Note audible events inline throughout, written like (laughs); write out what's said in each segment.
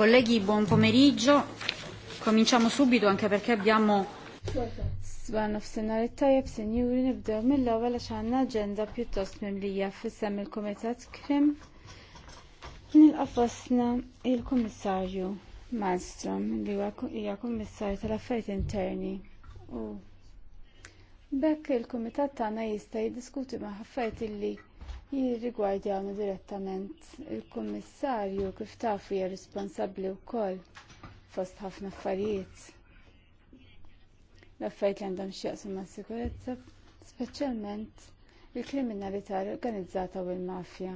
Colleghi, buon pomeriggio. Cominciamo subito anche perché abbiamo Sban of tajab senjuri nibdew mill-ewwel għax għandna aġenda pjuttost mimlija fis-sem il-Kumitat Krim nilqafosna il-Kummissarju Malmstrom li hija Kummissarju tal-Affarijiet Interni bekk il-Kumitat tagħna jista' jiddiskuti ma' affarijiet li jirrigwardjawna direttament. Il-Kummissarju kif tafu hija responsabbli wkoll fost ħafna affarijiet. L-affarijiet li għandhom xieqsu ma' sikurezza, speċjalment il-kriminalità organizzata u l-mafja.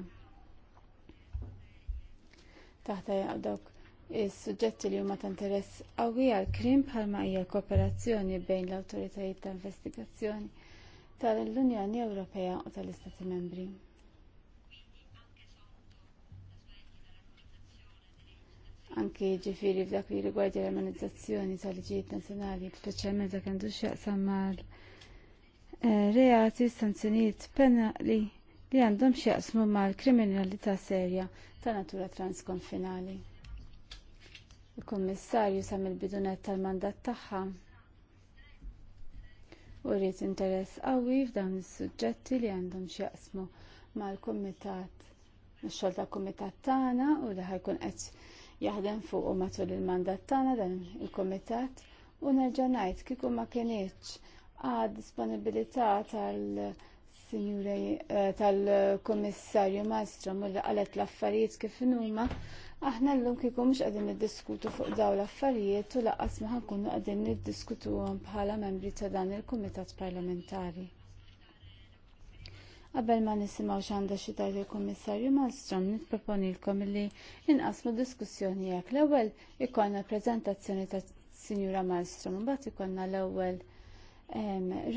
Taħta jaqdok is-suġġetti li huma ta' interess qawwi għall krim bħalma hija kooperazzjoni bejn l-awtoritajiet ta' investigazzjoni tal-Unjoni Ewropea u tal-Istati Membri. anki ġifiri f'dak li rigward l-armonizzazzjoni tal-liġijiet nazzjonali, speċjalment dak għandu x'jaqsam mal eh, reati sanzjonijiet penali li għandhom x'jaqsmu mal-kriminalità serja ta' natura transkonfinali. Il-Kummissarju sam il-bidunet tal-mandat tagħha u rrit interess qawwi f'dawn is-suġġetti li għandhom x'jaqsmu mal-kumitat x-xogħol tal-kumitat tagħna u li ħajkun qed jaħdem fuq u matul il-mandat tagħna dan il-kumitat u nerġa' ngħid kieku ma kinitx għad disponibilità tal- signore eh, tal-Komissarju Malstrom u li qalet l-affarijiet kif numa, aħna llum kieku mhux qegħdin diskutu fuq dawn l-affarijiet u laqqas ma ħankunu qegħdin niddiskutuhom bħala membri ta' dan il-Kumitat Parlamentari. Qabel ma nisimgħu x'għandha xi tajt il-Kummissarju Malmström nipproponilkom illi inqasmu diskussjoni jekk l-ewwel ikollna preżentazzjoni ta' Sinjura Malstrom mbagħad ikollna l-ewwel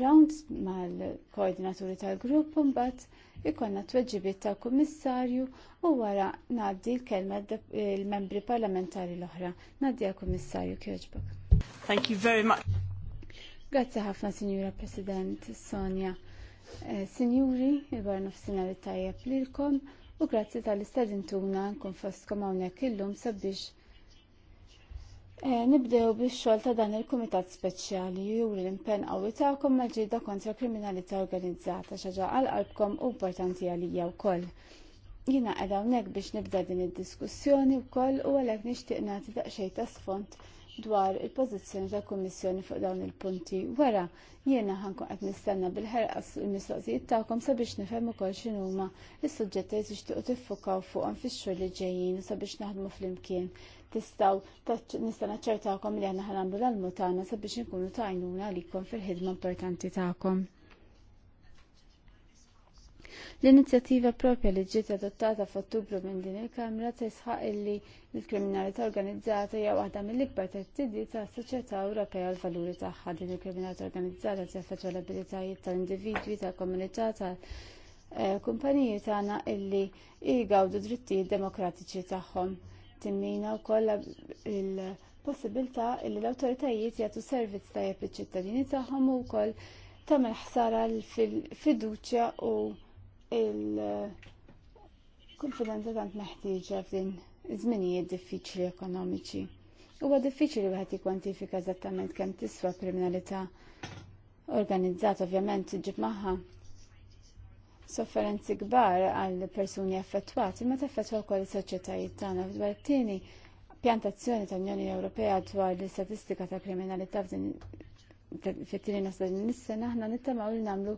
round mal-koordinaturi tal-grupp, mbagħad ikonna tweġibiet tal kummissarju u wara ngħaddi l-kelma l-membri parlamentari l-oħra. Ngħaddi għal kummissarju Kirchberg. Thank you very much. Grazzi ħafna, Sinjura President Sonja. Eh, Sinjuri, il-bar li tajjeb lilkom u grazzi tal-istadintuna nkun fostkom hawnhekk illum sabiex eh, Nibdew bix-xogħol ta' dan il-Kumitat Speċjali juri l-impenn qawwi tagħkom mal-ġieda kontra kriminalità organizzata xaġa għal qalbkom u importanti għalija wkoll. Jiena qed hawnhekk biex nibda din id-diskussjoni wkoll u għalhekk nixtieq nagħti daqsxejn ta' sfond dwar il-pożizzjoni tal-Kummissjoni fuq dawn il-punti. Wara jiena ħanku qed nistenna bil ħerqas il-mistoqsijiet tagħkom sabiex nifhem ukoll x'inhu huma s-suġġetti li tixtiequ tiffukaw fuqhom fix-xhur li ġejjin u sabiex naħdmu flimkien. Tistgħu nista' naċċertakom li aħna ħanamlu l-almutana sabiex inkunu tajnuna għalikom fil-ħidma importanti tagħkom. L-inizjattiva propja li ġiet adottata f'Ottubru minn din il-Kamra tisħaq illi l-kriminalità organizzata hija waħda mill-ikbar tettidi tas soċjetà Ewropea l valuri tagħha din il-kriminalità organizzata teffaċċa l-abilitajiet tal-individwi, tal-komunità, tal-kumpaniji tagħna illi jgawdu drittijiet demokratiċi tagħhom. Timmina wkoll il-possibilità illi l-awtoritajiet jagħtu servizz tajjeb iċ ċittadini tagħhom u wkoll tagħmel ħsara fil-fiduċja u il-konfidenza tant meħtieġa f'din iż-żminijiet diffiċli ekonomiċi. Huwa diffiċli wieħed jikkwantifika eżattament kemm tiswa kriminalità organizzata ovvjament ġib magħha sofferenzi kbar għal persuni affettwati, ma taffettwa wkoll is-soċjetajiet tagħna dwar tieni pjantazzjoni ta' unjoni Ewropea dwar l-istatistika ta' kriminalità fit-tieni nasa din is-sena aħna nittamaw li nagħmlu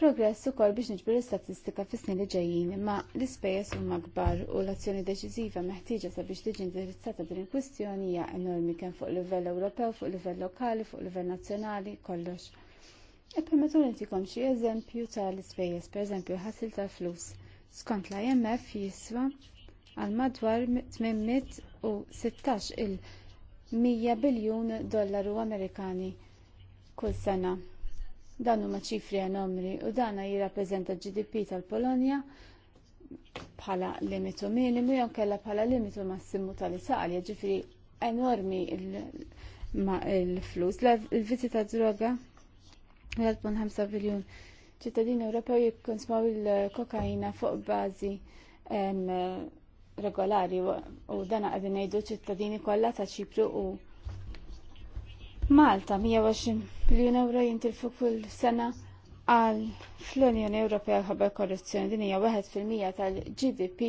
progress ukoll biex niġbru l-istatistika fis-snin li ġejjin, imma l-ispejjeż huma kbar u l-azzjoni deċiżiva meħtieġa sabiex tiġi indirizzata din il-kwistjoni hija enormi kemm fuq livell Ewropew, fuq livell lokali, fuq livell nazzjonali, kollox. Ippermettu li ntikom xi eżempju tal-ispejjeż, pereżempju ħasil tal-flus. Skont l-IMF jiswa għal madwar 816 il 100 biljun dollaru Amerikani kull sena. Dan huma ċifri anomri u dana jirrappreżenta GDP tal-Polonja bħala limitu minimu jew kellha bħala limitu massimu tal-Italja, ġifri enormi il-flus. il vizi ta' droga 1.5 biljun ċittadini Ewropew jikkonsmaw il-kokaina fuq bażi regolari u dan qegħdin ngħidu ċittadini kollha ta' Ċipru u Malta 120 miljon euro jintilfu kull sena għal fl-Unjoni Ewropea ħabar korruzzjoni din hija waħed fil-mija tal-GDP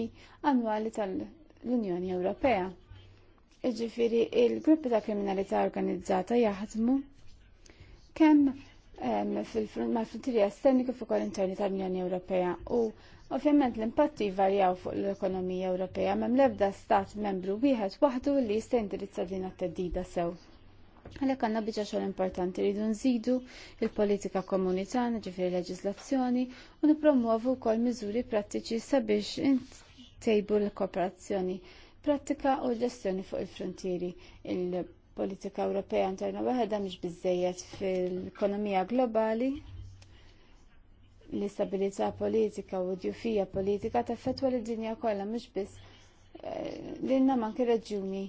annwali tal-Unjoni Ewropea. Iġifieri il-gruppi ta' kriminalità organizzata jaħdmu kemm mal-frontieri esterni fuq l interni tal-Unjoni Ewropea u Ovvjament l-impatti jvarjaw fuq l-ekonomija Ewropea mem l-ebda stat membru wieħed waħdu li jista' jindirizza din għat teddida sew. Għalek għanna bieċa xol importanti rridu nżidu il-politika komunitana ġifiri leġislazzjoni u nipromuovu kol miżuri prattiċi sabiex intejbu l-kooperazzjoni pratika u l-ġestjoni fuq il-frontieri. Il-politika Ewropea interna waħda mhix biżejjed fil-ekonomija globali l-istabilità politika u d djufija politika taffetwa l-dinja kollha mhux biss eh, l-inna manki reġjuni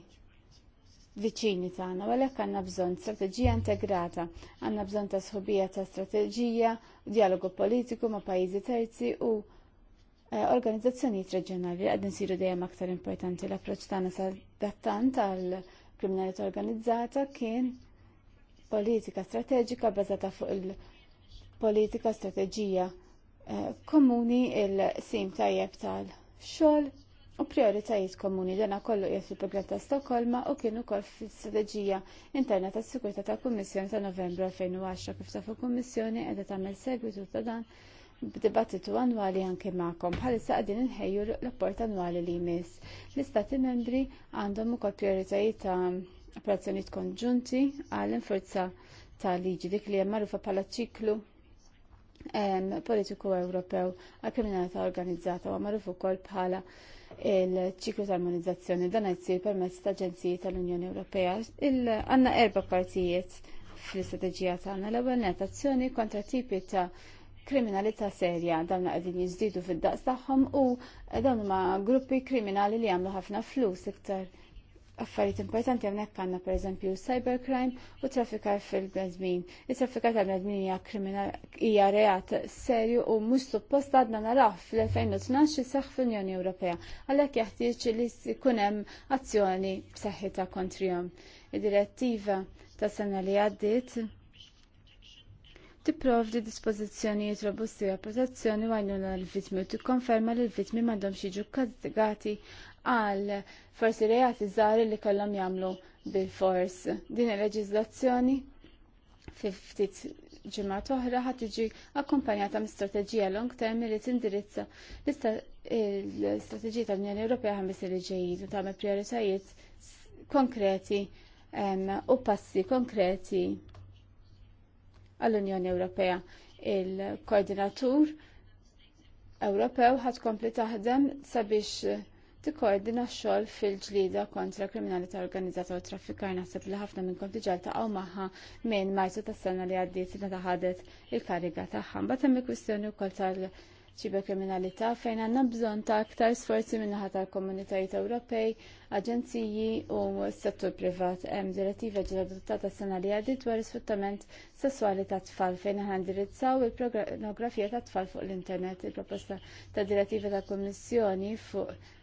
viċini tagħna, u għalhekk għandna bżonn strateġija integrata, għandna bżonn ta' sħubija ta' strateġija, dialogu politiku ma' pajjiżi terzi u eh, organizzazzjonijiet reġjonali għad siru dejjem aktar importanti l-approċċ tagħna sa dattant għal kriminalità organizzata kien politika strateġika bbażata fuq il-politika strateġija eh, komuni il-sim tajjeb tal-xogħol u prioritajiet komuni dana kollu qiegħed fil ta' Stokolma u kien ukoll fl-Istrateġija interna tas-sigurtà tal-Kummissjoni ta' Novembru 2010 kif taf il-Kummissjoni qiegħda tagħmel segwitu ta' dan b'dibattitu annwali anke magħkom bħalissa qegħdin inħejju l-rapport annwali li jmiss. L-Istati membri għandhom ukoll prioritajiet ta' operazzjonijiet konġunti għall infurza ta' liġi dik li hemm magħrufa bħala ċiklu politiku Ewropew għal kriminalità organizzata u magħruf ukoll bħala il-ċiklu tal-armonizzazzjoni dan jsir permezz ta' aġenziji tal-Unjoni Ewropea. Għandna erba' partijiet fl-istrateġija tagħna l-ewwel azzjoni kontra tipi ta' kriminalità serja dawn qegħdin jiżdiedu fid-daqs tagħhom u dawn huma gruppi kriminali li għamlu ħafna flus iktar affarijiet importanti hawnhekk għandna pereżempju cybercrime u traffikar fil-bnedmin. It-traffikar tal-bnedmin hija hija reat serju u mhux suppost għadna naraw fl-2012 seħħ fl-Unjoni Ewropea. Għalhekk jeħtieġ li jkun hemm azzjoni b'saħħitha kontrihom. Id-direttiva tas sena li għaddiet tipprovdi dispożizzjonijiet robusti għal protezzjoni u għajnuna l-vittmi u tikkonferma li l-vittmi m'għandhomx jiġu kastigati għal forsi reati żgħar li kellhom jagħmlu bil-fors. Din il-leġiżlazzjoni fi ftit ġimgħat oħra ħadd tiġi akkumpanjata minn strateġija long term li tindirizza l-istrateġija tal-Unjoni Ewropea ħames li ġejjid u tagħmel prioritajiet konkreti u passi konkreti għall-Unjoni Ewropea. Il-koordinatur Ewropew ħad kompli taħdem sabiex tikkoordina x-xogħol fil-ġlida kontra kriminalità organizzata u traffikar naħseb li ħafna minnkom diġà ltaqgħu magħha minn Marzu tas-sena li għaddiet meta ħadet il-kariga tagħha. Mbagħad hemm il-kwistjoni wkoll tal ċiberkriminalità kriminalità fejn għandna bżonn ta' aktar sforzi minnaħa tal-komunitajiet Ewropej, aġenziji u s-settur privat. Hemm direttiva ġiet adottata s-sena li għaddiet dwar isfruttament sesswali ta' tfal fejn aħna ndirizzaw il-pornografija ta' tfal fuq l-internet, il-proposta ta' direttiva tal-Kummissjoni fuq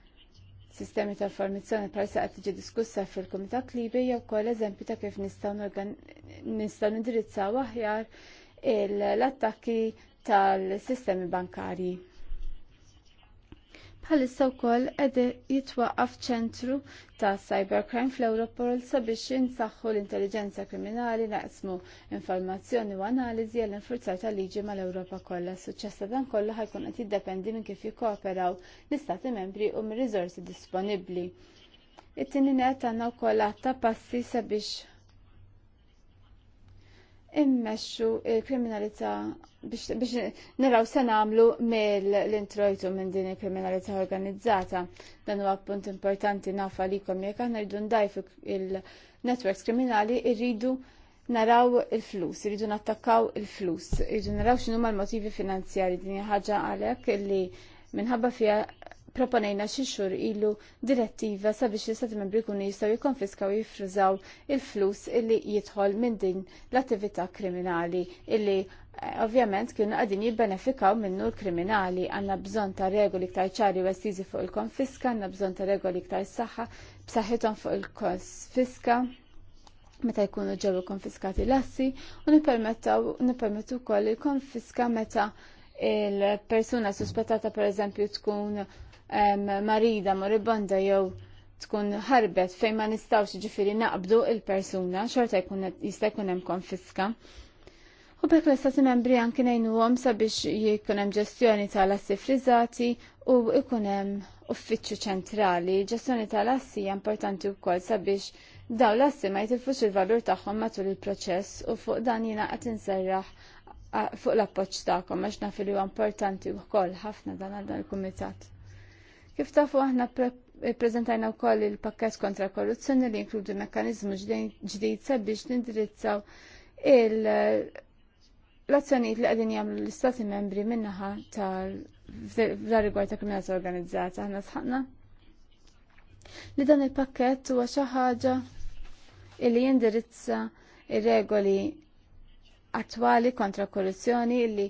sistemi tal informazzjoni parsa qed tiġi diskussa fil-Kumitat Libi jew ukoll eżempju ta' kif nistgħu nistgħu nindirizzaw aħjar l-attakki tal-sistemi bankarji bħalissa wkoll qed jitwaqqaf ċentru ta' cybercrime fl ewropol sabiex jinsaħħu l-intelligenza kriminali naqsmu informazzjoni u analiżi għall infurzar tal-liġi mal-Ewropa kollha. Suċċess dan kollu ħajkun qed jiddependi minn kif jikkooperaw l-Istati membri u mir-riżorsi disponibbli. It-tieni nett għandna wkoll ta' passi sabiex immexxu il-kriminalità biex naraw se nagħmlu mill-introjtu minn din il-kriminalità organizzata. Dan huwa punt importanti nafa kom jekk aħna rridu ndajfu il-networks kriminali irridu naraw il-flus, irridu nattakkaw il-flus, irridu naraw x'inhuma l-motivi finanzjari din ħaġa għalhekk li minħabba fija proponejna xi xhur ilu direttiva sabiex l-istati membri jkunu jistgħu jikkonfiskaw jiffrużaw il-flus illi jidħol minn din l-attività kriminali illi eh, ovvjament kienu qegħdin jibbenefikaw minnu l-kriminali għandna bżonn ta' regoli ktar ċari u estiżi fuq il-konfiska, għandna bżonn ta' regoli ktar saħħa b'saħħithom fuq il-konfiska meta jkunu ġew konfiskati l-assi u nippermettu wkoll il-konfiska meta il-persuna suspettata per eżempju tkun marida moribanda jew tkun ħarbet fejn ma nistawx ġifiri naqbdu il-persuna, xorta jista' jkun hemm konfiska. U bekk l-istati membri anki għom sabiex jikunem hemm ġestjoni tal-assi frizzati u jkun hemm uffiċċju ċentrali. Ġestjoni tal-assi hija importanti wkoll sabiex daw l-assi ma jitilfux il-valur tagħhom matul il-proċess u fuq dan jiena qed serraħ fuq l-appoġġ tagħkom għax naf li huwa importanti wkoll ħafna dan għal dan il-kumitat. Kif tafu aħna prezentajna wkoll il-pakket kontra korruzzjoni li jinkludi mekkaniżmu ġdijt sabiex nindirizzaw l-azzjonijiet li qegħdin jagħmlu l-Istati membri min-naħa tal-dar rigward ta' kriminalità organizzata aħna sħakna. li dan il-pakket huwa xi ħaġa li jindirizza ir-regoli attwali kontra korruzzjoni illi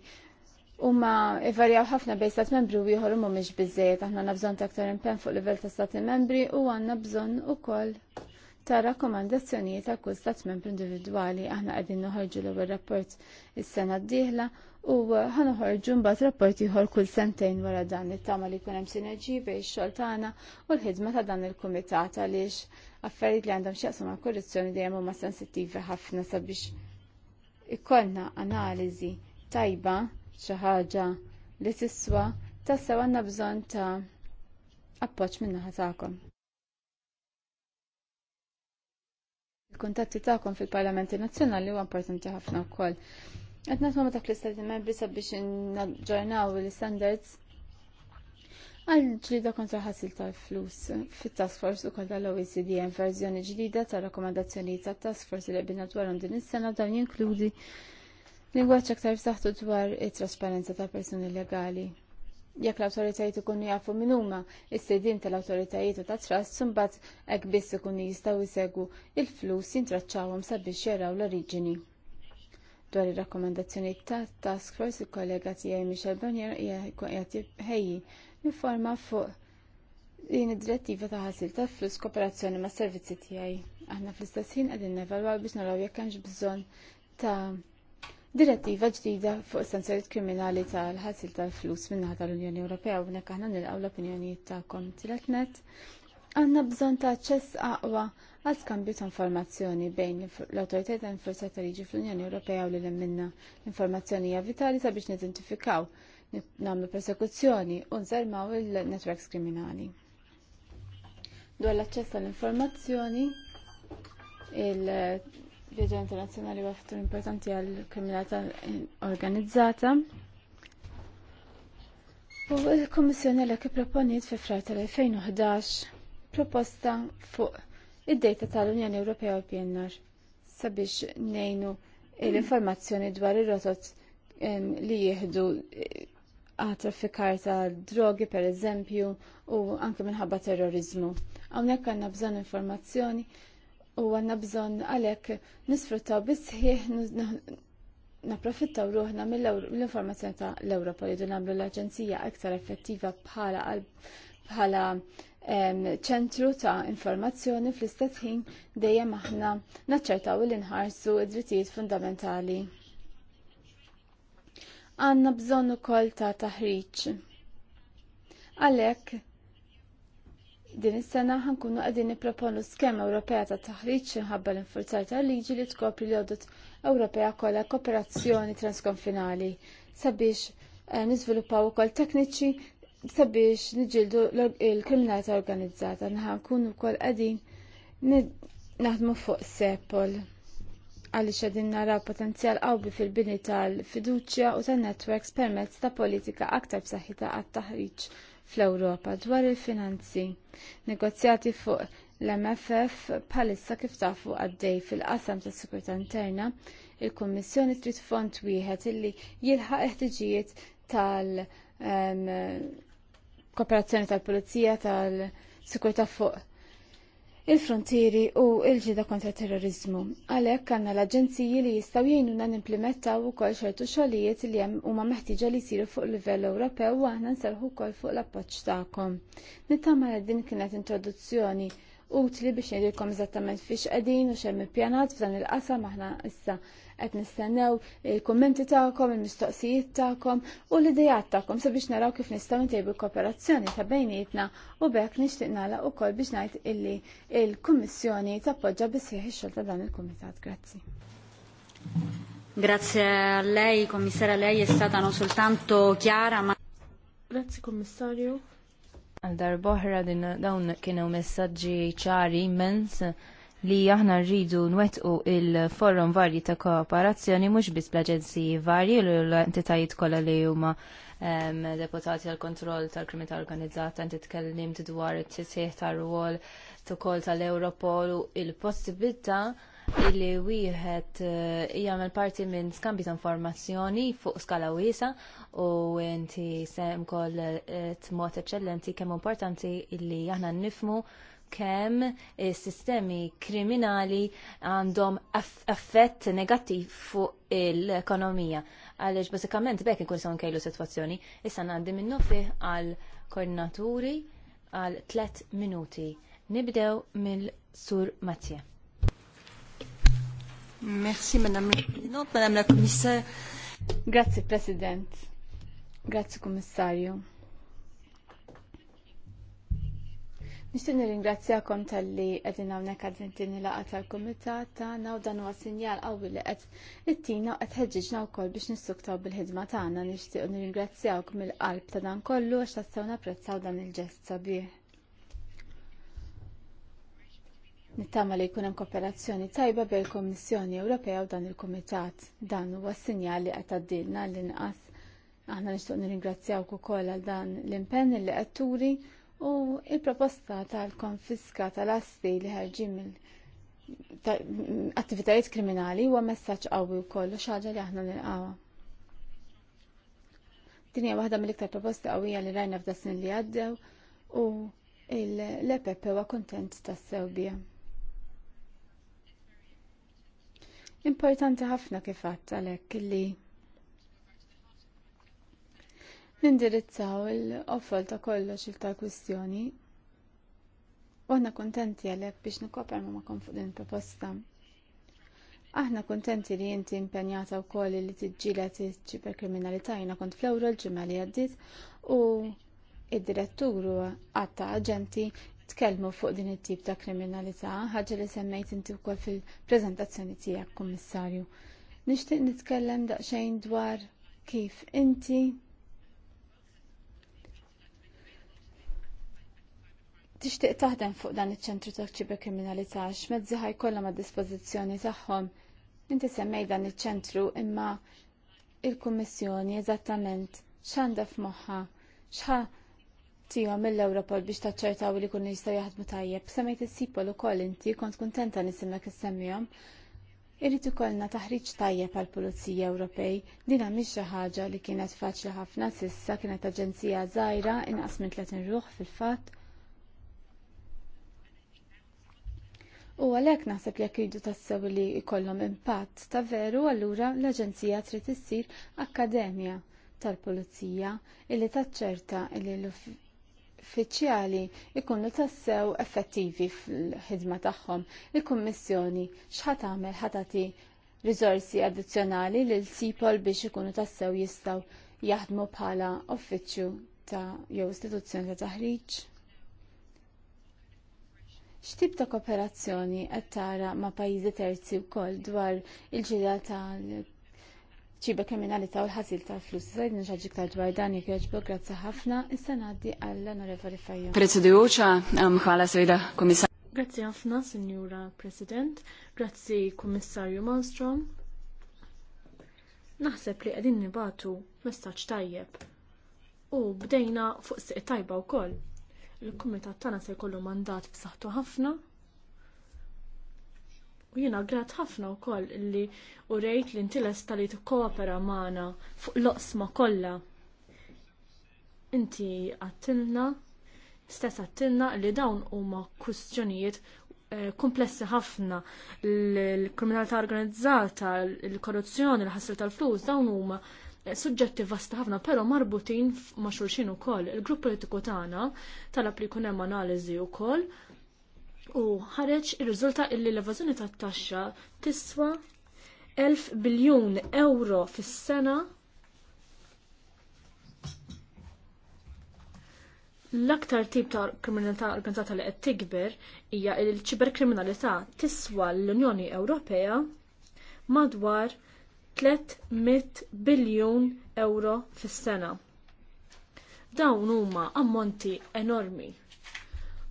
ma ivarjaw ħafna bej stat membri u jħor mu miex bizzejet, aħna nabżon ta' aktar impen fuq livell ta' stati membri u għanna bżon u koll ta' rakkomandazzjonijiet ta' kull stat membri individwali. Aħna għedin nħorġu l-ewwel rapport is-sena d-dieħla u ħanoħorġu mbagħad rapport ieħor kull sentejn wara dan it-tama li jkun hemm bej bejn xogħol tagħna u l-ħidma ta' dan il-kumitat għaliex affarijiet li għandhom x'jaqsmu ma' korruzzjoni dejjem huma sensittivi ħafna sabiex ikollna analiżi tajba xi ħaġa li tiswa tassew għandna bżonn ta' appoġġ min-naħa tagħkom. Il-kuntatti tagħkom fil-Parlamenti Nazzjonali huwa importanti ħafna wkoll. Qed nagħtu ma dak l-istati membri sabiex naġġornaw l istandards għal ġlida kontra ħassil tal-flus fit-task force u kolla l-OECD hemm verżjoni ġdida tal rakkomandazzjoni ta' task force li bina dwarhom din is-sena dan jinkludi Lingwaċ aktar saħtu dwar it-trasparenza ta' persuni legali. Jekk l-autoritajiet ikunu jafu minn huma is-sedin tal-autoritajiet u ta' trust sumbat hekk biss ikunu jistgħu jsegwu il-flus jintraċċawhom sabiex jaraw l-oriġini. Dwar ir-rakkomandazzjoni ta' Task Force il-kollega tiegħi Michel Bonnier qed ħejji informa fuq din id-direttiva ta' ħasil ta' flus kooperazzjoni mas servizzi tiegħi. Aħna fl-istess ħin qegħdin nevalwaw biex naraw jekk hemmx bżonn ta' direttiva ġdida fuq sanzjoniet kriminali tal-ħasil tal-flus minnaħa tal-Unjoni Ewropea u b'nek aħna nilqgħu l-opinjonijiet ta' tilet għanna bżon ta' ċess aqwa għal skambju ta' informazzjoni bejn l-autoritet ta' enforzat ta' liġi fl-Unjoni Ewropea u li minna informazzjoni hija vitali sabiex nidentifikaw nagħmlu persekuzzjoni u nżarmaw il-networks kriminali. Dwar l-aċċess tal-informazzjoni, l internazzjonali huwa fattur importanti għal kriminalità organizzata. U l-Kommissjoni l proponiet fi frar tal-2011 proposta fuq id-data tal-Unjoni Ewropea u PNR sabiex nejnu l-informazzjoni dwar ir-rotot li jieħdu eh, għatrafikar ta' drogi per eżempju u anke minħabba terrorizmu. Hawnhekk għandna bżonn informazzjoni u għanna bżon għalek nisfruttaw bisħiħ naprofittaw ruħna mill-informazzjoni ta' l-Europa li namlu l-Aġenzija aktar effettiva bħala bħala ċentru ta' informazzjoni fl-istess ħin dejjem aħna naċċertaw l nħarsu id-drittijiet fundamentali. Għanna bżonn ukoll ta' taħriġ. Għalhekk din is-sena ħankunu qegħdin nipproponu skema Ewropea ta' taħriġ inħabba l-infurzar tal-liġi li tkopri l-għodot Ewropea kollha kooperazzjoni transkonfinali sabiex eh, niżviluppaw ukoll tekniċi sabiex niġildu l-kriminalità organizzata. nkunu wkoll qegħdin naħdmu fuq Sepol għaliex qegħdin naraw potenzjal qawwi fil-bini tal-fiduċja u tan netwerks permezz ta' politika aktar b'saħħitha għat-taħriġ fl-Ewropa dwar il-finanzi. Negozjati fuq l-MFF bħalissa kif tafu għaddej fil-qasam tas sikurtà interna, il-Kummissjoni trid font wieħed illi jilħaq eħtiġijiet tal- kooperazzjoni tal-Pulizija tal-Sikurtà fuq il-frontieri u il-ġida kontra terrorizmu. Għalhekk għandna l-aġenziji li jistgħu jgħinuna u ukoll xertu xogħlijiet li hemm huma meħtieġa li jsiru fuq livell Ewropew u aħna nsarħu kol fuq l-appoġġ tagħkom. Nittama li din kienet introduzzjoni utli biex ngħidilkom eżattament fiex qegħdin u xemm ippjanat f'dan il-qasam aħna issa qed nistennew il-kummenti tagħkom, il-mistoqsijiet tagħkom u l-idejat tagħkom sabiex naraw kif nistgħu ntejbu kooperazzjoni ta' bejnietna u bekk nixtieq nagħlaq ukoll biex ngħid illi il-Kummissjoni tappoġġa bisħieħ ix-xogħol ta' dan il-Kumitat. Grazzi. Grazie a lei, commissaria, lei è stata non soltanto chiara ma... Grazie commissario. Għal darboħra din dawn kienu messaġġi ċari immens li aħna rridu nwettqu il-forum varji ta' kooperazzjoni mhux biss bl-aġenziji varji u l-entitajiet kollha li huma deputati għal kontroll tal-kriminalità organizzata inti tkellim dwar it-tisih tar-rwol kol tal-Europol u il-possibilità illi wieħed eh, jagħmel parti minn skambi ta' informazzjoni fuq skala wiesa u inti sem kol eh, mod eċċellenti kemm importanti illi aħna nifmu kemm eh, sistemi kriminali għandhom effett negattiv fuq l-ekonomija. Għaliex basikament bekk ikun sawn kejlu sitwazzjoni. Issa ngħaddi minnu fih għal koordinaturi għal tliet minuti. Nibdew mill-Sur Matje. Merci, Madame la Madame la Commissaire. Grazie, President. Grazie, Commissario. Nishtu nir-ingrazzjakom tal-li għedin għawnek għadintini laqa tal-komitat tagħna u dan huwa sinjal qawwi li qed tina u qed u wkoll biex nissuktaw bil-ħidma tagħna nixtieq nirringrazzjawk mill-qalb ta' dan kollu għax tassew napprezzaw dan il-ġest sabiħ. Nittama li jkun hemm kooperazzjoni tajba bejn il-Kommissjoni Ewropea u dan il-Kumitat. Dan huwa sinjal li qed għaddilna l-inqas. Aħna nixtieq nirringrazzjawk ukoll għal dan l-impenn li qed turi u il-proposta tal-konfiska tal-assi li ħarġin mill attivitajiet kriminali huwa messaġġ qawwi wkoll u xaġa li aħna nilqawha. Din hija waħda mill-iktar proposti qawwija li rajna f'da snin li għaddew u l-EPP huwa kuntent tas-sewbija. Importanti ħafna kif għadd għalhekk li nindirizzaw il-offol ta' kollox il-tal-kwistjoni. Għanna kontenti għalek biex nikoper ma' kon fuq din proposta. Aħna kontenti li jinti impenjata u koll li t-ġilet kriminalità jina kont fl l-ġimma li għaddit u id direttugru għatta aġenti tkellmu fuq din it-tip ta' kriminalità, ħaġa li semmejt inti koll fil-preżentazzjoni tiegħek, kommissarju. Nixtieq nitkellem daqsxejn dwar kif inti tixtieq taħdem fuq dan iċ-ċentru ta' ċiberkriminalità x'mezzi ħajkollhom għad dispożizzjoni tagħhom. Inti semmej dan iċ-ċentru imma il-Kummissjoni eżattament x'għandha f'moħħa x'ha tihom mill-Ewropol biex taċċertaw li jkunu jistgħu jaħdmu tajjeb. Semmejt is-sipol ukoll inti kont kuntenta nisimek issemmihom. Irrid ikollna taħriġ tajjeb għall pulizija Ewropej din mhix xi ħaġa li kienet faċli ħafna sissa kienet aġenzija żgħira inqas minn tletin ruħ fil-fatt U għalhekk naħseb jekk jridu tassew li jkollhom impatt ta' veru allura l-Aġenzija trid issir akkademja tal-Pulizija illi taċċerta li l uffiċjali ikunu tassew effettivi fil-ħidma tagħhom. Il-Kummissjoni x'ħadd tagħmel ħatati riżorsi addizzjonali lil sipol biex ikunu tassew jistgħu jaħdmu bħala uffiċċju ta' jew istituzzjoni ta' taħriġ. X'tip ta' kooperazzjoni qed tara ma' pajjiżi terzi wkoll dwar il-ġilja tal ċiba kriminalità u l-ħasil tal-flus. Zajd nġaġi ktar dwar dan jek joġbu grazzi ħafna, issa ngħaddi għall-onorevoli Fajja. uċa, eh, mħala sejda komissar. Grazzi ħafna, Signora President. Grazzi, Kummissarju Malmstrom. Naħseb li qegħdin nibatu messaċ tajjeb. U bdejna fuq siq tajba wkoll il-kumitat tagħna se jkollu mandat b'saħħtu ħafna. U jiena grat ħafna wkoll li rejt li intiles tal-li tikkopera magħna fuq l-oqsma kollha. Inti għattilna, stess għattilna li dawn huma kwistjonijiet eh, komplessi ħafna l-kriminalità organizzata, l-korruzzjoni, l-ħassir tal-flus, dawn huma suġġetti vasta ħafna, pero marbutin ma' xulxin ukoll. Il-grupp politiku tagħna talab li jkun hemm analiżi wkoll u ħareġ il riżulta illi l evazjoni tat-taxxa tiswa 1000 biljun euro fis-sena L-aktar tip ta' kriminalità organizzata li qed tikber hija l-ċiberkriminalità tiswa l-Unjoni Ewropea madwar 300 biljun euro fis-sena. Dawn huma ammonti enormi.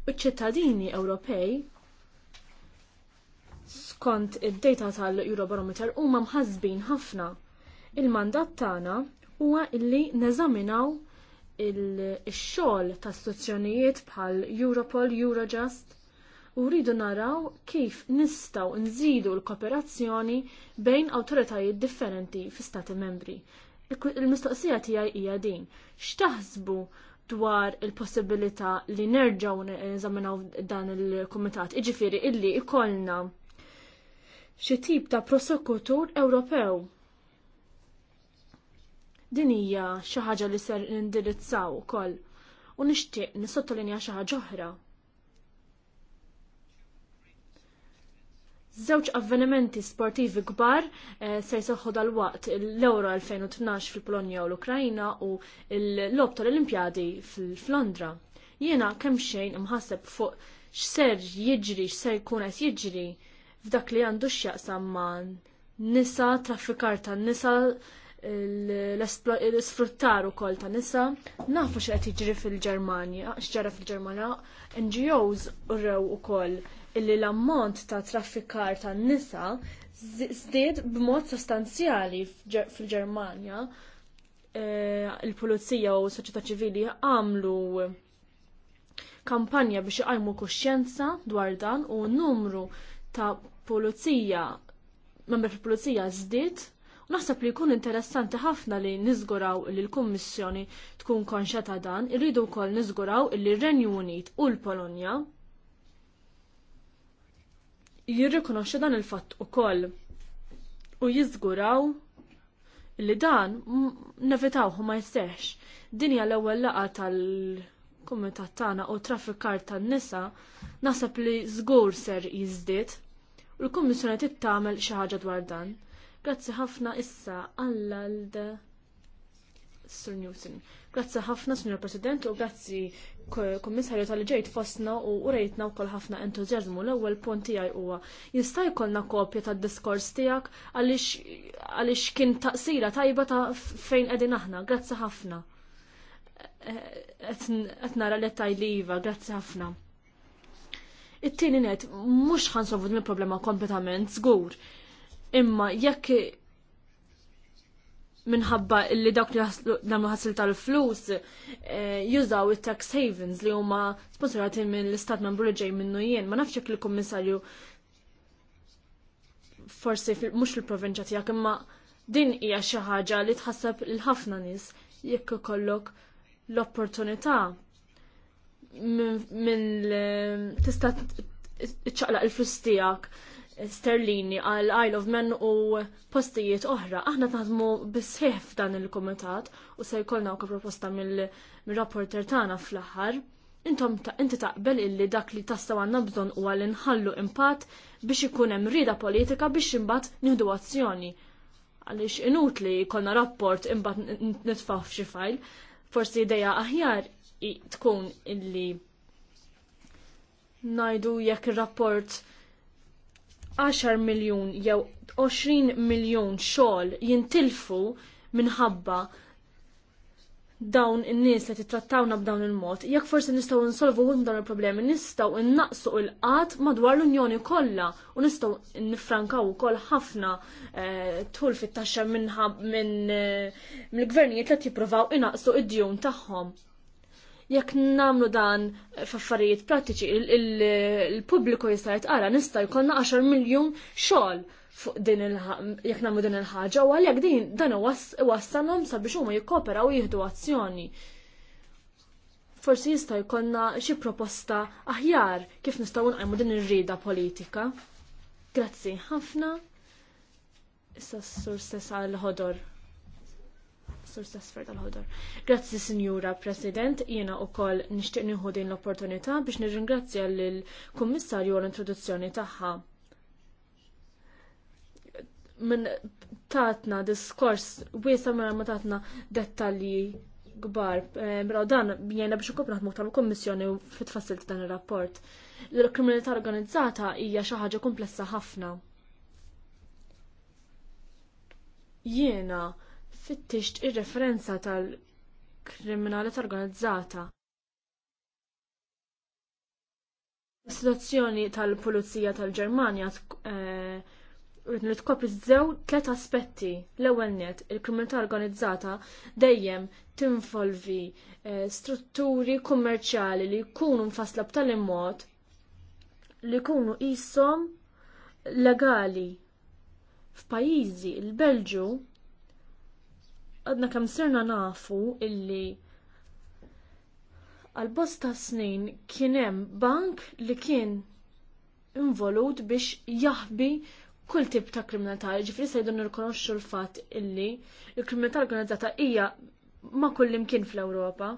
U ċittadini Ewropej skont id-data tal-Eurobarometer huma mħazbin ħafna. Il-mandat tagħna huwa illi neżaminaw il-xogħol ta' stazzjonijiet bħal Europol, Eurojust, u rridu naraw kif nistaw nżidu l-kooperazzjoni bejn awtoritajiet differenti fi stati membri. Il-mistoqsija tiegħi hija din. X'taħsbu dwar il-possibilità li nerġgħu neżaminaw dan il-kumitat, iġifieri illi ikollna xi tip ta' prosekutur Ewropew. Din hija xi ħaġa li ser nindirizzaw ukoll u nixtieq nisottolinja xi ħaġa oħra Żewġ avvenimenti sportivi kbar eh, se jseħħu dal-waqt l-Euro 2012 fil-Polonja u l-Ukrajna u l-lob tal-Olimpjadi fil-Londra. Jiena kemm xejn imħasseb fuq x'ser jiġri, x'ser jkun qed jiġri f'dak li għandu x'jaqsam ma' nisa traffikar ta' nisa l-sfruttar ukoll ta' nisa, nafu x'qed jiġri fil-Ġermanja, x'ġara fil ġermania NGOs urrew ukoll illi l-ammont ta' traffikar tan nisa żdied b'mod sostanzjali fil-Ġermanja. Eh, il-pulizija u s-soċjetà ċivili għamlu kampanja biex iqajmu kuxjenza dwar dan u numru ta' pulizija membri fil-pulizija żdied Naħseb li jkun interessanti ħafna li niżguraw li l-Kummissjoni tkun konxa ta' dan, irridu wkoll niżguraw li r-Renju Unit u l-Polonja jirrikonoxxu dan il-fatt ukoll u jiżguraw li dan nevitawhom ma jseħx. Din hija l-ewwel laqgħa tal-kumitat tagħna u traffikar tan-nisa naħseb li żgur ser jiżdied u l-Kummissjoni tittamel xi ħaġa dwar dan. Grazzi ħafna issa għall Sir Newton. Grazzi ħafna, Signor President, u grazzi Kommissarju tal-ġejt fostna u urejtna u kol ħafna entuzjazmu l-ewwel punt tijaj huwa jista' jkollna kopja tad-diskors tiegħek għaliex kien taqsira tajba ta' fejn qegħdin aħna. Grazzi ħafna. Qed nara li tajliva, grazzi ħafna. It-tieni net mhux ħansolvu din il-problema kompletament żgur. Imma jekk minħabba li dawk li namlu ħassil tal-flus eh, jużaw il-tax havens li huma sponsorati minn l-istat membru li ġej minnu jien. Ma nafx jekk il-kummissarju forsi mhux il-provinċja tiegħek imma din hija xi ħaġa li tħasseb il ħafna nies jekk ikollok l-opportunità minn tista' iċċaqlaq il-flus tiegħek sterlini għal Isle of Man u postijiet oħra. Aħna taħdmu bisħef f'dan il-komitat u se jkollna u proposta mill-rapporter tagħna fl-aħħar. Intom inti taqbel illi dak li tastaw għandna bżonn huwa li nħallu impatt biex ikun hemm rida politika biex imbagħad nieħdu azzjoni. Għaliex inut li jkollna rapport imbagħad nitfaw f'xi fajl, forsi ideja aħjar tkun illi najdu jekk ir-rapport 10 miljun jew 20 miljun xogħol jintilfu minħabba dawn in-nies li tittrattawna b'dawn il-mod, jekk forsi nistgħu nsolvu ħun dawn il-problemi, nistgħu innaqsu l qat madwar l-Unjoni kollha u nistgħu nifrankaw ukoll ħafna eh, tul fit-taxxa minn eh, mill-gvernijiet li jippruvaw inaqsu id-djun tagħhom. Jekk namlu dan f'affarijiet pratiċi, il-pubbliku jista' jitqara nista' jkollna 10 miljun xogħol fuq din jekk nagħmlu din il-ħaġa u għalhekk din dan wassalhom sabiex huma jikkoperaw jieħdu azzjoni. Forsi jista' jkollna xi proposta aħjar kif nistgħu nqajmu din ir-rieda politika. Grazzi ħafna. Issa s-sur stess ħodor professor Sesfer tal ħodar Grazzi Sinjura President, jiena u koll nishtiq nieħu din l-opportunità biex nirringrazzja lill-Kummissarju għall-introduzzjoni tagħha. Min tatna diskors wiesa mara mela ma tatna dettalji kbar, però eh, mela dan jiena biex ikopru naħdmu tal kummissjoni u fit fassilti dan ir-rapport. L-kriminalità organizzata hija xi ħaġa komplessa ħafna. Jiena fittixt ir-referenza tal-kriminalità organizzata. Situazzjoni tal-Pulizija tal-Ġermanja eh, li tkopri żew tliet aspetti. L-ewwel net, il-kriminalità organizzata dejjem tinvolvi eh, strutturi kummerċjali li jkunu mfassla b'tali mod li jkunu qishom legali f'pajjiżi il-Belġu għadna kemm sirna nafu illi għal bosta snin kien hemm bank li kien involut biex jaħbi kull tip ta' kriminalità, ġifri se jdu nirkonoxxu l-fatt illi l-kriminalità organizzata hija ma' kull imkien fl-Ewropa.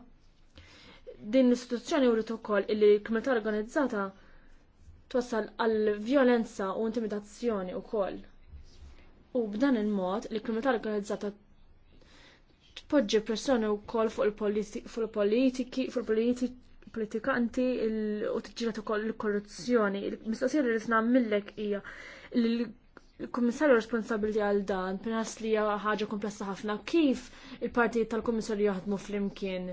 Din l-istituzzjoni wrid ukoll illi l-kriminalità organizzata twassal għal violenza u intimidazzjoni wkoll. U b'dan il-mod l-kriminalità organizzata poġġi pressjoni wkoll fuq il-politiki, fuq il-politikanti u u ukoll il-korruzzjoni. Il-mistoqsija li risna millek hija il-kummissarju responsabilti għal dan, penas li hija ħaġa komplessa ħafna, kif il-partijiet tal-kummissarju jaħdmu flimkien?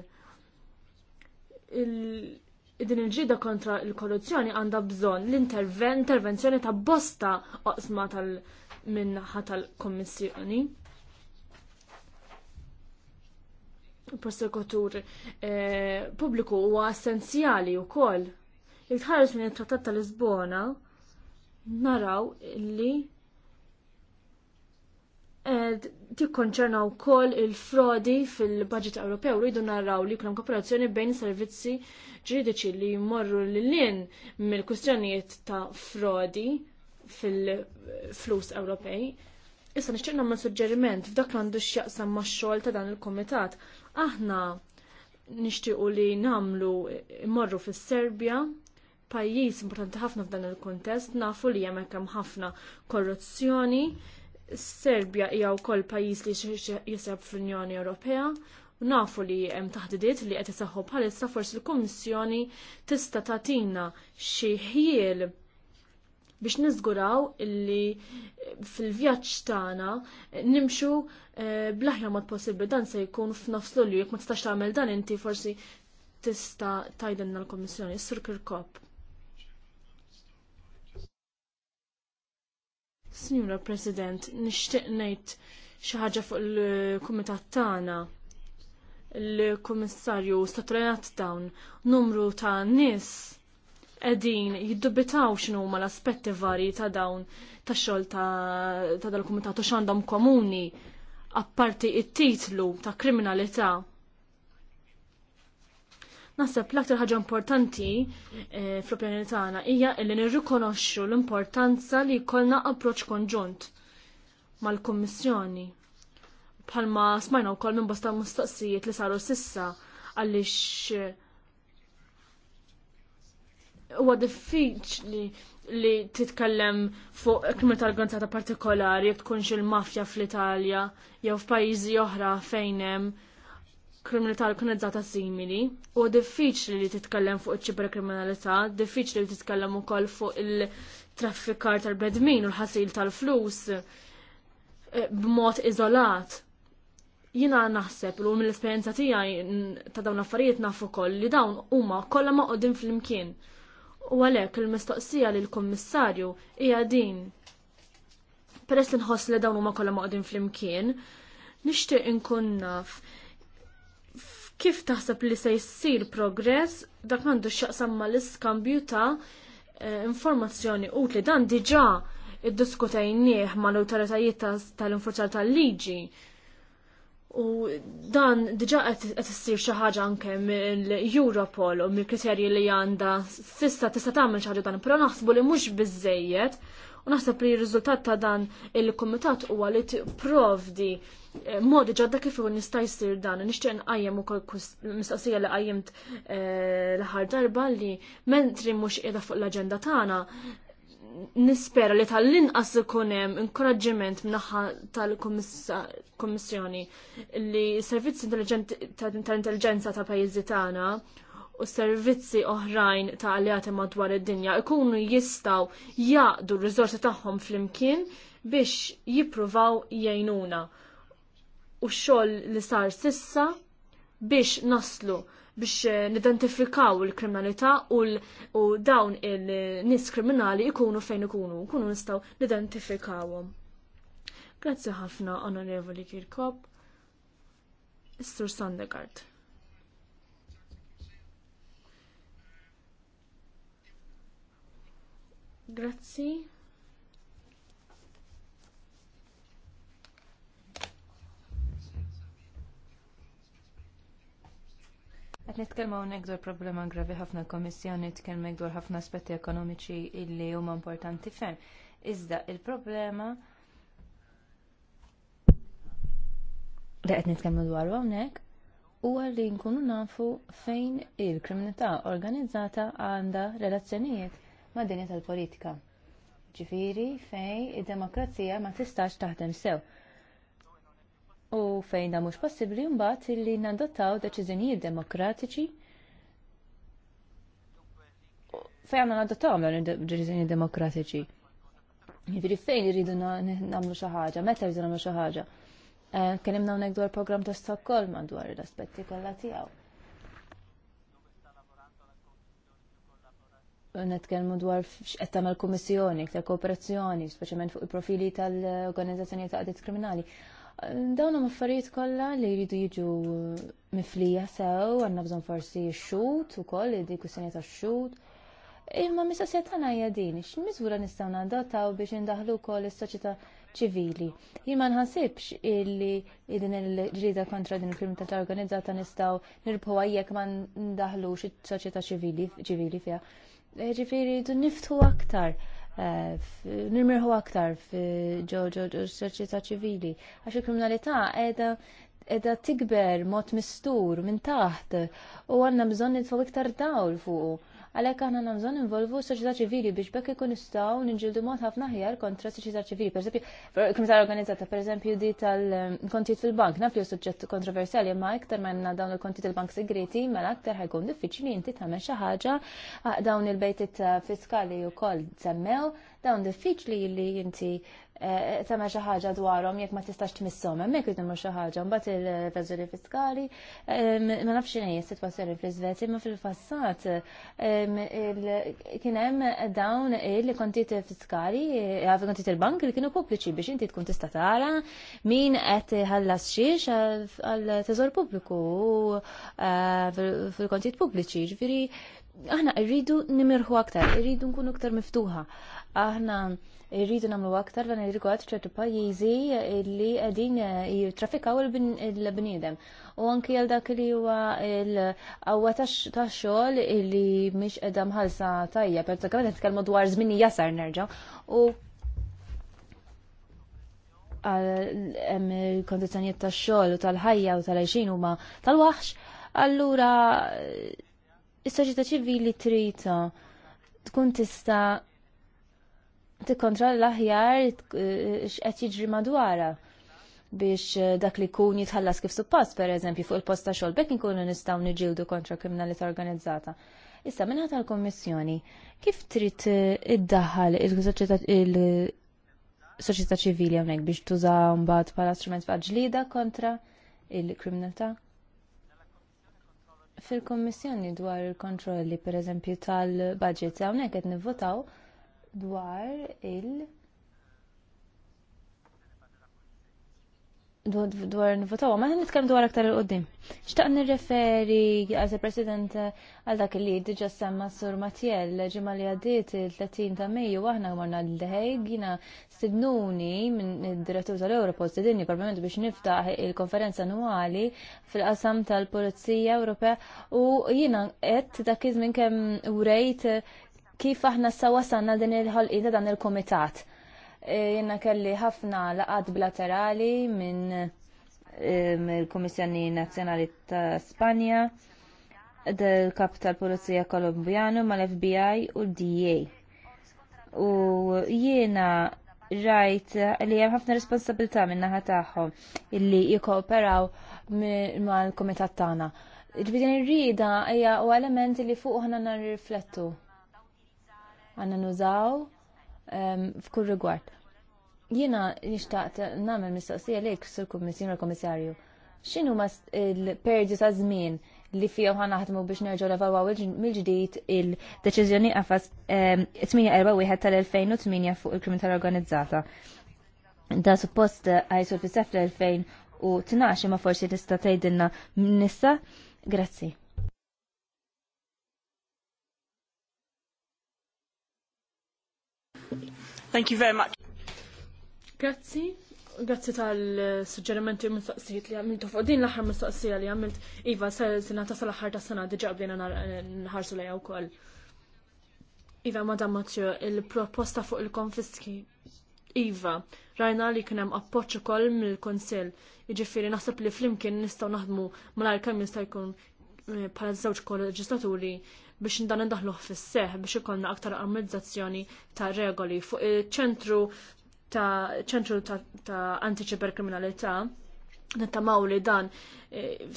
Din il-ġida kontra il-korruzzjoni għandha bżonn l-intervenzjoni ta' bosta oqsma tal-minnaħa tal komissjoni prosekutur eh, pubbliku huwa essenzjali wkoll. Jekk tħarġ minn it-Trattat ta' Lisbona, naraw li eh, tikkonċerna wkoll il-frodi fil-budget Ewropew rridu naraw li kunem kooperazzjoni bejn servizzi ġuridiċi li jmorru lil-lin mill-kwistjonijiet ta' frodi fil-flus Ewropej. Issa nixtieq nagħmel suġġeriment f'dak l għandu x'jaqsam max-xogħol ta' dan il-kumitat Aħna nixtiequ li namlu morru fis-Serbja pajjiż importanti ħafna f'dan il-kontest, nafu li hemm hemm ħafna korruzzjoni. Serbja hija wkoll pajjiż li jiseb fl-Unjoni Ewropea, u nafu li hemm taħdidiet li qed isaħħu bħalissa forsi l-Kummissjoni tista' tagħtina xi ħiel biex niżguraw illi fil-vjaġġ tagħna nimxu eh, bl-aħjar mod possibbli dan se jkun f'nofs lulju jekk ma tistax tagħmel dan inti forsi tista' tajdenna l-Kommissjoni, Sur Kirkop. Signora President, nixtieq ngħid xi ħaġa fuq il-kumitat tagħna il-Kummissarju staturenat dawn numru ta' nies edin jiddubitaw xinu ma l-aspetti varji ta' dawn ta' xol ta', dal-komitatu xandom komuni apparti it-titlu ta' kriminalità. Nasab l-aktar ħaġa importanti e, fl-opinjoni tagħna hija illi nirrikonoxxu l-importanza li jkollna approċċ konġunt mal-Kummissjoni. Bħalma smajna wkoll minn bosta mustaqsijiet li saru sissa għaliex huwa diffiċli li titkellem fuq tal Gonzata partikolari jek tkunx il-mafja fl-Italja jew f'pajjiżi oħra fejn hemm kriminalità organizzata simili. U diffiċli li titkellem fuq iċ-ċiberkriminalità, diffiċli li titkellem ukoll fuq il-traffikar tal bedmin u l-ħasil tal-flus eh, b'mod iżolat. Jina naħseb u mill-esperjenza tiegħi ta' dawn l affarijiet nafu koll li dawn huma kollha maqogħdin fl-imkien U għalhekk il-mistoqsija lill kummissarju hija din. Peress li nħoss li dawn huma kolla maqdin flimkien, nixtieq inkun naf kif taħseb li se jsir progress dak għandu x'jaqsam mal-iskambju ta' eh, informazzjoni utli dan diġà iddiskutejnieh mal-awtoritajiet tal-infurzar tal-liġi. tal infurzar tal liġi tal liġi U dan diġa qed issir xi ħaġa anke mill-Europol u mill-kriterji li għandha s'issa tista' tagħmel xi ħaġa dan, però naħsbu li mhux biżejjed u naħseb li r-riżultat ta' dan il-kumitat huwa li tipprovdi eh, modi ġodda kif u nista' jsir dan. Nixtieq nqajjem ukoll mistoqsija li qajjimt eh, l-aħħar darba li mentri mhux qiegħda fuq l-aġenda tagħna nispera li tal-inqas ikun hemm inkoraġġiment minnaħħa tal-Kummissjoni li s-servizzi tal-intelligenza ta' pajjiżi tagħna u servizzi oħrajn ta' alleati madwar id-dinja ikunu jistaw jaqdu r-riżorsi tagħhom flimkien biex jippruvaw jgħinuna. U x-xogħol li sar sissa biex naslu biex eh, nidentifikaw il-kriminalità u dawn il-nis kriminali ikunu fejn ikunu, ikunu nistaw nidentifikawhom. Grazzi ħafna, onorevoli Kirkop. Istur Sandegard. Grazzi. Qed nitkellmu hawnhekk dwar problema gravi ħafna komissjoni tkellmek dwar ħafna aspetti ekonomiċi illi huma importanti ferm. Iżda il-problema li qed nitkellmu dwar hawnhekk huwa li nkunu nafu fejn il-kriminalità organizzata għandha relazzjonijiet ma' dinja tal-politika. Ġifiri fejn id-demokrazija ma tistax taħdem sew u fejn da mhux possibbli mbagħad illi nadottaw deċiżjonijiet demokratiċi fejn għandna nadottaw dawn deċiżjonijiet demokratiċi. Jiġri fejn jridu nagħmlu xi ħaġa, meta jridu nagħmlu xi ħaġa. Eh, Kien hemm dwar programm ta' Stockholm dwar l-aspetti kollha tiegħu. Netkellmu dwar x'qed tagħmel kummissjoni, iktar kooperazzjoni, specialment fuq il-profili tal-organizzazzjoni ta' kriminali Dawn huma affarijiet kollha li jridu jiġu uh, miflija sew, għandna bżonn forsi x-xut ukoll, dik kwistjoni tax-xut. Imma mistoqsija tagħna hija din, x'miżura nistgħu nadottaw biex indaħlu wkoll is-soċjetà ċivili. Jien ma nħassibx id din il-ġrida kontra din il ta' organizzata nistgħu nirbħu għajjek ma ndaħlux is-soċjetà ċivili fiha. Ġifieri niftu aktar nimirħu aktar f'ġoġo soċjetà ċivili għax il-kriminalità qiegħda edha tikber mod mistur minn taħt u għandna bżonn nitfgħu iktar dawl fuq. Għalhekk aħna nagħmżon involvu s-soċjetà ċivili biex bekk ikun nistgħu ninġildu mod ħafna ħjar kontra s-soċjetà ċivili. Pereżempju, kriminalità organizzata, pereżempju di tal-kontijiet ehm, fil-bank, naf li hu suġġett kontroversjali, ma iktar minn dawn il-kontijiet fil bank segreti, mela aktar ħajkun diffiċli inti tagħmel xi ħaġa ah, dawn il-bejtiet eh, fiskali wkoll semmew dawn diffiċli li inti eh, tagħmel xi ħaġa dwarhom jekk ma tistax tmisshom hemmhekk jidhom xi ħaġa mbagħad il-evażjoni fiskali eh, ma nafx x'inhi s-sitwazzjoni fl-Iżvezja ma fil-passat eh, kien hemm dawn il-kontijiet fiskali għavi kontijiet il-bank li kienu pubbliċi biex inti tkun tista' tara min qed ħallas xiex għal teżor pubbliku fil-kontijiet pubbliċi ġifieri aħna rridu nimirħu aktar, rridu nkunu aktar miftuħa aħna irridu nagħmlu aktar dan ir-rigward ċertu pajjiżi li qegħdin eh, jittrafikaw il-bniedem. U anki għal dak li huwa l-qawwa tax-xogħol li mhix qiegħda mħallsa tajja, perżakkament nitkellmu dwar żmien jasar nerġa' u il-kondizjonijiet tax-xogħol u tal-ħajja u tal għajxin huma tal-waħx, allura eh, is-soċjetà ċivili trid tkun tista' tikkontrolla aħjar eh, x'qed jiġri madwarha biex eh, dak li kun jitħallas kif suppost, per eżempju, fuq il-post ta' xogħol bekk inkunu nistgħu niġildu kontra kriminalità organizzata. Issa minħat tal-Kommissjoni, kif trid eh, iddaħħal il-soċjetà ċivili hawnhekk biex tuża mbagħad bħala strument ta' ġlida kontra il-kriminalità? Fil-Kommissjoni dwar il-kontrolli pereżempju tal-budget hawnhekk qed nivvotaw dwar il- dwar nivotaw, ma nitkellem dwar aktar il-qoddim. Xtaq nirreferi għal president għal dak li diġa semma Sur Matjell ġimma li għaddiet il-30 ta' Mejju aħna għamorna l-ħejg jina sidnuni minn id-direttur tal-Europol sidnuni parlament biex niftaħ il-konferenza annuali fil-qasam tal-Polizija Ewropea u jina għedt dak iż minn kemm urejt kif aħna sawa sanna din il-ħolqi dan il-komitat. E, Jena kelli ħafna laqad bilaterali minn e, il-Komissjoni Nazzjonali ta' Spanja, del-Kap tal-Polizija Kolumbjanu mal-FBI u l-DA. U jiena rajt li hemm ħafna responsabilità minn naħa tagħhom illi jikkooperaw mal-kumitat tagħna. Il-bidin rrida hija u elementi li fuq ħana nirriflettu għanna nużaw ehm, f'kull rigward. Jiena nishtaqt nagħmel mistoqsija lejk sur kummissjon għal komissarju. Xinu ma l-perdi ta' żmien li fija ħan naħdmu biex l nevalwaw mill-ġdid il-deċiżjoni għafas 841 ehm, tal-2008 fuq il kriminal organizzata. Da suppost għajsu fis-sef l-2012 ma forsi tista' tgħidilna nissa. Grazzi. Thank you very much. Grazzi. Grazzi tal-suġġerimenti u mistaqsijiet li għamilt fuq din l-aħħar mistaqsija li għamilt Iva sena ta' sal-aħħar ta' sena diġa bdejna nħarsu għaw wkoll. Iva Madam Mathieu, il-proposta fuq il-konfiski Iva, rajna li kien hemm appoġġ ukoll mill-Kunsill. Jiġifieri naħseb li flimkien nistgħu naħdmu malajr kemm jista' jkun eh, bħala żewġ kol leġislaturi biex dan indaħluħ fis-seħ biex ikollna aktar armonizzazzjoni ta' regoli fuq il-ċentru ta' ċentru ta', ta Nittamaw li dan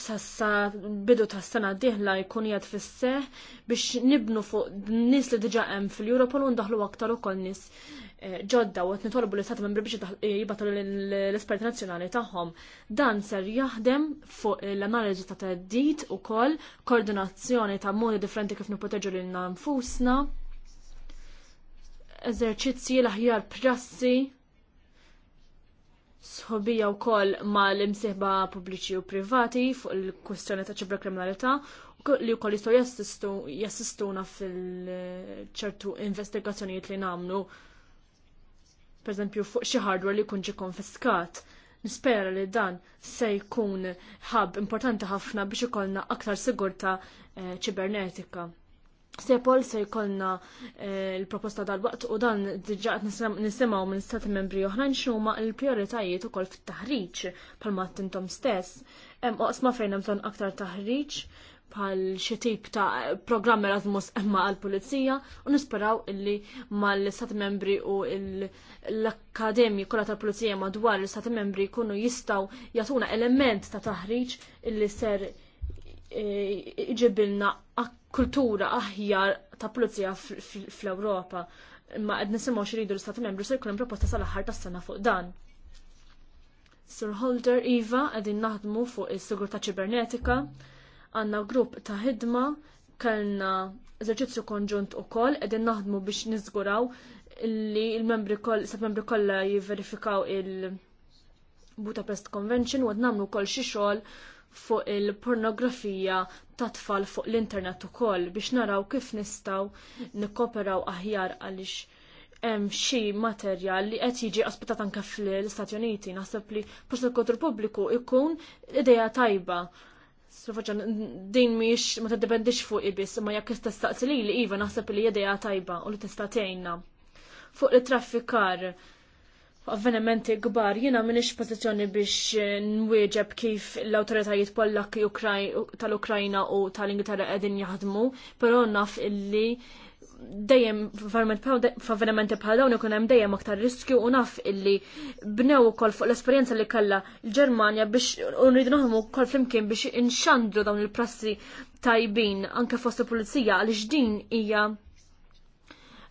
sassa e, bidu ta' sena diħla jkun jgħad fisseħ biex nibnu fuq nis li diġa hemm fil europa u ndaħlu aktar ukoll nis e, ġodda u qed nitolbu li stati membri biex e, jibatu l-esperti nazzjonali tagħhom. Dan ser jaħdem fuq l-analiżi ta' teddit ukoll, koordinazzjoni ta' modi differenti kif nipoteġu lilna nfusna, eżerċizzji l-aħjar prassi sħobija u koll ma l-imsiħba pubbliċi u privati fuq il-kwestjoni ta' ċibra u li wkoll jistgħu jassistu, jassistuna fil-ċertu investigazzjonijiet li nagħmlu pereżempju fuq xi hardware li jkun ġi konfiskat. Nispera li dan se jkun ħab importanti ħafna biex ikollna aktar sigurta eh, ċibernetika. Sepol se jkollna eh, l-proposta dal-waqt u dan diġa qed nisimgħu minn stati membri oħrajn x'huma l-prijoritajiet ukoll fit-taħriġ bħalma tintom stess. Hemm oqsma fejn hemm ton aktar taħriġ bħal xi tip ta' programm Erasmus imma għall-Pulizija u nisperaw illi mal-Stati Membri u l-Akkademji kollha tal-Pulizija madwar l-Stati Membri jkunu jistgħu jagħtuna element ta' taħriġ illi ser iġibilna kultura aħjar ta' pulizija fl-Ewropa. Imma qed nisimgħu xiridu l stati Membri se jkun hemm proposta sal-aħħar tas-sena fuq dan. Sir Holder Iva qegħdin naħdmu fuq is sigurta ċibernetika, għandna grupp ta' ħidma, kellna eżerċizzju konġunt ukoll qegħdin naħdmu biex niżguraw li l-membri koll, sat membri kollha jiverifikaw il Budapest Convention u għad namlu kol xi xogħol fuq il-pornografija ta' tfal fuq l-internet ukoll biex naraw kif nistgħu nikkoperaw aħjar għaliex hemm xi materjal li qed jiġi ospitat anke fl-Istati Uniti. Naħseb li prosekutur pubbliku jkun idea tajba din miex ma t-dependix fuq ibis, ma jekk tista' li li iva naħseb li jedeja tajba u li tista' tgħinna. Fuq li traffikar avvenimenti kbar, jiena m'iniex pożizzjoni biex nwieġeb kif l-awtoritajiet Pollak tal-Ukrajna u tal-Ingilterra qegħdin jaħdmu, però naf illi dejjem f'avvenimenti bħal dawn ikun hemm dejjem aktar riskju u naf illi bnew ukoll fuq l-esperjenza li kellha l-Ġermanja biex nridu naħdmu wkoll flimkien biex inxandru dawn il-prassi tajbin anke fost il-pulizija għaliex din hija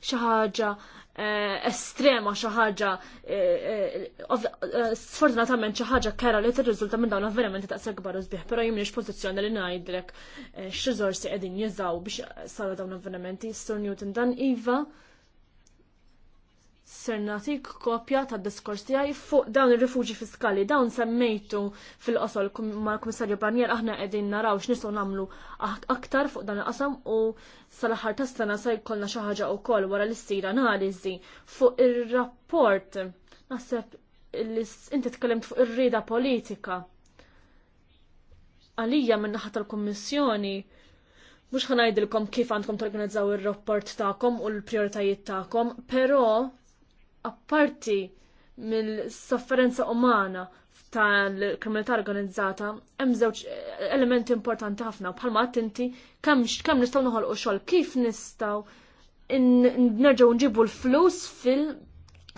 xi ħaġa eh, estrema xi ħaġa eh, eh, sfortunatament xi ħaġa kera li tirriżulta minn dawn avvenimenti ta' segbar u sbieħ, però jien mhix pożizzjoni li ngħidlek x'riżorsi qegħdin jużaw biex saru dawn avvenimenti. Sur Newton dan iva ser natik kopja tad diskors tiegħi fuq dawn ir-rifuġi fiskali. Dawn semmejtu fil-qosol mal komissarju Barnier aħna qegħdin naraw x'nistgħu namlu aktar fuq dan il-qasam u sal-aħħar tas-sena se jkollna xi ħaġa wkoll wara l-istira analiżi fuq ir-rapport. Naħseb inti tkellimt fuq ir rida politika. Għalija minn naħa tal-Kummissjoni mux ħanajdilkom kif għandkom torganizzaw il-rapport ta'kom u l-prioritajiet ta'kom, pero apparti mill-sofferenza umana tal-kriminalità organizzata hemm żewġ eh, elementi importanti ħafna bħalma qatt inti kemm kemm nistgħu noħolqu xogħol kif nistgħu nerġgħu nġibu l-flus fil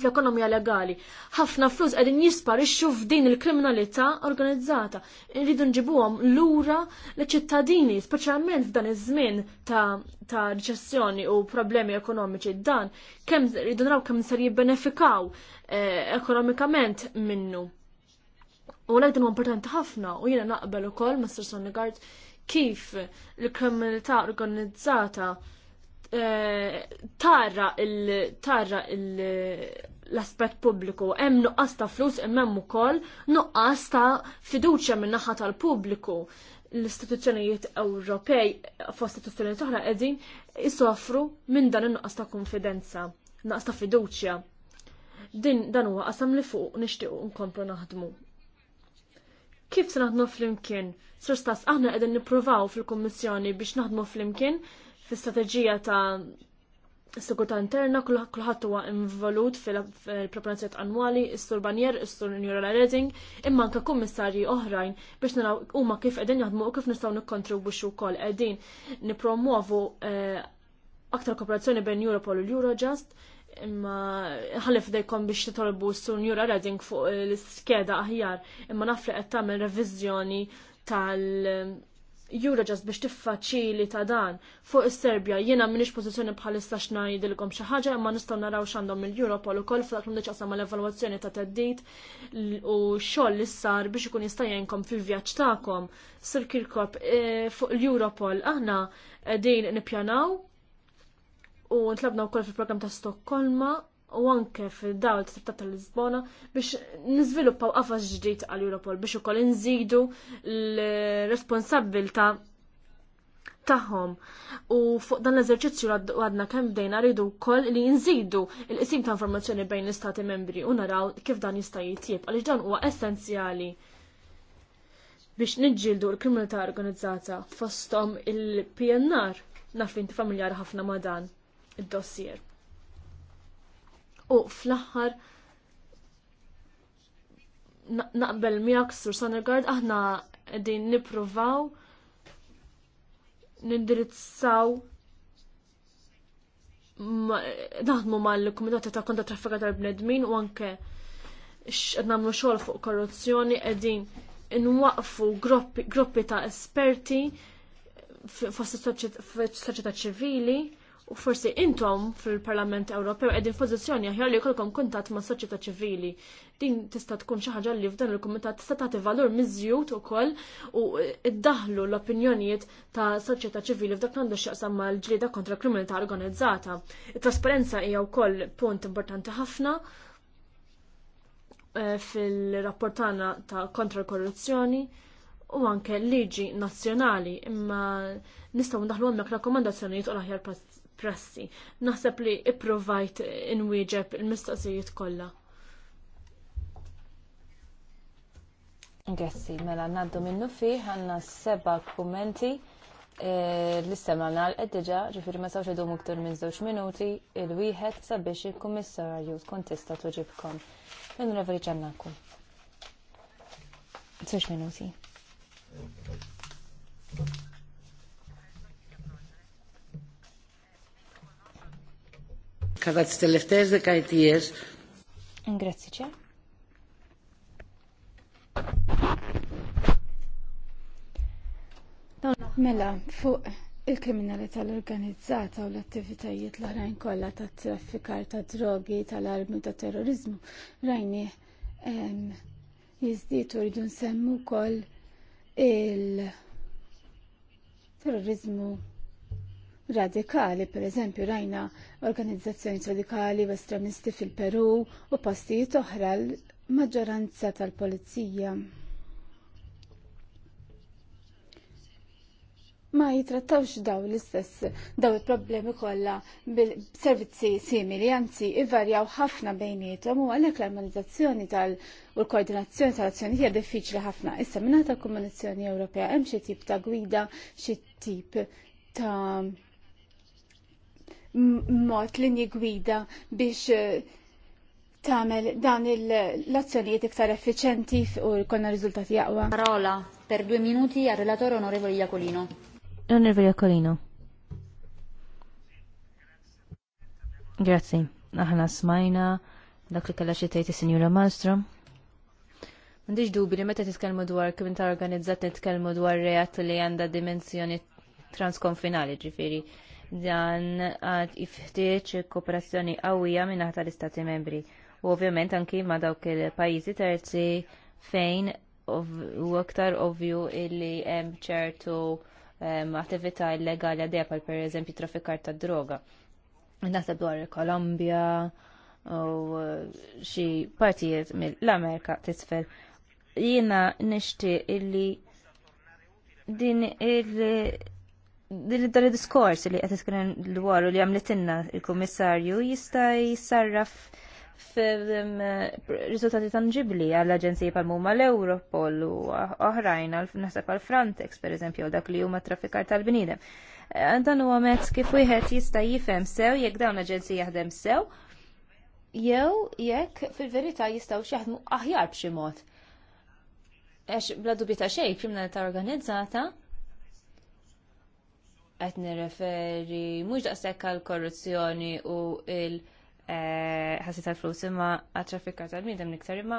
fl-ekonomija legali. Ħafna flus qegħdin jisparixxu f'din il-kriminalità organizzata. Irridu nġibuhom lura l-ċittadini, speċjalment f'dan iż-żmien ta', ta riċessjoni u problemi ekonomiċi dan, kemm irridu naraw kemm ser jibbenefikaw eh, ekonomikament minnu. U l importanti ħafna u jiena naqbel ukoll Mr. Sonnigard kif l-kriminalità organizzata Eh, tarra il-tarra il- l-aspet pubbliku, hemm nuqqas ta' flus imma hemm ukoll nuqqas ta' fiduċja min naħa tal-pubbliku. L-istituzzjonijiet Ewropej fost istituzzjonijiet oħra qegħdin isofru minn dan in-nuqqas ta' konfidenza, nuqqas ta' fiduċja. Din dan huwa qasam li fuq nixtiequ nkomplu naħdmu. Kif se naħdmu flimkien? Sur stas aħna qegħdin nippruvaw fil-Kummissjoni biex naħdmu flimkien fl-istrateġija ta' sigurtà interna kulħadd huwa involut fil-preparazzjoni annwali, s sur Banjer, is-Sur Neural Reding, imma anke kummissarji oħrajn biex naraw huma kif qegħdin jaħdmu u kif nistgħu nikkontribwixxu wkoll qegħdin nippromuovu eh, aktar kooperazzjoni bejn Europol u Eurojust imma ħalif dejkom biex titolbu s sur Neural Redding fuq l-skeda aħjar imma nafri qed tagħmel reviżjoni tal- ġas biex tiffaċili ta' dan fuq is-Serbja jiena m'iniex pożizzjoni bħalissa x'ngħidilkom xi ħaġa imma nistgħu naraw x'għandhom il-Europol ukoll f'dak li ċasam mal-evalwazzjoni ta' teddit u xogħol li sar biex ikun jista' jgħinkom fil-vjaġġ tagħkom. Sir Kirkop e, fuq l-Europol aħna qegħdin nippjanaw u ntlabna wkoll fil-programm ta' Stokkolma u anke fil-dawl t Trattat tal-Lisbona biex nizviluppaw qafas ġdid għal Europol biex ukoll nżidu l-responsabilta tagħhom. U fuq dan l-eżerċizzju għadna kemm bdejna rridu wkoll li nżidu l-qsim ta' informazzjoni bejn l-istati membri u naraw kif dan jista' jitjieb għaliex dan huwa essenzjali biex niġġieldu l-kriminalità organizzata fosthom il-PNR naf inti familjari ħafna ma' dan id-dossier u fl-aħħar naqbel miegħek sur Sondergaard aħna qegħdin nippruvaw nindirizzaw naħdmu mal-Kumitati ta' Konta Traffika tal-Bnedmin u anke x'ed nagħmlu xogħol fuq korruzzjoni qegħdin inwaqfu gruppi ta' esperti fos-soċjetà ċivili u forsi intom fil-Parlament Ewropew qegħdin fpożizzjoni aħjar li jkollkom kuntatt ma' soċjetà ċivili. Din tista' tkun xi ħaġa li f'dan il-kumitat tista' tagħti valur miżjud ukoll u iddaħlu l-opinjonijiet ta' soċjetà ċivili f'dak għandu x'jaqsam mal-ġlieda kontra l kriminalità organizzata. It-trasparenza hija wkoll punt importanti ħafna eh, fil-rapportana ta' kontra l-korruzzjoni u anke liġi nazzjonali imma nistgħu ndaħlu hemmhekk rakkomandazzjonijiet u l-aħjar prassi. Naħseb li ipprovajt inwieġeb il-mistoqsijiet kollha. Gessi, mela naddu minnu fih għanna seba kummenti eh, l-istemana l eddġa ġifiri ma sawx idumu ktar minn żewġ minuti il-wieħed sabiex il-kummissarju tkun tista' tuġibkom. L-Onorevoli Ġannaku. Żewġ minuti. Mela, fuq il-kriminalità l-organizzata u l-attivitajiet l-oħrajn kollha tat traffikar ta' drogi, tal-armi ta' terrorizmu, rajni jiżdietu rridu nsemmu wkoll il-terrorizmu radikali, per eżempju rajna organizzazzjoni radikali u estremisti fil-Peru u postijiet oħra l-maġġoranza tal-polizija. Ma jitrattawx daw l-istess, daw il-problemi kollha bil-servizzi simili, anzi ivarjaw ħafna bejnietom u għalhekk l-armonizzazzjoni tal- u l-koordinazzjoni tal-azzjoni hija diffiċli ħafna. Issa minn tal-Komunizzjoni Ewropea hemm xi tip ta' gwida, xi tip ta' mod li nigwida biex eh, tagħmel dan l-azzjonijiet iktar effiċenti u jkollna riżultati jaqwa. Parola per due minuti għal relator onorevoli Jacolino. Onorevoli Jacolino. Grazzi. Aħna smajna dak li kellha xi tgħid is-Sinjura Malmstrom. M'għandix dubi li meta titkellmu dwar kif inta organizzat nitkellmu dwar reat li għandha dimensjoni transkonfinali ġifieri dan għad ifħtieġ kooperazzjoni qawwija minn naħa tal-Istati membri. U ovvjament anki ma' dawk il-pajjiżi terzi fejn u aktar ovvju illi hemm ċertu ehm, attività illegali għadja pal per eżempju traffikar ta' droga. Naħseb dwar il-Kolombja u xi partijiet mill-Amerika tisfel. Jiena nixtieq illi din il- din id diskors li qed iskren dwaru li għamlitinna il-kummissarju jista' jissarraf f'riżultati riżultati għall-Aġenziji pal mumma l-Europol u oħrajn naħseb għal Frontex, per eżempju, dak li huma traffikar tal-bniedem. Eh, dan huwa mezz kif wieħed jista' jifhem sew jekk dawn l-aġenziji jaħdem sew, jew jekk fil-verità jistgħu jaħdmu aħjar b'xi mod. Għax bla dubju ta' xejn kriminalità organizzata, qed nirreferi mhux daqshekk għall korruzzjoni u il eh, ħassi tal-flus imma għat-traffikar tal-bniedem niktar imma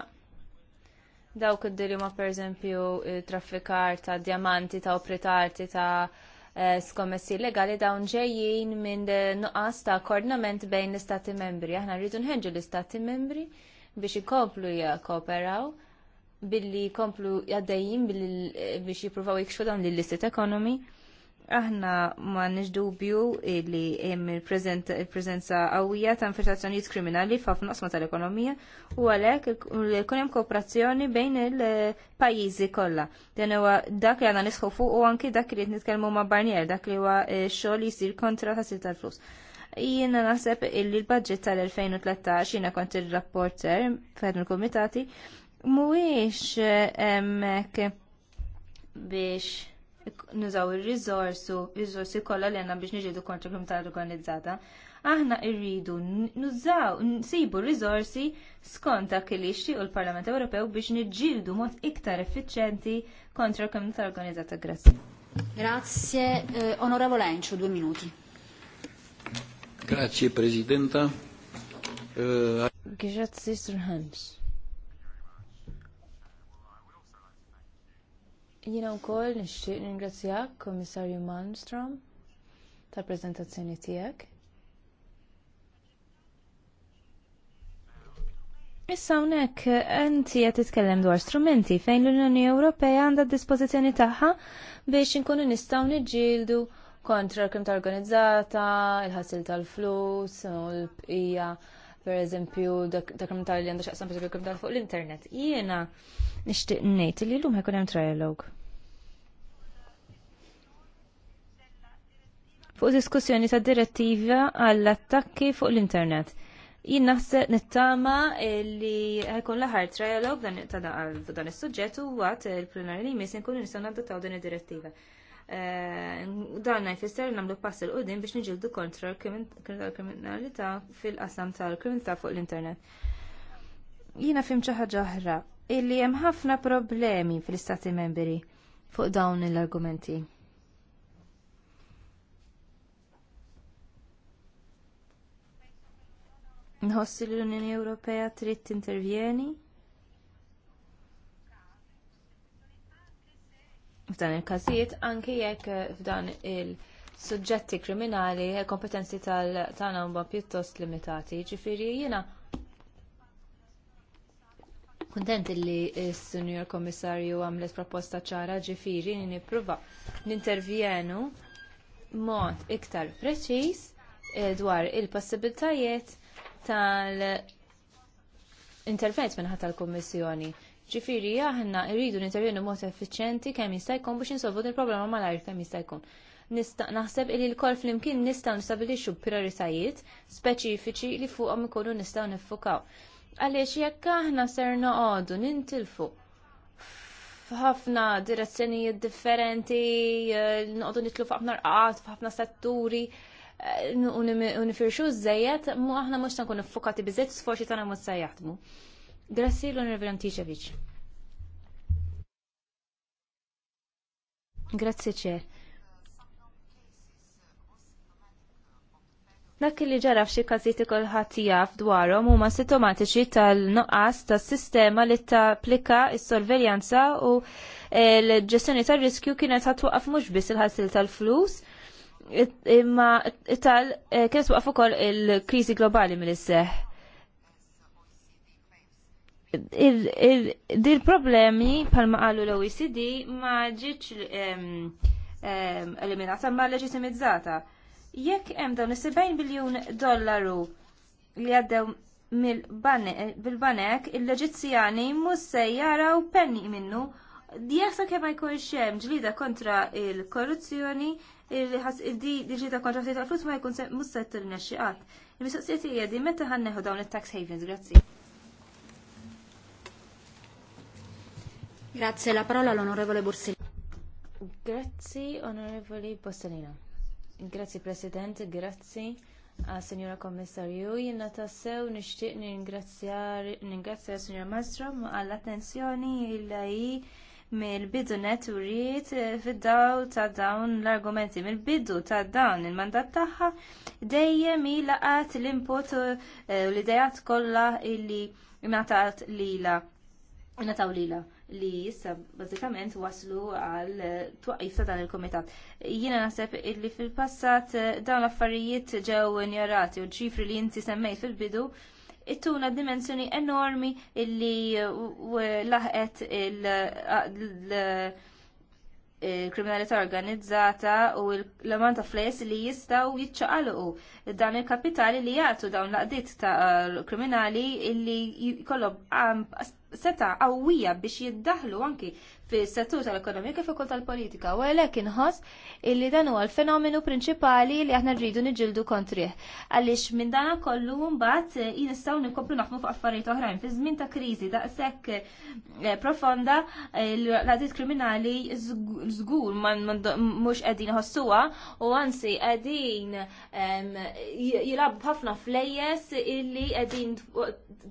dawk id dilima ma per eżempju traffikar ta' diamanti ta' opritarti ta' eh, skommessi legali dawn ġejjin minn nuqqas ta' koordinament bejn l-istati membri. Aħna rridu nħenġu l-istati membri biex ikomplu jakkooperaw billi komplu għaddejjin eh, biex jipruvaw jikxu dawn l-illicit economy aħna ma nġdubju li hemm il-preżenza qawwija ta' infiltrazzjonijiet kriminali f'ħafna qosma tal-ekonomija u għalhekk ikun hemm kooperazzjoni bejn il-pajjiżi kollha. Dan huwa dak li għandna nisħu fuq u anki dak li nitkellmu ma' Barnier, dak li huwa eh, xogħol jisir kontra ħasil tal-flus. Jiena naħseb illi l-budget tal-2013 jiena kont ir-rapporter f'ħed il kumitati mhuwiex eh, hemmhekk biex nużaw ir il-rizorsi kollha li għandna biex niġidu kontra kriminalità organizzata. Aħna rridu nużaw, nsibu riżorsi skont dak li u l-Parlament Ewropew biex niġġieldu mod iktar effiċenti kontra kriminalità organizzata. Grazie. Grazie, eh, onorevole due minuti. Grazie, Presidenta. Uh, Grazie, Sir Hans. Jina wkoll nixtieq ningrazzjak, Komissarju Malmstrom, tal-preżentazzjoni tiegħek. Issa hawnhekk inti qed titkellem dwar strumenti fejn l-Unjoni Ewropea għandha d-dispożizzjoni tagħha biex inkunu nistgħu niġġieldu kontra l-krim organizzata, il-ħassil tal-flus u l-bqija per eżempju, dokumentar li għandu xaqsam per eżempju fuq l-internet. Jiena nishtiq nejt li l-lum ħekun hemm trialog. Fuq diskussjoni ta' direttiva għall-attakki fuq l-internet. Jien naħseb nittama li ħekun l-aħħar trialog dan ta' dan is-suġġett u għat il-plenari li jmiss nkunu nistgħu nadottaw din id-direttiva. Eh, dan jfisser nagħmlu pass il qudiem biex niġildu kontra l-kriminalità fil-qasam tal-kriminalità fuq l-internet. Jiena fim xi ħaġa oħra illi hemm ħafna problemi fl-istati membri fuq dawn l-argumenti. Nħossi li l-Unjoni Ewropea trid tintervjeni f'dan il-każijiet anki jekk eh, f'dan il-suġġetti kriminali eh, kompetenzi tagħna huma pjuttost limitati. Ġifieri jiena kuntent li s-Sunjur Kommissarju għamlet proposta ċara ġifieri li nippruva nintervjenu mod iktar preċiż eh, dwar il-possibiltajiet tal- intervent minnħat tal-Kommissjoni Ġifiri, aħna rridu nintervjenu mod effiċenti kemm jista' jkun biex insolvu din il-problema malajr kemm jista' jkun. Naħseb li l-kol flimkien nistgħu nistabilixxu prioritajiet speċifiċi li fuqhom ikunu nistgħu niffukaw. Għaliex jekk aħna ser noqogħdu nintilfu f'ħafna direzzjonijiet differenti, noqogħdu nitlu f'ħafna rqat, f'ħafna setturi, eh, unifirxu żejjed, mu aħna mhux tankun fukati bizzet sforxi tagħna mhux se jaħdmu. Grassi l Antiċevic. Grazzi ċer. Dak li ġara f'xi każijiet ikolħat jaf dwarhom huma sintomatiċi tal-nuqqas tas-sistema li tapplika s-sorveljanza u eh, l-ġestjoni tar-riskju kienet ħatwaqaf mhux biss il-ħassil tal-flus imma tal eh, kienet waqaf ukoll il-kriżi globali mill isseħħ. Dil problemi palma qalu l-OECD ma ġiċ eliminata ma leġitimizzata. Jekk hemm dawn is 70 biljun dollaru li għaddew bil-banek il-leġizzjani mus se jaraw penni minnu Jeksa kemm ma jkunx hemm ġlida kontra il-korruzzjoni, il ġlida kontra ftit tal-flus ma jkun mus se t qatt. Il-mistoqsijiet hija di meta ħanneħu dawn it-tax havens, grazzi. Grazie, la parola all'onorevole Borsellino. Grazzi, onorevoli Borsellino. Grazzi, President, grazzi. Signora Kommissarju, jiena tassew nixtieq ningrazzja Signora Mastrom għall-attenzjoni il hi mill-bidu neturiet eh, fid-daw ta' dawn l-argumenti. Mill-bidu ta' dawn il-mandat tagħha dejjem ilaqat l-input eh, u l-idejat kollha illi ngħatat lila. Nataw lila li issa bażikament waslu għal twaqif ta' dan il kumitat Jiena naħseb li fil-passat eh, dawn l-affarijiet ġew injorati u ċifri li jinti semmejt fil-bidu ittuna dimensjoni enormi illi eh, eh, laħqet il-kriminalità organizzata u l-amant ta' fles li jistaw jitċaqalqu dan il-kapitali li jgħatu dawn l-qdiet ta' kriminali illi jkollhom seta qawwija biex jiddaħlu anki fis-settur tal-ekonomija kif ukoll tal-politika u għalhekk inħoss illi dan huwa l-fenomenu prinċipali li aħna rridu niġildu kontrih. Għaliex minn dan kollu mbagħad jinistgħu eh, nkomplu naħmu fuq affarijiet oħrajn fi żmien ta' kriżi daqshekk eh, profonda eh, l-għadiet kriminali żgur mhux qegħdin ħossuha u anzi qegħdin jilab ħafna flejjes illi qegħdin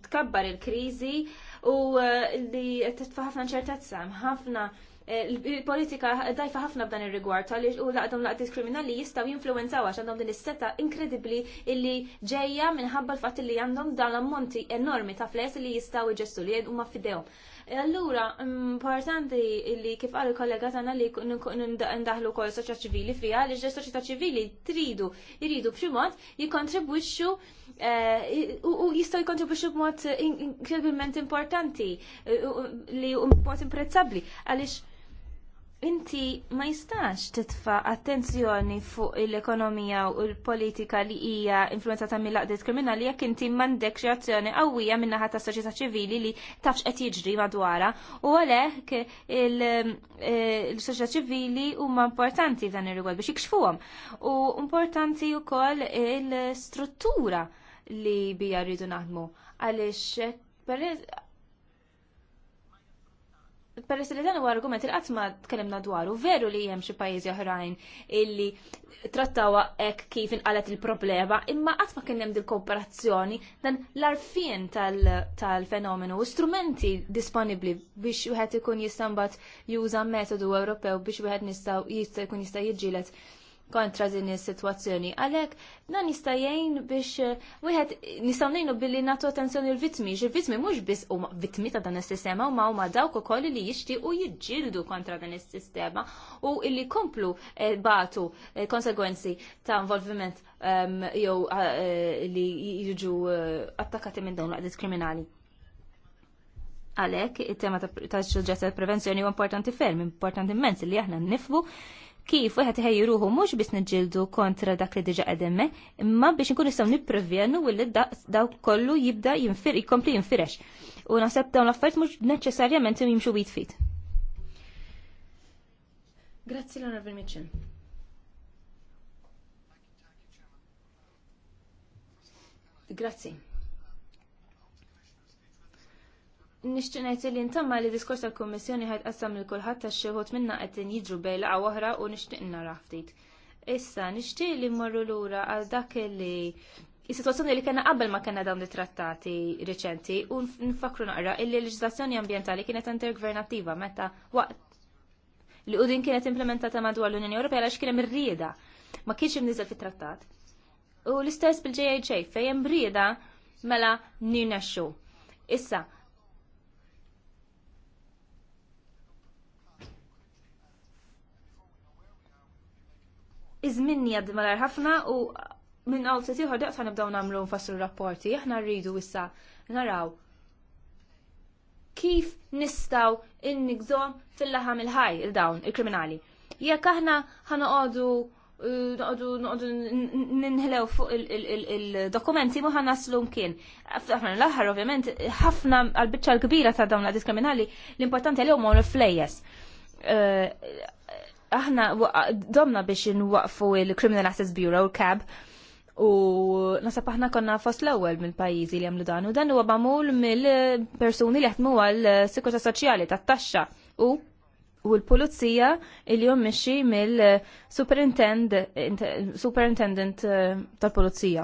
tkabbar il-kriżi u eh, li titfa' ħafna ċertezza, ħafna eh, il-politika dajfa ħafna b'dan ir-rigward għaliex u laqdom laqt kriminali jistgħu jinfluwenzaw għax għandhom din is-seta inkredibbli illi ġejja minħabba l-fatt li għandhom dan ammonti enormi ta' fles li jistgħu jġessu li huma fidejhom. E allura, importanti li kif għal kollega tagħna li ndaħlu kol soċja ċivili fiha li ġe soċjetà ċivili tridu jridu b'xi mod jikkontribwixxu eh, u jistgħu jkontribwixxu b'mod inkredibilment importanti eh, li mod imprezzabbli għaliex inti ma jistax titfa attenzjoni fuq l-ekonomija u l-politika li hija influenzata mill-laqdiet kriminali jekk inti m'għandekx reazzjoni qawwija min-naħa tas soċjetà ċivili li tafx qed jiġri madwarha u għalhekk il-soċjetà eh, ċivili huma importanti f'dan ir-rigward biex jikxfuhom. U importanti wkoll il-struttura li bija rridu naħdmu għaliex Peress li dan huwa argument il ma tkellimna dwaru, veru li hemm xi pajjiżi oħrajn illi trattawha hekk kif inqalet il-problema, imma qatt ma kien hemm dil kooperazzjoni dan l-arfien tal-fenomenu u strumenti disponibbli biex wieħed ikun jista' mbagħad juża metodu Ewropew biex wieħed nistgħu jista' jkun jista' jiġġieled kontra din is-sitwazzjoni. Għalhekk dan jista' jgħin biex eh, wieħed nistgħu ngħinu billi nagħtu attenzjoni l-vittmi, il vitmi mhux biss huma vittmi ta' dan is-sistema huma huma dawk ukoll li jixtiequ jiġġieldu kontra dan is-sistema u illi komplu eh, batu eh, konsegwenzi ta' involviment ehm, jew li jiġu attakati minn dawn laqdiet kriminali. Għalhekk it-tema ta' suġġett tal-prevenzjoni huwa importanti ferm, importanti immens li aħna nifbu kif wieħed iħejju ruħu mhux biss niġġieldu kontra dak li diġa qedemme, imma biex inkun nistgħu nipprevjenu li daw kollu jibda jinfir jkompli jinfirex. U naħseb dawn l-affarijiet mhux neċessarjament jimxu wit fit. Grazzi l-Onorevole Mitchell. Grazzi. nixtieq li ntamma li diskors tal-Kummissjoni ħajt qassam li kulħadd tax-xieħod minna qed jiġru bej laqgħa oħra u nixtieq nara ftit. Issa nixtieq li mmorru lura għal dak li Is-sitwazzjoni li kena qabel ma kena dawn it-trattati riċenti u nfakru naqra li l-leġislazzjoni ambjentali kienet intergvernattiva meta waqt li u din kienet implementata madwar l-Unjoni Ewropea għax kien hemm rieda ma kienx imniżel fit-trattat. U l-istess bil-JHA fejn hemm rieda mela nirnexxu. Issa, izminni għad malar ħafna u minn għal t ieħor daqs nibdaw nagħmlu nfassru rapporti, aħna rridu issa naraw kif nistaw innigżom fil-laħam il-ħaj il-dawn il-kriminali. Jekk aħna għadu noqdu ninħlew fuq il-dokumenti muħan naslu mkien. Għafna l-aħħar ovvjament, ħafna għal-bicċa l-kbira ta' dawn l-diskriminali, l-importanti għal-jom l flejjes aħna domna biex nwaqfu il-Criminal Access Bureau, il-CAB, u nasab aħna konna fost l-ewwel mill-pajjiżi li għamlu dan u dan huwa magħmul mill-persuni li jaħdmu għall sikurta soċjali tat-taxxa u u l-pulizija il jom mixi mill-superintendent eh, tal-pulizija.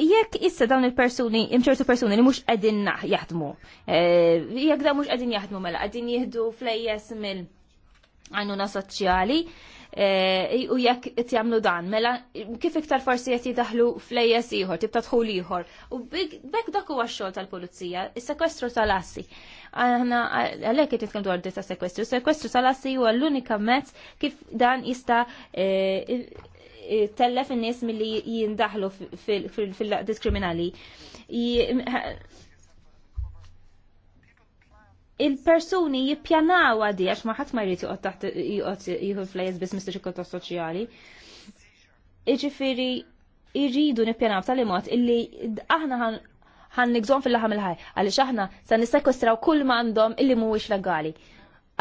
Jekk issa dawn il-persuni, imċertu persuni li mux għedin jaħdmu, eh, jekk da mux għedin jaħdmu mela, għedin jihdu flejjes mill- għajnuna soċjali u jekk qed jagħmlu dan, mela kif iktar forsi qed jidaħlu flejjes ieħor, tibta dħul ieħor. U bekk dak huwa x-xogħol tal-pulizija, is-sekwestru tal-assi. Aħna għalhekk qed nitkellmu dwar ta' sekwestru. Sekwestru tal-assi huwa l-unika mezz kif dan jista' tellef in-nies milli jindaħlu fil-diskriminali il-persuni jippjanaw għadi għax ma ħadd ma jrid joqgħod taħt jieħu flejes bis mistoċi kotta soċjali. Iġifiri, jridu nippjanaw tal mod illi aħna ħan nigżon fil-laħam il-ħaj għaliex aħna sa nissekwestraw kull ma għandhom illi mhuwiex legali.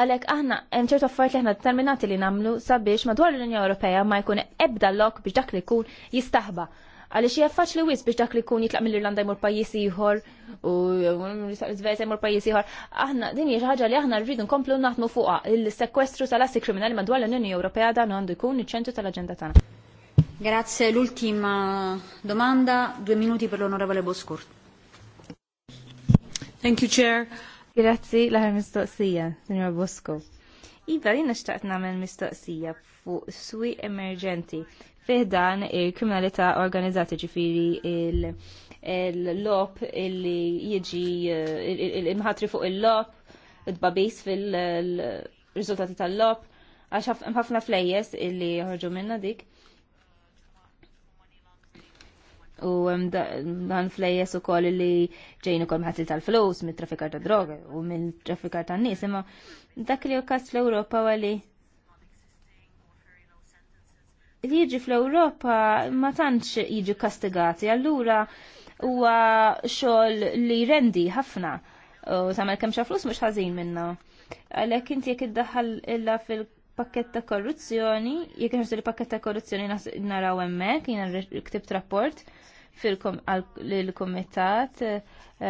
Għalhekk aħna hemm ċertu affarijiet li aħna determinati li nagħmlu sabiex madwar l-Unjoni Ewropea ma jkun ebda lok biex dak li jkun jistaħba Għaliex hija faċli wis biex dak li kun jitlaq mill-Irlanda jmur pajjiż ieħor u l-Iżvezja jmur pajjiż ieħor. Aħna din hija ħaġa li aħna rridu nkomplu naħtmu fuqa Il-sekwestru tal-assi kriminali madwar l-Unjoni Ewropea dan għandu jkun iċ-ċentru tal agenda tagħna. Grazie, l'ultima domanda, due minuti per l'onorevole Boscourt. Thank you, Chair. Grazie, la mistoqsija, signor Boscourt Iva, jina xtaqt namel mistoqsija fuq swi emerġenti fiħdan il-kriminalità organizzata ġifiri il-lop illi jieġi il imħatri fuq il-lop, id-babis fil-rizultati tal-lop, għax ħafna flejjes illi ħorġu minna dik u dan flejjes ukoll li ġejn ukoll ħasil tal-flus mit-traffikar ta' droga u mill-traffikar ta' nies imma dak li okkas fl-Ewropa għali li jiġi fl-Ewropa ma tantx jiġi kastigati allura huwa xogħol li rendi ħafna u samal kemm xa flus mhux ħażin minna. Għalhekk inti jekk iddaħħal illa fil pakketta korruzzjoni, jekk ħarġu li pakketta korruzzjoni naraw emmek, jina ktibt rapport, fil-komitat eh,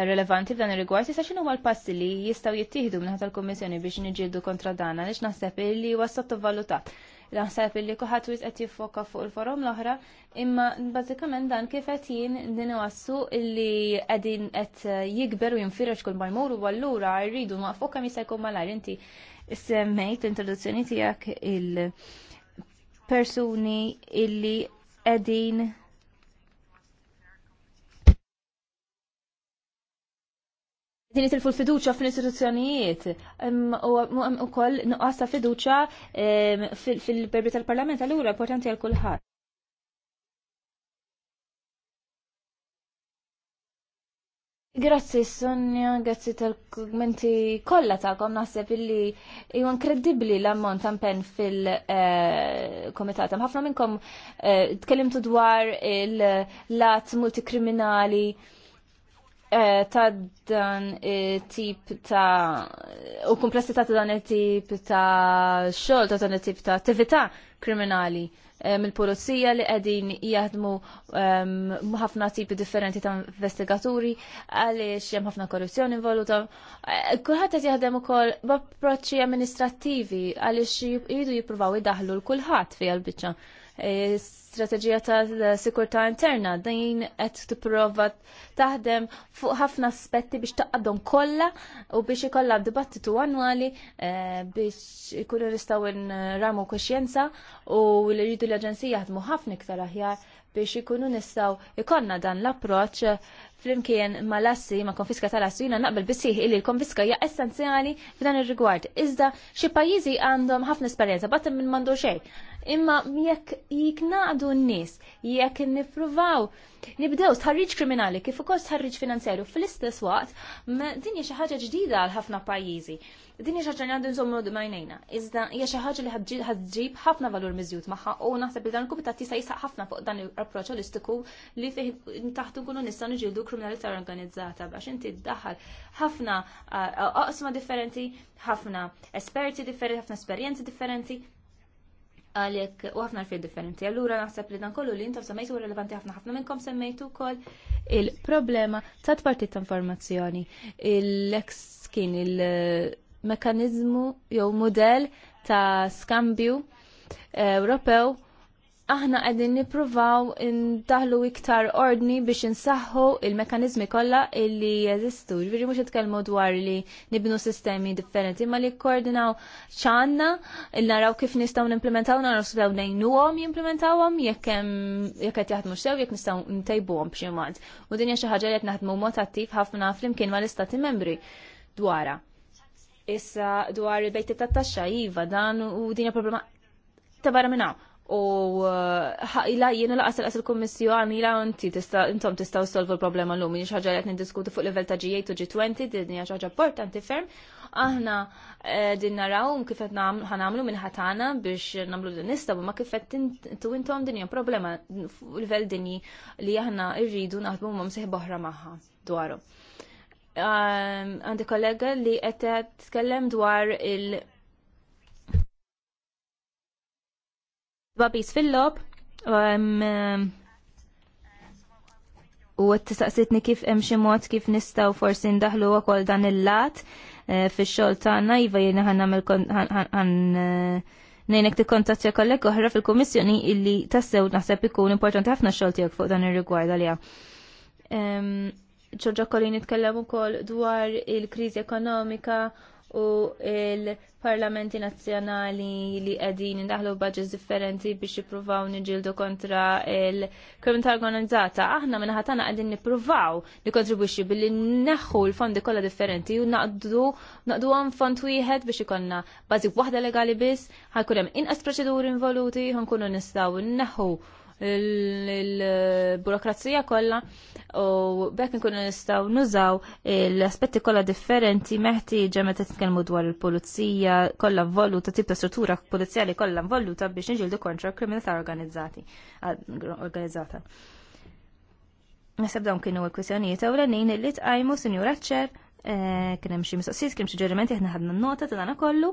relevanti f'dan ir-rigward issa x'inhu l-passi li jistgħu jittieħdu minn tal-Kummissjoni biex niġġieldu kontra dan għaliex naħseb li huwa sottovalutat. Naħseb li kulħadd wis qed jiffoka fuq il-forom l-oħra, imma bażikament dan kif qed jien ninwassu li qegħdin qed eh, jikber u jinfirex kull ma jmur u allura rridu nwaqfu kemm jista' jkun malajr inti semmejt l-introduzzjoni tiegħek il- persuni illi qegħdin. Din it fiduċa fin istituzzjonijiet u koll nuqqas ta' fiduċa fil-berbi tal-parlament għallura importanti għal kulħadd. Grazzi Sonja, grazzi tal-kommenti kollha tagħkom naħseb illi huwa inkredibbli l-ammont ta' pen fil eh, komitata Ħafna minnkom eh, tkellimtu dwar il-lat multikriminali. kriminali Eh, ta' dan eh, tip ta' u komplessità ta' dan tip ta' xogħol ta' dan tip ta' attività kriminali eh, mill-polizija li qegħdin jaħdmu ehm, ħafna tipi differenti ta' investigaturi għaliex hemm ħafna korruzzjoni involuta. Kulħadd qed jaħdem ukoll b'approċċi amministrattivi għaliex jridu jippruvaw idaħlu l kulħadd fi għall biċċa strategija ta' sikurta interna din qed tipprova taħdem fuq ħafna aspetti biex taqadhom kollha u biex ikollha dibattitu annwali eh, biex ikunu nistgħu nramu kuxjenza u l-ridu l-Aġenzija jaħdmu ħafna iktar aħjar biex ikunu nistgħu ikollna dan l-approċċ flimkien ma lassi ma konfiska ta' lassi, jina naqbel bisih illi l-konfiska hija essenzjali f'dan ir-rigward. Iżda xi pajjiżi għandhom ħafna esperjenza batem minn mandu xejn. Imma jekk jiknaqdu n-nies, jekk nippruvaw nibdew tħarriġ kriminali kif ukoll tħarriġ finanzjarju fl-istess waqt, din hija xi ħaġa ġdida għal ħafna pajjiżi. Din hija xi ħaġa li għandu nżommu majnejna. Iżda hija xi ħaġa li ħadġib ħafna valur miżjud magħha u naħseb li dan il-kumitat jista' jisaq ħafna fuq dan l-approċċ holistiku li fih taħtu nkunu nista' niġildu kriminalità organizzata biex inti ddaħħal ħafna uh, uh, oqsma differenti, ħafna esperti differenti, ħafna esperjenzi differenti għalek u ħafna rfid differenti. Allura naħseb li dan kollu li intom semmejtu relevanti ħafna ħafna minnkom semmejtu kol il-problema ta' tparti ta' informazzjoni. Il-lex kien il-mekanizmu jew model ta' skambju eh, Ewropew aħna qegħdin nippruvaw ndaħlu iktar ordni biex insaħħu il-mekanizmi kollha illi jeżistu. Ġifieri mhux nitkellmu dwar li nibnu sistemi differenti ma li koordinaw ċanna il naraw kif nistgħu nimplementaw naraw sew ngħinuhom jimplementawhom jekk hemm jekk qed jaħdmu sew jekk nistgħu ntejbuhom b'xi mod. U dinja xi ħaġa li qed naħdmu mod attiv ħafna flimkien mal-istati membri dwarha. Issa dwar il-bejti tat-taxxa iva dan u dinja problema ta' barra minnaw u ħajla uh, jiena laqas laqas il-kommissjoni ila inti tista' intom tistgħu solvu l-problema llum mhix ħaġa qed niddiskutu fuq level ta' G8 u G20 din hija ħaġa importanti ferm. Aħna eh, din naraw kif qed ħanamlu minn ħatana biex nagħmlu din nistabu ma kif qed tu intom din hija problema livell dinji li aħna rridu naħdmu ma msieħ boħra magħha dwaru. Ehm, għandi kollega li qed tkellem dwar il- Babis fil-lob, um, um, u t-saqsitni kif hemm xi mod kif nistgħu forsi ndaħlu wkoll dan il-lat eh, fix-xogħol tagħna iva jiena ħan nagħmel ħan eh, nejnek tikkontattja kolleg oħra fil-Kummissjoni illi tassew naħseb ikun importanti ħafna x-xogħol tiegħek fuq dan ir-rigward għaliha. Ġorġa Kolin nitkellem ukoll dwar il-kriżi ekonomika u il-parlamenti nazzjonali li qegħdin indaħlu budgets differenti biex jippruvaw nġildu kontra il-kriminalità organizzata. Aħna minn ħatana qegħdin nippruvaw kontribuċi billi neħu l-fondi kollha differenti u naqdu naqduhom fond wieħed biex ikollna bażi waħda legali biss, ħajkun hemm inqas proċeduri involuti, ħankunu nistgħu neħu il-burokrazija kollha u bekk nkunu nistgħu nużaw l-aspetti kollha differenti meħtieġa meta tkelmu dwar il-pulizija kollha voluta, tip ta' struttura polizjali kollha voluta biex nġildu kontra kriminalità organizzata. Nasab dawn kienu l-kwistjonijiet ewlenin li tqajmu Sinjura Ċer Eh, kien hemm xi mistoqsijiet, kien ġerimenti aħna ħadna nota ta' dana kollu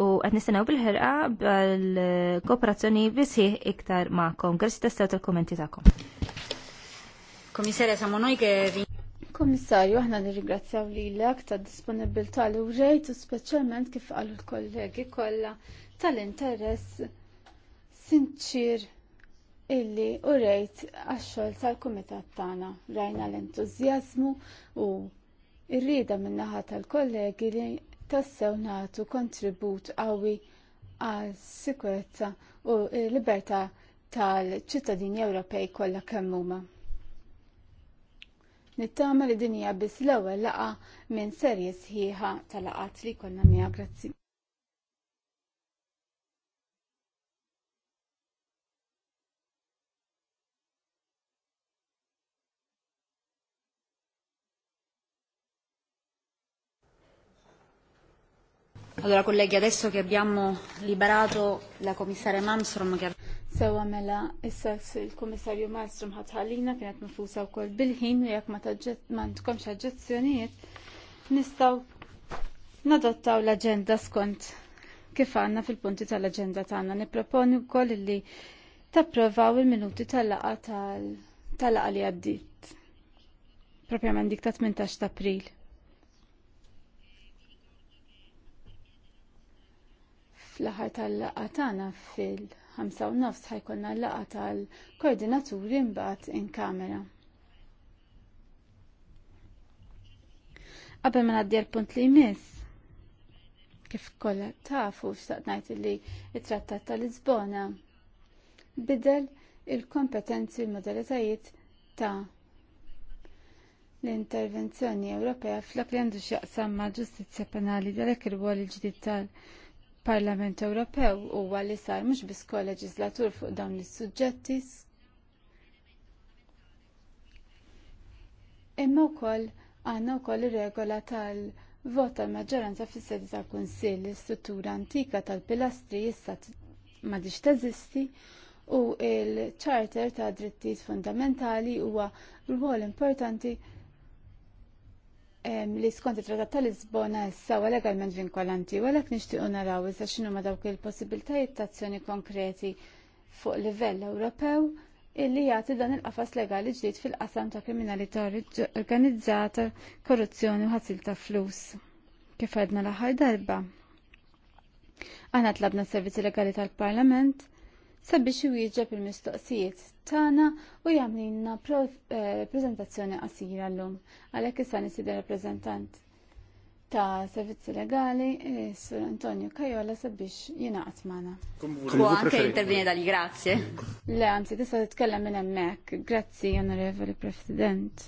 u qed nistenaw bil-ħerqa bil kooperazzjoni bisħieħ iktar ma' kongress testaw tal ta' kom. Komissarja kevi: Komissarju, aħna nirringrazzjaw ek ta' disponibilità li wrejt u speċjalment kif qalu l-kollegi kollha tal-interess sinċir illi u rejt għax-xogħol tal-kumitat tagħna rajna l-entużjażmu u irrida min-naħa tal-kollegi li tassew nagħtu kontribut qawwi għal sikurezza u libertà tal-ċittadini Ewropej kollha kemm huma. Nittama li din hija biss l-ewwel laqgħa minn serje sħiħa tal-laqgħat li jkollna mija grazzi. Allora colleghi, adesso che abbiamo liberato la commissaria Malmström che Sewa mela issa il-Kummissarju Malmström ħatħallina kienet mifusa wkoll bil-ħin u jekk ma tkomx aġġezzjonijiet nistgħu nadottaw l-aġenda skont kif għandna fil-punti tal-aġenda tagħna. Nipproponi wkoll li tapprovaw il-minuti tal-laqa tal-laqa li għaddit. Propjament dik ta' 18 ta' April. fl-aħħar tal-laqgħa tagħna fil-5 u nofs ħajkonna laqgħa tal-koordinaturi mbagħad in kamera. Qabel ma ngħaddi l-punt li jmiss, kif kollha tafu x'taqt ngħid li t-Trattat ta' Lisbona bidel il-kompetenzi u l-modalitajiet ta' l-intervenzjoni Ewropea fl-ak li għandu x'jaqsam mal ġustizzja penali dalek ir-rwol il-ġdid tal- Parlament Ewropew huwa li sar mhux biss koleġislatur fuq dawn is-suġġetti imma wkoll għandna wkoll ir-regola tal-vot tal-maġġoranza fis-sedi tal-Kunsill l-istruttura antika tal-pilastri issa ma m'għadix teżisti u l-Charter ta' Drittijiet Fundamentali huwa rwol importanti li skont it-Tratat ta' lisbona issa huwa legalment vinkolanti, u għalhekk nixtiequ naraw iżda xinu ma dawk il-possibiltajiet ta' azzjoni konkreti fuq livell Ewropew illi jagħti dan il-qafas legali ġdid fil-qasam ta' kriminalità organizzata, korruzzjoni u ħasil ta' flus. Kif għedna l-aħħar darba? Għana tlabna s servizzi legali tal-Parlament sabiex jwieġeb il-mistoqsijiet tagħna u jagħmlilna prezentazzjoni eh, qasira llum. Għalhekk issa nisida rappreżentant ta' servizzi legali eh, Sur Antonio Kajola sabiex jina magħna. U anke intervjeni dali, grazie. Le, anzi, tista' titkellem minn hemmhekk. Grazzi, Onorevoli President.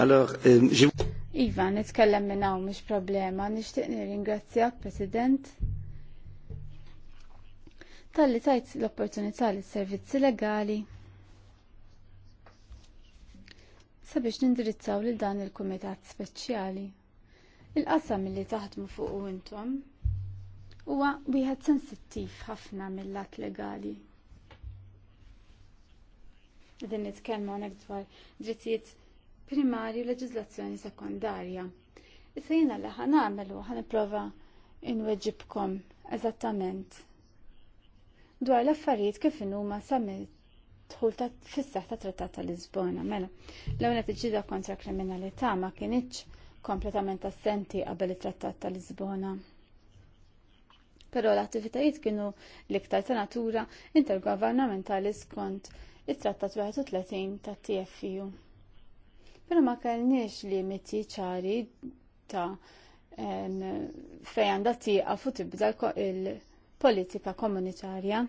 Allora, eh, Iva, nitkellem minn hawn mhix problema, nixtieq nirringrazzjak President tal-li tajt l-opportunità li servizzi legali sabiex nindirizzaw lil dan il-kumitat speċjali. Il-qasam li taħdmu fuq u intom huwa wieħed sensittiv ħafna mill-lat legali. Din nitkellmu hawnhekk dwar drittijiet primarji u leġiżlazzjoni sekondarja. Issa jiena li ħanamel u ħanipprova inweġibkom eżattament dwar l-affarijiet kif huma tħul ta' fissaħ ta' trattat ta' Lisbona. Mela, l ewwel tiġida kontra kriminalità ma kienieċ kompletament assenti qabel it-trattat ta' Lisbona. Però l-attivitajiet kienu l-iktar ta' natura intergovernamentali skont it-trattat 31 ta' TFU. Pero ma kellniex limiti ċari ta' fejn għandha tieqa fuq tibda il- politika komunitarja.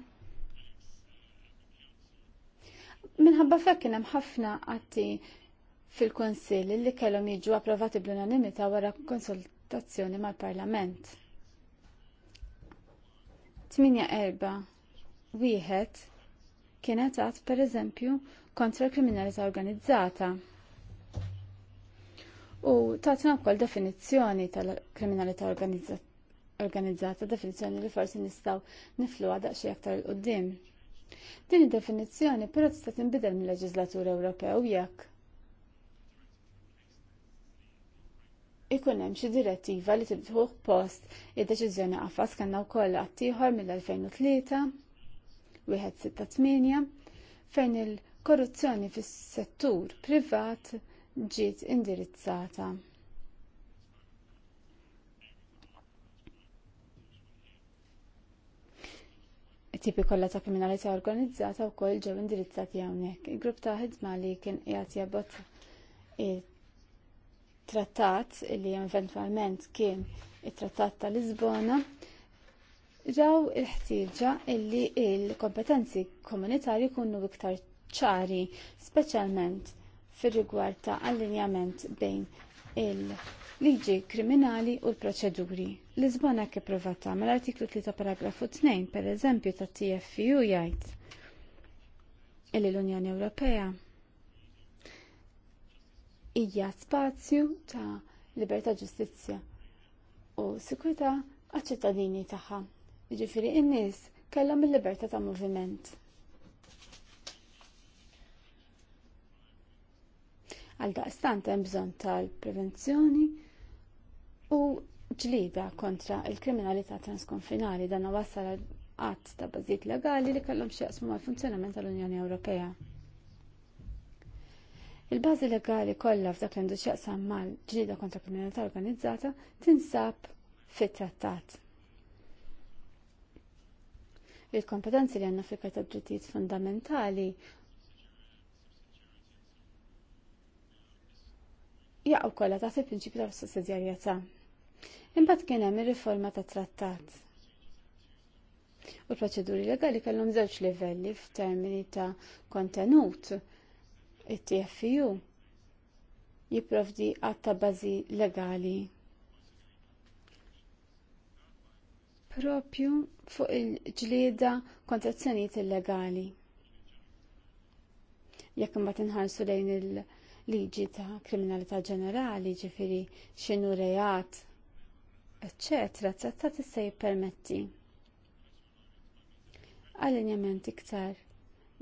Minħabba fekk hemm ħafna atti fil kunsill li kellhom jiġu approvati bl-unanimità wara konsultazzjoni mal-Parlament. 8-4 wieħed kienet per eżempju kontra kriminalità organizzata. U tatna wkoll definizzjoni tal-kriminalità organizzata organizzata definizzjoni li forsi nistaw niflu xie aktar l-qoddim. Din id-definizzjoni però tista' tinbidel mill-Leġislatur Ewropew jekk ikun hemm xi direttiva li tibdħuh post id-deċiżjoni qafas kellna wkoll għattieħor mill-2003 168 fejn il-korruzzjoni fis-settur privat ġiet indirizzata. tipi kollha ta' kriminalità organizzata wkoll ġew indirizzati hawnhekk. Il-grupp ta' ħidma li kien qiegħed jabbozza trattat li eventwalment kien it-trattat ta' Lisbona raw il-ħtieġa illi il-kompetenzi komunitarji jkunu iktar ċari, speċjalment fir-rigward ta' allinjament bejn il-liġi kriminali u l-proċeduri. Lisbona provata ma l artiklu 3 paragrafu 2 pereżempju tat-TFU jgħid illi l-Unjoni Ewropea hija spazju ta' libertà ġustizzja u sikurità għaċ-ċittadini tagħha. Jiġifieri n-nies kellhom il-libertà ta' moviment. Għal daqstant hemm bżonn tal-prevenzjoni u ġlida kontra l kriminalità transkonfinali dan wassal għatt ta' bażit legali li kellhom x'jaqsmu mal-funzjonament tal-Unjoni Ewropea. Il-bażi legali kollha f'dak li għandu x'jaqsam mal-ġlida kontra kriminalità organizzata tinsab fit-trattat. Il-kompetenzi li għandna fil-Karta Drittijiet Fundamentali jaqgħu kollha taħt il-prinċipju ta' sussidjarjetà. Ta Imbagħad kien hemm ir-riforma ta' trattat. U l-proċeduri legali kellhom żewġ livelli f'termini ta' kontenut. It-TFU jipprovdi għatta bażi legali propju fuq il-ġlieda kontrazzjonijiet illegali. Jekk imbagħad inħarsu lejn il-liġi ta' kriminalità ġenerali, ġifieri x'inhu reat eccetera, trattat se jippermetti Allenjamenti iktar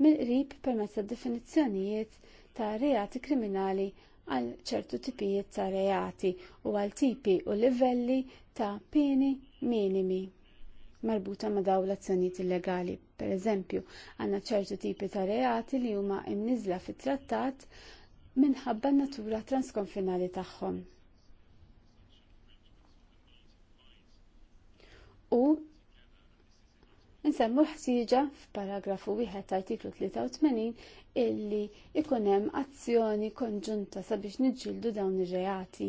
mill-qrib permezz tad definizzjonijiet ta' reati kriminali għal ċertu tipijiet ta' reati u għal tipi u livelli ta' pieni minimi marbuta ma' dawn l-azzjonijiet illegali. pereżempju għandna ċertu tipi ta' reati li huma mniżla fit-trattat minħabba n natura transkonfinali tagħhom. u nsemmu ħsiġa f'paragrafu wieħed ta' artiklu 83 illi ikun hemm azzjoni konġunta sabiex niġġieldu dawn ir-reati.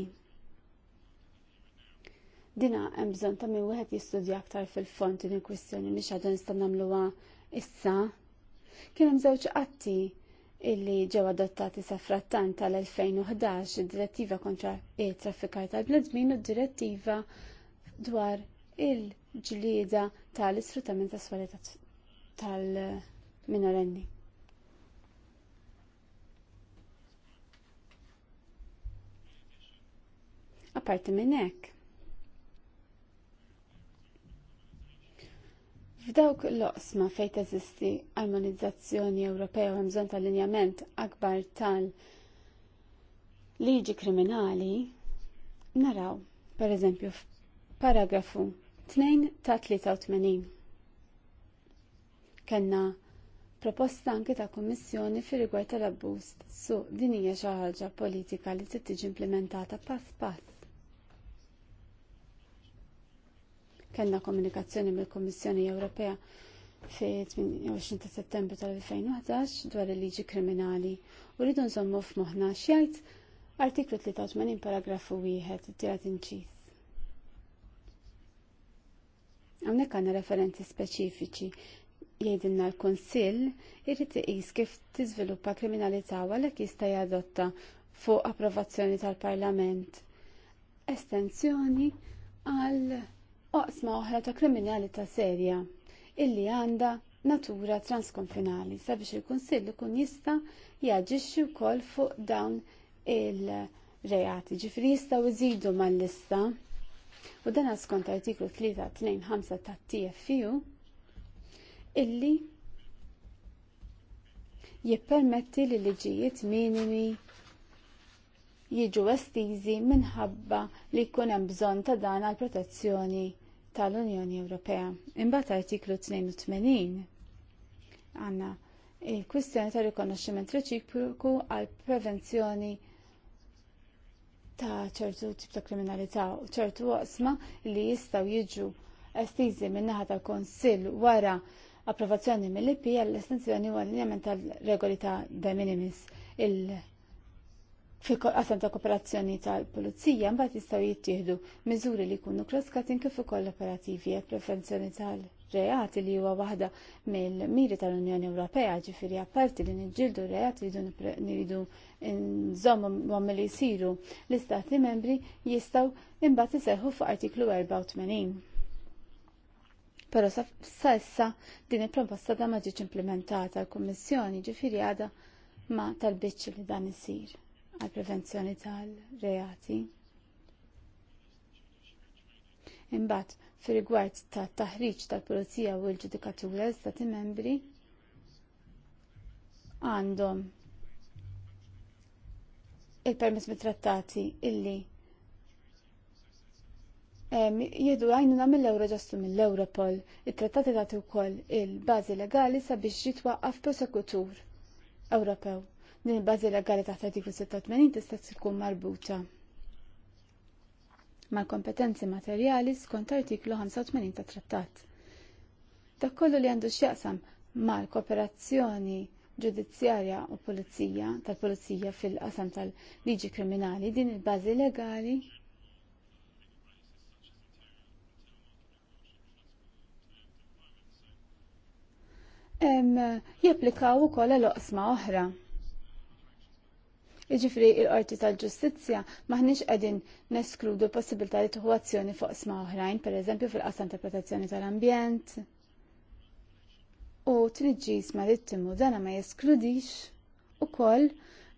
Dina hemm bżonn ta' min wieħed jistudja aktar fil-fond din il-kwistjoni mhix għadha nista' nagħmluha issa. Kien hemm żewġ qatti illi ġew adottati sa frattan tal-2011 id-direttiva kontra it-traffikar tal-bledmin u d-direttiva dwar il- ġlieda tal-isfruttament sessuali tal-minorenni. Apparti minn hekk. F'dawk l-oqsma fejn teżisti armonizzazzjoni Ewropea u bżonn tal-linjament akbar tal-liġi kriminali, naraw, pereżempju f'paragrafu 2 ta' 83. Kenna proposta anke ta' kummissjoni fi rigward tal-abbuż su din hija xi ħaġa politika li trid tiġi implementata pass pass. Kenna komunikazzjoni mill-Kummissjoni Ewropea fi 28 ta' settembru tal-2011 dwar il-liġi kriminali u rridu nżommu f'moħħna xjajt artiklu 83 paragrafu 1 tirat inċis Hawnhekk għandna referenzi speċifiċi jgħidilna l-Kunsill irid iqis kif tiżviluppa kriminalità għalhekk jista' jadotta fuq approvazzjoni tal-Parlament estensjoni għal oqsma oħra ta' kriminalità serja illi għandha natura transkonfinali sabiex il-Kunsill ikun jista' jaġixxi wkoll fuq dawn il-reati. Ġifri jistgħu jżidu mal-lista U dan skont artiklu 325 ta' TFU illi jippermetti li liġijiet minimi jiġu estiżi minħabba li jkun hemm bżonn ta' dan għal protezzjoni tal-Unjoni Ewropea. Imbagħad artiklu 82 għandna il-kwistjoni ta' rikonoxximent reċiproku għal prevenzjoni ta' ċertu tip ta' kriminalità u ċertu waqsma li jistaw jiġu estizi minnaħa tal konsil wara approvazzjoni mill-IP għall-estenzjoni u għall-linjament tal-regoli ta' de minimis il qasam ta' kooperazzjoni tal-Pulizija mbagħad jistgħu jittieħdu miżuri li jkunu kroskatin cutting kif ukoll operativi għal prevenzjoni tal- reati li huwa waħda mill-miri tal-Unjoni Ewropea, ġifiri apparti li nġildu reati li nridu nżommu għom li jisiru l-istati membri jistaw imbat iseħħu fuq artiklu 84. Pero sa issa din il-proposta da ma implementata l-Kommissjoni ġifiri għada ma tal-bicċ li dan isir għal prevenzjoni tal-reati. Imbat, fir-rigward ta' taħriġ tal-Pulizija u l-Ġudikatura l-Stati membri għandhom il-permess mit-trattati illi jiedu għajnuna mill-Euro ġastu mill-Europol. Il-trattati tagħti wkoll il-bażi legali sabiex jitwaqqaf prosekutur Ewropew. Din il-bażi legali taħt artiklu 86 tista' tkun marbuta mal-kompetenzi materjali skont artiklu 85 ta' trattat. Dak kollu li għandu x'jaqsam mal-kooperazzjoni ġudizzjarja u pulizija tal-pulizija fil-qasam tal-liġi kriminali din il-bażi legali japplikaw ukoll l-oqsma oħra. Iġifri il-qorti tal-ġustizja maħniġ għedin neskludu possibilità li tuħu azzjoni fuq sma oħrajn, per eżempju fil-qasam ta' protezzjoni tal-ambjent. U t-nġis ma rittimu dana ma jeskludix u koll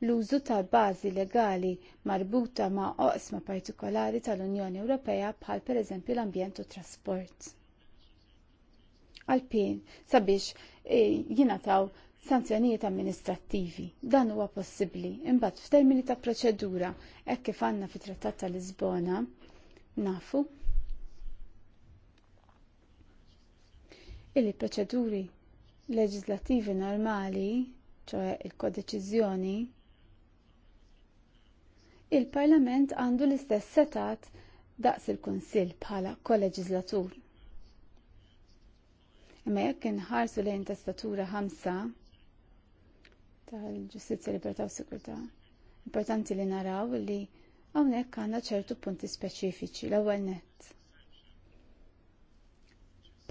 l-użu ta' bazi legali marbuta ma' oqsma partikolari tal-Unjoni Ewropea bħal per eżempju l-ambjent u trasport. Alpin, sabiex eh, jina taw sanzjonijiet amministrattivi. Dan huwa possibbli. Imbagħad f'termini ta' proċedura hekk kif għandna fit-Trattat ta' Lisbona nafu illi proċeduri leġislattivi normali, ċoħe il-kodeċizjoni, il-Parlament għandu l-istess setat daqs il-Kunsill bħala koleġislatur. Imma jekk inħarsu lejn testatura ħamsa tal-ġustizja, libertà u sigurtà. Importanti li naraw li hawnhekk għandna ċertu punti speċifiċi l-ewwel nett.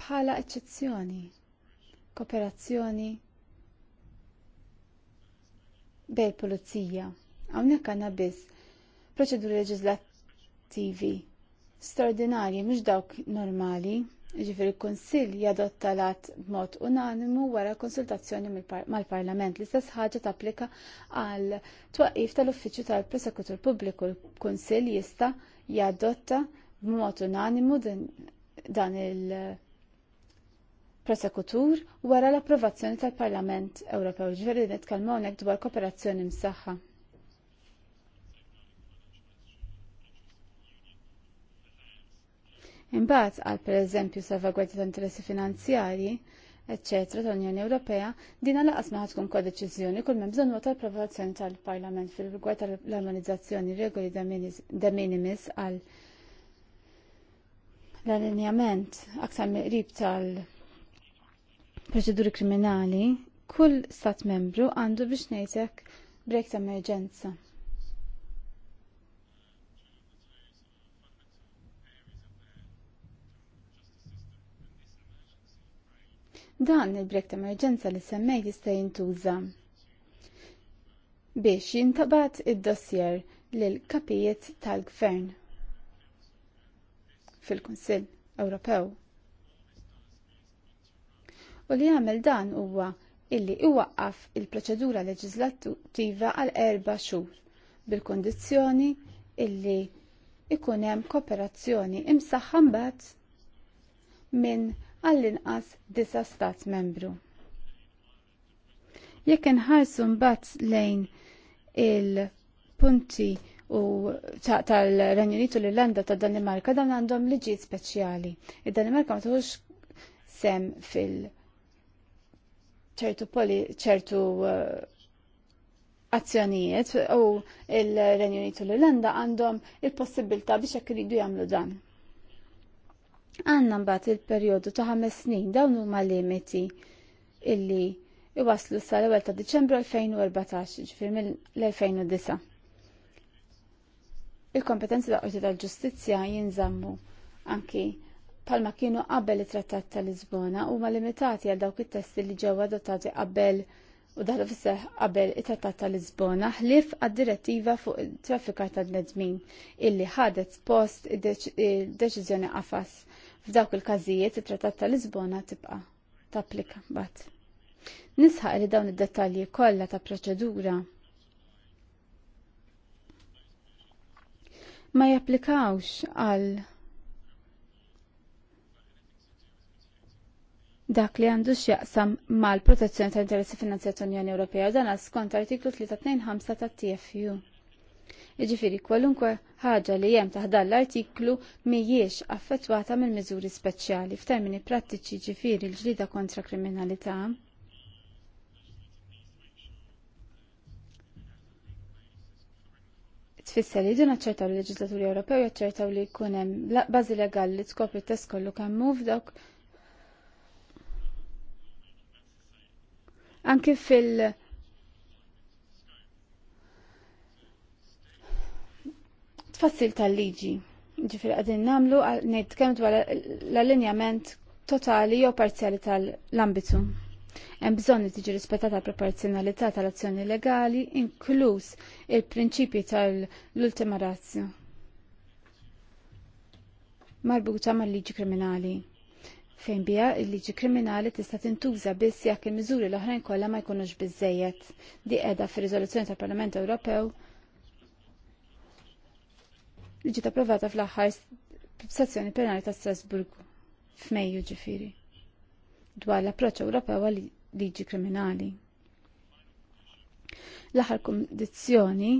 Bħala eċċezzjoni, kooperazzjoni bej polizija. Hawnhekk għandna biss proċeduri leġislattivi straordinarji mhux dawk normali Ġifir il-Konsil jadotta lat mod unanimu wara konsultazzjoni mal-Parlament. L-istess ħaġa tapplika għal twaqif tal-Uffiċċju tal-Prosekutur Pubbliku. Il-Konsil jista' jadotta b'mod unanimu dan il-Prosekutur wara l-approvazzjoni tal-Parlament Ewropew. Ġifir nitkellmu hawnhekk dwar kooperazzjoni msaħħa. Imbagħad għal pereżempju salvagwardja ta' interessi finanzjarji, eċċetra tal-Unjoni Ewropea, dina laqas ma tkun deċiżjoni kull hemm bżonn wata l-approvazzjoni tal-Parlament fil-rigward tal-armonizzazzjoni regoli de minimis għal l-allinjament aktar miqrib tal-proċeduri kriminali, kull stat membru għandu biex ngħidlek brek ta' emerġenza. Dan il-brek ta' emerġenza li semmej jista' jintuża biex jintabat id-dossier lil kapijiet tal-gvern fil-Kunsill Ewropew. U li jagħmel dan huwa illi iwaqqaf il-proċedura leġislattiva għal erba xhur bil-kondizzjoni illi ikun hemm kooperazzjoni imsaħħan bat minn għall-inqas disa stat membru. Jekk inħarsu mbagħad lejn il-punti u tal-Renju Unitu l-Irlanda ta' Danimarka dan għandhom liġijiet speċjali. Id-Danimarka ma tħux sem fil ċertu poli ċertu uh, azzjonijiet u il-Renju Unitu l-Irlanda għandhom il-possibilità biex jekk iridu jagħmlu dan. Għanna mbagħad il-perjodu ta' ħames snin dawn huma limiti illi iwaslu sal-ewwel ta' Diċembru 2014 ġifier mill-2009. Il-kompetenzi ta' qorti tal-ġustizzja jinżammu anki palma kienu qabel it-Trattat ta' Lisbona huma limitati għal dawk it-testi li ġew adottati qabel u daħlu fisseħ qabel it-Trattat ta' Lisbona ħlif għad-direttiva fuq it-traffika tal-nedmin illi ħadet post id-deċiżjoni qafas F'dawk il-każijiet it-Trattat ta' Lisbona tibqa' tapplika mbagħad. Nisħaq li dawn id-dettalji kollha ta' proċedura ma japplikawx għal dak li għandu x'jaqsam mal-protezzjoni tal interessi finanzjat Unjoni Ewropea dan għal skont artiklu 352 tat-TFU. Jiġifieri kwalunkwe ħaġa li hemm taħt l-artiklu mhijiex affettwata mill-miżuri speċjali f'termini prattiċi ġifiri l-ġlida kontra kriminalità. tfisser li din ċertaw l leġislaturi Ewropew jaċċertaw li jkun hemm bażi legali li tkopri teskollu kemm hu f'dawk anke fil- tfassil tal-liġi. Ġifir għadin namlu nejt kem dwar l-allinjament totali jew parzjali tal-ambitu. Hemm bżonn li tiġi rispettata proporzjonalità tal-azzjoni legali, inkluż il-prinċipji tal-ultima razzja marbuta mal-liġi kriminali fejn biha il-liġi kriminali tista' tintuża biss jekk il-miżuri l-oħrajn kollha ma jkunux biżejjed. Di qiegħda fir-riżoluzzjoni tal-Parlament Ewropew li ġiet approvata fl-aħħar sezzjoni penali ta' Strasburgu f'Mejju ġifiri dwar l-approċċ Ewropew għal liġi kriminali. L-aħħar kundizzjoni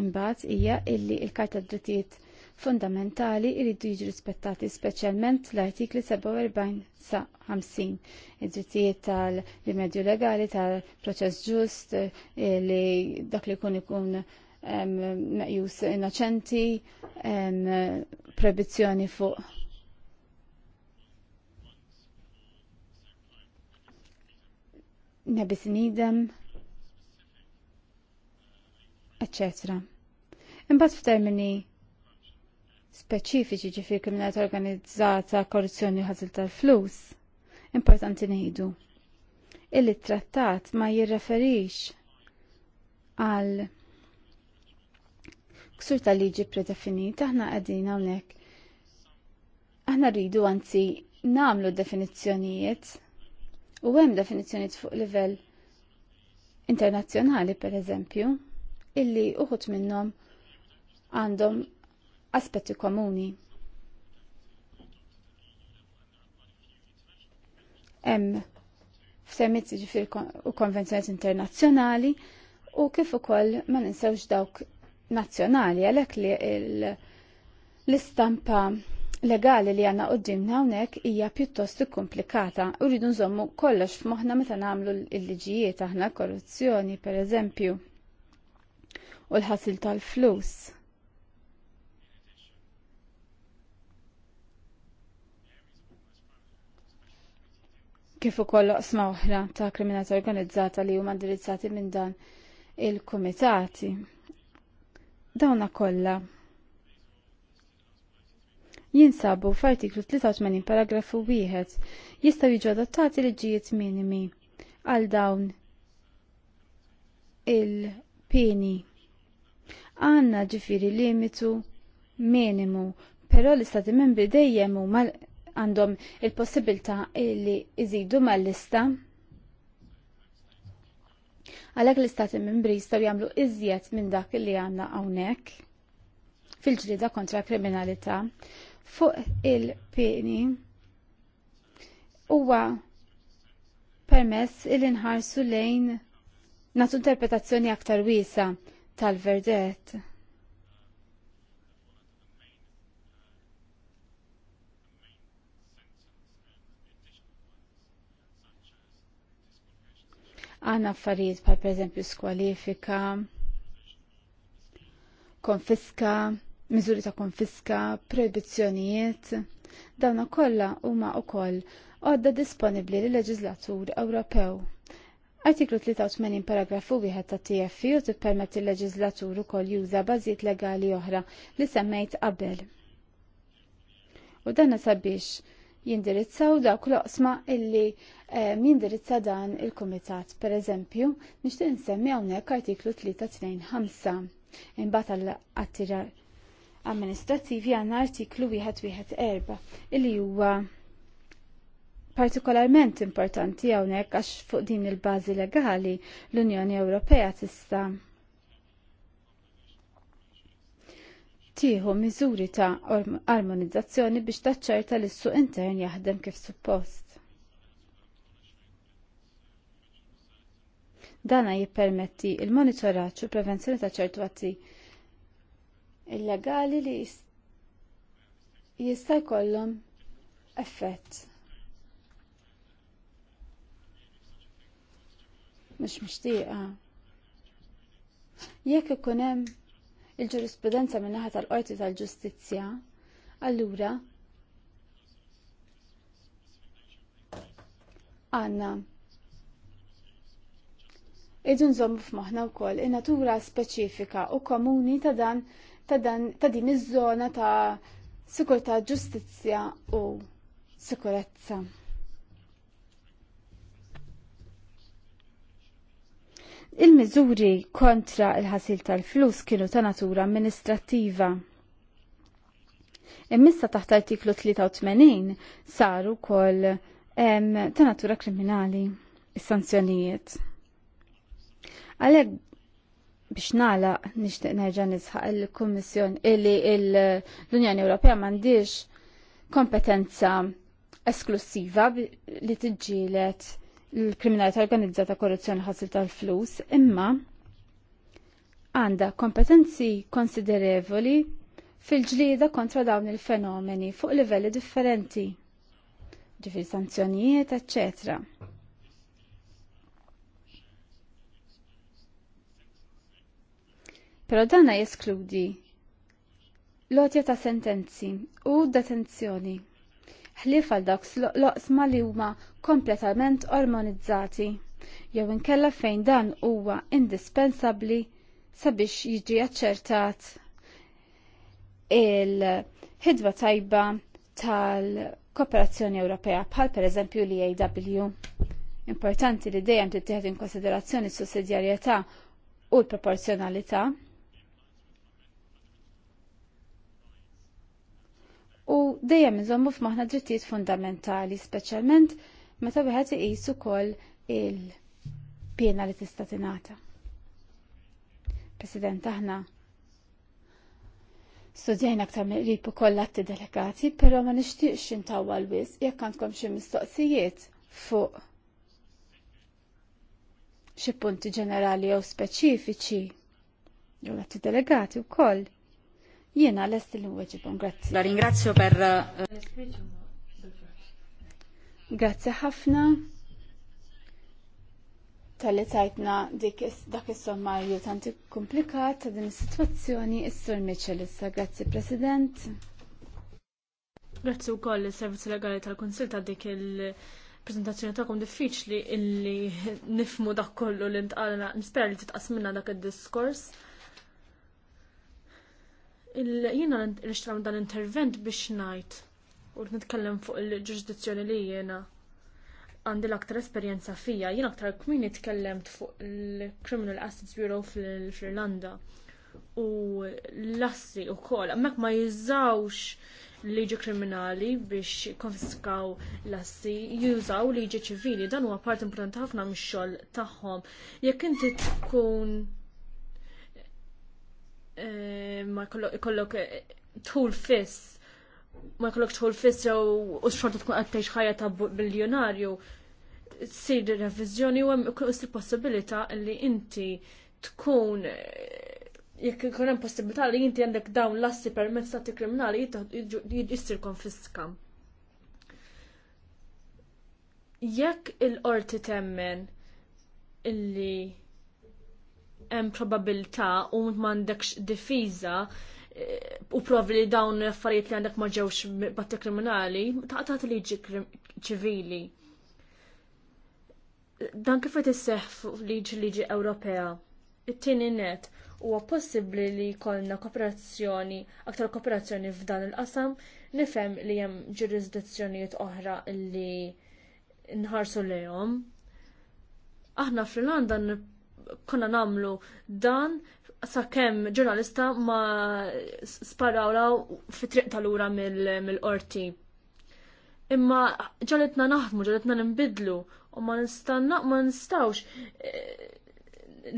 imbagħad hija illi l-Karta Drittijiet fundamentali jridu jiġu rispettati speċjalment l-artikli 47 sa 50, id-drittijiet tal-rimedju legali, tal-proċess ġust, eh, li dak li jkun ikun meqjus innoċenti, proibizzjoni fuq nebis nidem, etc. Imbagħad f'termini speċifiċi ġifir kriminalità organizzata, korruzzjoni u tal-flus, importanti ngħidu. Illi trattat ma jirreferix għal ksur tal-liġi predefinita, aħna qegħdin hawnhekk. Aħna rridu anzi namlu definizzjonijiet u hemm definizzjonijiet fuq livell internazzjonali per eżempju, illi uħut minnom għandhom aspetti komuni. Hemm f'sermizzi ġifir u konvenzjoniet internazzjonali u kif ukoll ma ninsewx dawk nazzjonali għalhekk li l-istampa legali li għanna qoddimna hawnhekk hija pjuttost komplikata. u rridu nżommu kollox f'moħħna meta nagħmlu l-liġijiet aħna korruzzjoni pereżempju u l-ħasil tal-flus. Kif ukoll oqsma oħra ta' kriminata organizzata li huma indirizzati minn dan il-kumitati dawna kollha jinsabu f'artiklu 83 paragrafu 1 jistaw jiġu adattati liġijiet minimi għal dawn il pini Għanna ġifiri limitu minimu, però l-istati membri dejjem huma għandhom il possibilta li iżidu mal-lista Għalhekk l-istati membri jistgħu jagħmlu iżjed minn dak li għandna hawnhekk fil-ġlida kontra kriminalità fuq il-pieni huwa permess il inħarsu lejn natu interpretazzjoni aktar wiesa tal-verdett. Għanna affarijiet pa' per eżempju skwalifika, konfiska, miżuri ta' konfiska, proibizzjonijiet. Dawna ma' huma wkoll għadda disponibbli li leġislatur Ewropew. Artiklu 83 paragrafu wieħed ta' TFU tippermetti l-leġislatur ukoll juża bażijiet legali oħra li semmejt qabel. U dan sabiex jindirizzaw dawk l-oqsma illi eh, jindirizza dan il-Kumitat. Per eżempju, nixtieq insemmi hawnhekk artiklu 325. Imbagħad għall-attira amministrativi għandna artiklu 114 illi huwa partikolarment importanti hawnhekk għax fuq din il-bażi legali l-Unjoni Ewropea tista' tieħu miżuri ta' armonizzazzjoni biex taċċerta li s-suq intern jaħdem kif suppost. Dana jippermetti il-monitoraġġ u prevenzjoni ta' ċertu atti illegali li jista' jkollhom effett. Mhux mixtieqa. Jekk ikun hemm il-ġurisprudenza minn naħa tal-Qorti tal-Ġustizzja, allura għanna Idu nżommu f'moħna wkoll in-natura speċifika u komuni ta' dan ta' dan ta' din iż-żona ta' sikurtà ġustizzja u sikurezza. Il-miżuri kontra il-ħasil tal-flus kienu ta' natura amministrattiva. Immissa taħt artiklu 83 saru kol ta' natura kriminali il sanzjonijiet Għalhekk biex nala nixtieq nerġa' nisħaq il-Kummissjon illi l-Unjoni Ewropea m'għandix kompetenza esklusiva li tiġġielet l-kriminalità organizzata korruzzjoni ħassil tal-flus, imma għanda kompetenzi konsiderevoli fil-ġlida kontra dawn il-fenomeni fuq livelli differenti, ġifir sanzjonijiet, etc. Pero dana jeskludi lotja ta' sentenzi u detenzjoni ħlief għal dawk loqsma li huma kompletament ormonizzati jew inkella fejn dan huwa indispensabbli sabiex jiġi aċċertat il-ħidba tajba tal-Kooperazzjoni Ewropea bħal pereżempju l aw Importanti li dejjem tittieħed in konsiderazzjoni s sussidjarjetà u l-proporzjonalità u dejjem nżommu f'maħna drittijiet fundamentali, speċjalment meta wieħed iqis ukoll il-pjena li tista' tingħata. President aħna studjajna aktar mill-qrib ukoll atti delegati, però ma nixtieqx l wis jekk għandkom xi mistoqsijiet fuq xi punti ġenerali jew speċifiċi jew atti delegati wkoll. Jiena lest l nweġibhom, grazie. La ringrazio per eh, Grazie ħafna tal-li tajtna dak is-sommarju tant komplikat ta' din is-sitwazzjoni is-Sur Mitchell issa. Grazzi President. Grazzi wkoll is-Servizz Legali tal konsil ta' dik il- prezentazzjoni tagħkom diffiċli illi nifmu dak kollu li ntqalna nispera li titqas minna dak id-diskors. Jiena nixtram dan intervent biex ngħid u nitkellem fuq il-ġurisdizzjoni li jiena għandi l-aktar esperjenza fija, Jina aktar kmin tkellemt fuq il-Criminal Assets Bureau fl-Irlanda u l-assi u kol, mek ma jizzawx liġi kriminali biex konfiskaw l-assi, jużaw liġi ċivili, dan huwa part importanti ħafna mix-xogħol tagħhom. Jekk inti tkun Eh, eh, ma kollok tul fiss ma tul fiss jew u xortu tkun tgħix ħajja ta' biljonarju, sir revizjoni u hemm possibilita li inti tkun eh, jekk ikun hemm possibilità li inti għandek dawn l-assi permezz ta' kriminali jissir konfiska. Jekk il-qorti temmen illi hemm probabilità u m'għandekx difiża eh, u provi li dawn l affarijiet li għandek ma ġewx batti kriminali, taqtat liġi ċivili. Dan kif qed isseħħ liġi liġi Ewropea. It-tieni net huwa possibbli li jkollna kooperazzjoni, aktar kooperazzjoni f'dan il-qasam, nifhem li hemm ġurisdizzjonijiet oħra li nħarsu lejhom. Aħna fl-Irlanda konna namlu dan sa' kem ġurnalista ma sparawla fi triq tal-ura mill-qorti. Imma ġalitna naħdmu, ġalitna nimbidlu, u ma nistanna, ma nistawx eh,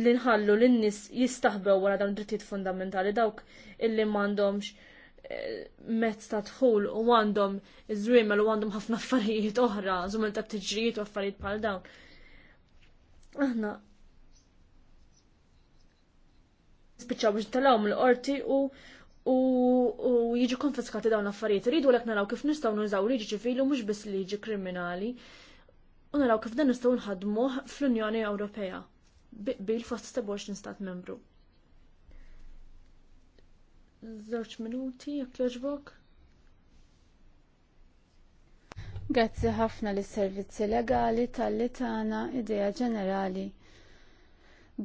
li nħallu l nies jistaħbew wara dawn drittijiet fundamentali dawk illi m'għandhomx eh, mezz ta' dħul u għandhom iż-żwiemel u għandhom ħafna (laughs) affarijiet oħra, żumel ta' tiġrijiet u affarijiet bħal dawn. Aħna spiċċaw biex talawm l-qorti u u jiġu konfiskati dawn affarijiet. Rridu lek naraw kif nistgħu nużaw liġi ċivili u mhux biss liġi kriminali. U naraw kif dan nistgħu nħadmuh fl-Unjoni Ewropea bil fost 27 stat membru. Żewġ minuti jekk jogħġbok. Grazzi ħafna lis servizzi legali tal-li tagħna idea ġenerali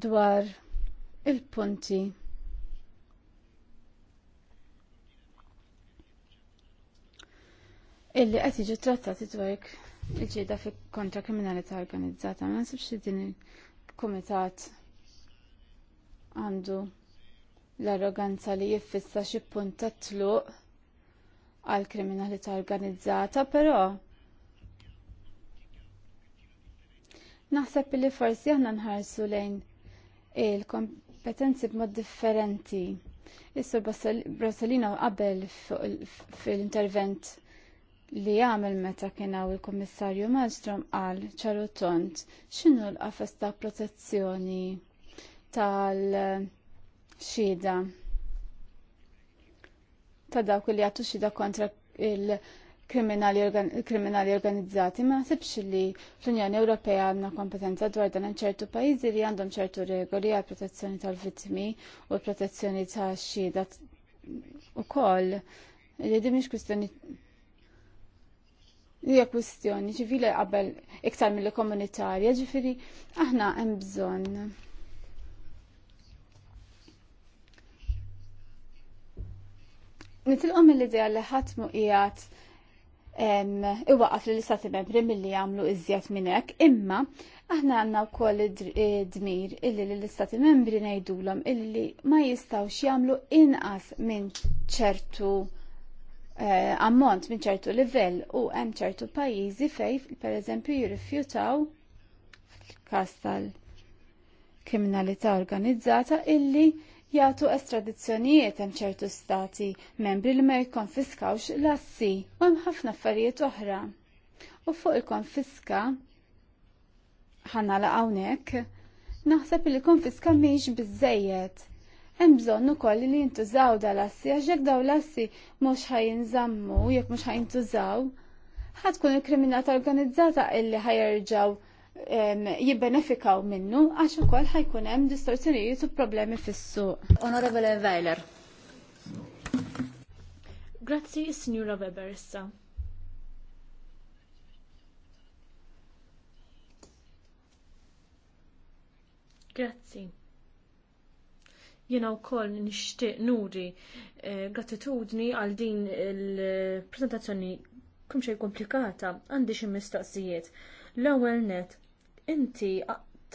dwar il-punti. Illi qed jiġu trattati dwark il-ġieda fi kontra kriminalità organizzata. Ma nasibx li din il-kumitat għandu l-arroganza li jiffissa xi punt ta' tluq għal kriminalità organizzata, però naħseb li forsi aħna nħarsu lejn il kompetenzi b'mod differenti. Issa Brasalino qabel fil-intervent li għamel meta kien hawn il-Kummissarju Malstrom qal ċaru tont x'inhu l-qafas ta' protezzjoni tal-xhieda ta' dawk li għattu xhieda kontra il- kriminali, organizzati, ma nasibx li l-Unjoni Ewropea għandna kompetenza dwar dan hemm ċertu pajjiżi li għandhom ċertu regoli għal protezzjoni tal-vittmi u protezzjoni ta' xhieda wkoll li di mhix kwistjoni hija kwistjoni ċivili qabel iktar mill komunitarja, ġifieri aħna hemm bżonn. Nitilqom mill-idea li ħadd mu qiegħed iwaqaf li l-istati membri mill-li għamlu izjat minnek, imma aħna għanna u koll dmir illi l-istati membri najdulom illi ma jistawx jamlu inqas minn ċertu eh, ammont minn ċertu livell u hemm ċertu pajjiżi fej per eżempju jirrifjutaw fil-kas tal-kriminalità organizzata illi jgħatu estradizzjonijiet hemm ċertu stati membri li ma jikkonfiskawx l-assi u hemm ħafna affarijiet oħra. U fuq il-konfiska ħanna la hawnhekk naħseb li konfiska mhijiex biżejjed. Hemm bżonn ukoll li jintużaw dal-assi għax jekk daw l-assi mhux ħajinżammu jekk mhux ħajintużaw tkun il-kriminata organizzata illi ħajerġaw jibbenefikaw minnu għax ukoll ħajkun hemm distorsjonijiet u problemi fis-suq. Onorevole Weiler. Grazzi Signora Weber issa. Grazzi. Jena u koll nishtiq nuri eh, gratitudni għal din il-prezentazzjoni kumxej komplikata għandi xi mistoqsijiet. L-ewwel net, inti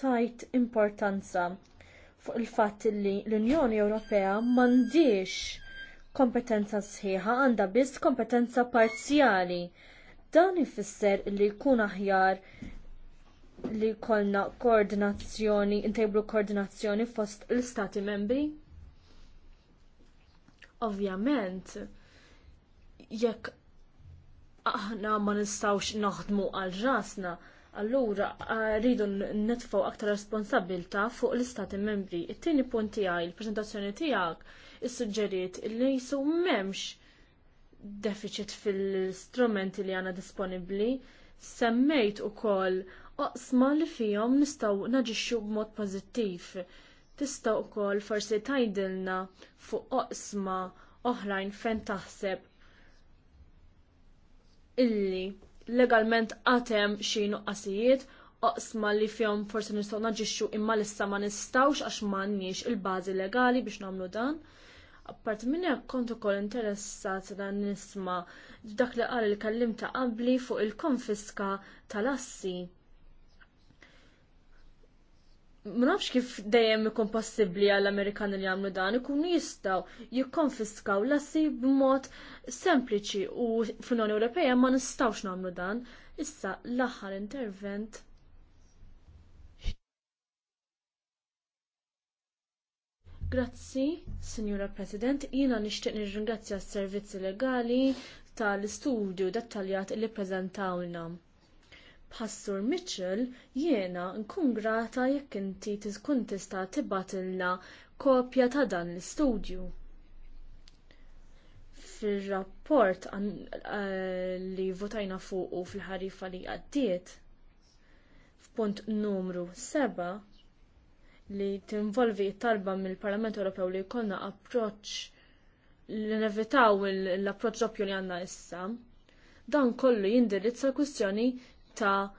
tajt importanza fuq il-fatt li l-Unjoni Ewropea m'għandix kompetenza sħiħa, għandha biss kompetenza parzjali. Dan ifisser li jkun aħjar li jkollna koordinazzjoni, intejblu koordinazzjoni fost l-Stati membri? Ovvjament, jekk aħna ma nistawx naħdmu għal rasna, Allura, rridu netfaw aktar responsabilta fuq l-istati membri. It-tieni punt tiegħi, il-preżentazzjoni tiegħek issuġġeriet li jisu m'hemmx deficit fil-strumenti li għandna disponibbli, semmejt ukoll oqsma li fihom nistgħu naġixxu b'mod pożittiv. Tista' wkoll forsi tajdilna fuq oqsma oħrajn fejn taħseb illi legalment għatem xi nuqqasijiet, oqsma li fjom forsi nistgħu naġixxu imma lissa ma nistawx għax m'għandniex il-bażi legali biex nagħmlu dan. Apparti minn hekk kont ukoll interessat dan nisma' dak li qal il-kellim ta' qabli fuq il-konfiska tal-assi Ma nafx kif dejjem ikun possibbli għall-Amerikani li jagħmlu dan ikun jistgħu jikkonfiskaw lassi b'mod sempliċi u fl-Unjoni Ewropea ma nistgħux nagħmlu dan. Issa l-aħħar intervent Grazzi, Signora President, jina nishtiq nirringrazzja s-servizzi legali tal-istudju dettaljat li prezentawna. Pastor Mitchell jiena nkun grata jekk inti tkun tista' tibatilna kopja ta' dan l-istudju. Fir-rapport eh, li votajna fuqu fil-ħarifa li għaddiet, f'punt numru 7 li tinvolvi t talba mill-Parlament Ewropew li jkollna approċċ li nevitaw l-approċċ doppju li għandna issa, dan kollu jindirizza l-kwistjoni ta'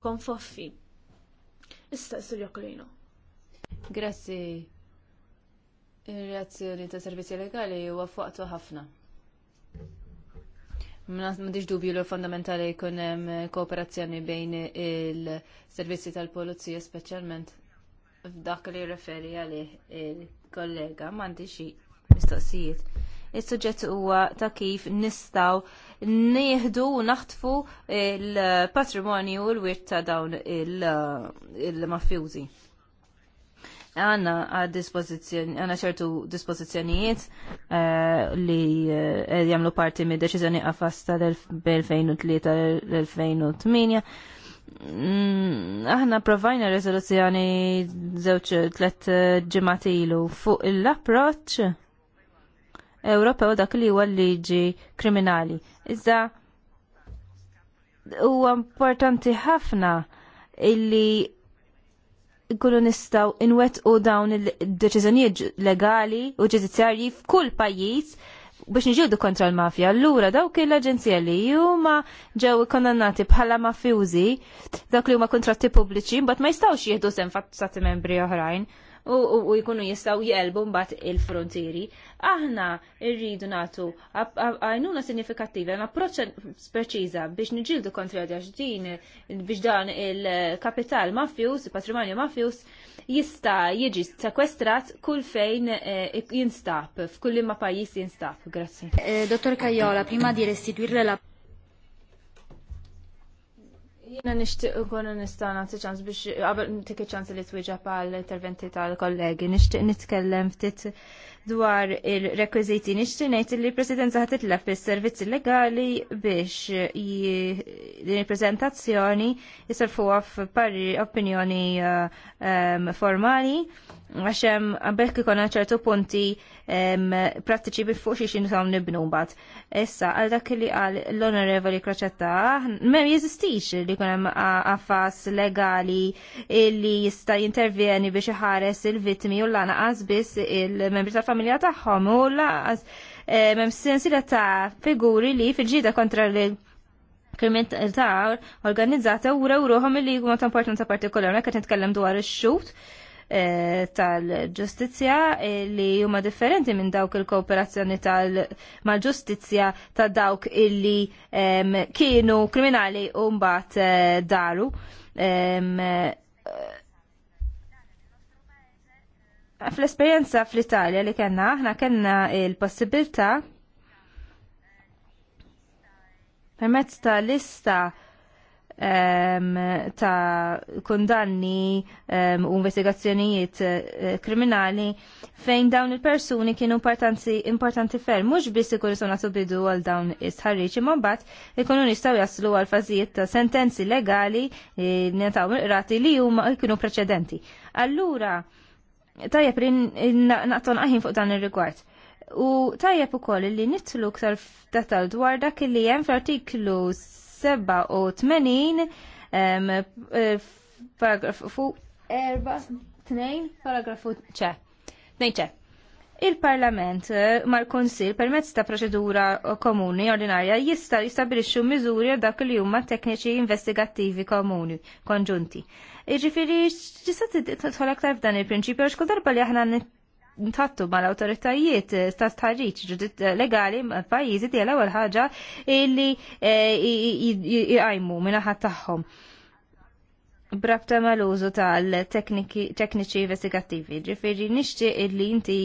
konfoffi. Issa s-sirja kolino. Grazzi. Il-reazzjoni ta' servizzi legali huwa fuqtu ħafna. M'għandix dubju li fondamentali jkun hemm kooperazzjoni bejn il-servizzi tal-polizija speċjalment f'dak li referi għalih il-kollega m'għandix mistoqsijiet is-suġġett huwa ta' kif nistgħu nieħdu u naħtfu l-patrimonju u l-wirt ta' dawn il-mafjużi. Għanna għanna ċertu dispozizjonijiet eh, li eh, eh, jamlu parti mid deċiżjoni għafasta l 2003 2008 aħna provajna rezoluzzjoni zewċ tlet ġimatilu fuq l-approċ Ewropew dak li huwa liġi kriminali. Iżda huwa importanti ħafna illi jkunu nistaw inwettqu dawn il-deċiżjonijiet legali u ġudizzjarji f'kull pajjiż biex niġudu kontra l-mafja. Allura dawk l-aġenzija li huma ġew kondannati bħala mafjużi, dawk li huma kontratti pubbliċi, mbagħad ma jistgħux jieħdu sem fatt membri oħrajn u jkunu jistaw jelbu mbat il-frontieri. Aħna rridu nagħtu għajnuna sinifikattiva approċċ speċiza biex niġildu kontra għadjaġdin biex dan il-kapital mafjus, il-patrimonju mafjus jista' jiġi sekwestrat kull fejn eh, jinstab, f'kull imma pajjiż jinstab. Grazie. Eh, dottor Kajola, prima di restituirle la Jena nishtiq nkun nistgħu nagħti ċans biex qabel ntik ċans li twieġeb għal interventi tal-kollegi. Nixtieq nitkellem ftit dwar il-rekwiżiti. Nixtieq ngħid li l-Presidenza ħad titlef servizzi legali biex din il-preżentazzjoni jisarfuha f'parri opinjoni eh, eh, formali għaxem għabek ikonna ċertu punti prattiċi bifuq xie xinu tam nibnu bat. Issa, għal dak li għal l-onorevoli kroċetta, mem jeżistix li kunem għafas legali li jista jintervjeni biex ħares il-vitmi u l-għana għazbis il-membri tal-familja taħħom u l-għaz mem sensila ta' figuri li fil-ġida kontra l ta' organizzata u rewruħom li huma ta' importanza partikolarna, għek nitkellem dwar ix-xut Eh, tal-ġustizzja eh, li huma differenti minn dawk il-kooperazzjoni tal-mal-ġustizzja ta' dawk illi kienu kriminali u mbagħad eh, daru. Fl-esperjenza fl-Italja li kellna aħna kellna il-possibilità permezz ta' lista ta' kundanni u investigazzjonijiet eh, kriminali fejn dawn il-persuni kienu importanti ferm, mux biss ikunu sona subidu għal dawn is ma' bat ikunu nistaw jaslu għal fażijiet ta' sentenzi legali eh, netaw rati li huma jkunu preċedenti. Allura tajjeb naqton aħin fuq dan ir-rigward. U tajjeb ukoll li nitlu ktar detal dwar dak li hemm fl-artiklu 87 eh, paragrafu 4 tnejn paragrafu ċe. Tnejn Il-Parlament eh, mal-Konsil permezz ta' proċedura komuni ordinarja jista' jistabilixxu miżuri dak li huma tekniċi investigattivi komuni konġunti. Jiġifieri x'tista' tidħol aktar f'dan il-prinċipju għax kull darba li aħna ntattu ma l-autoritajiet ta' eh, starriċ ġudit eh, legali pajizi di l-ewwel ħaġa illi jgħajmu eh, minna ħadd tagħhom. Brabta ma l-użu tal-tekniċi investigattivi, ġifiri nixti illi inti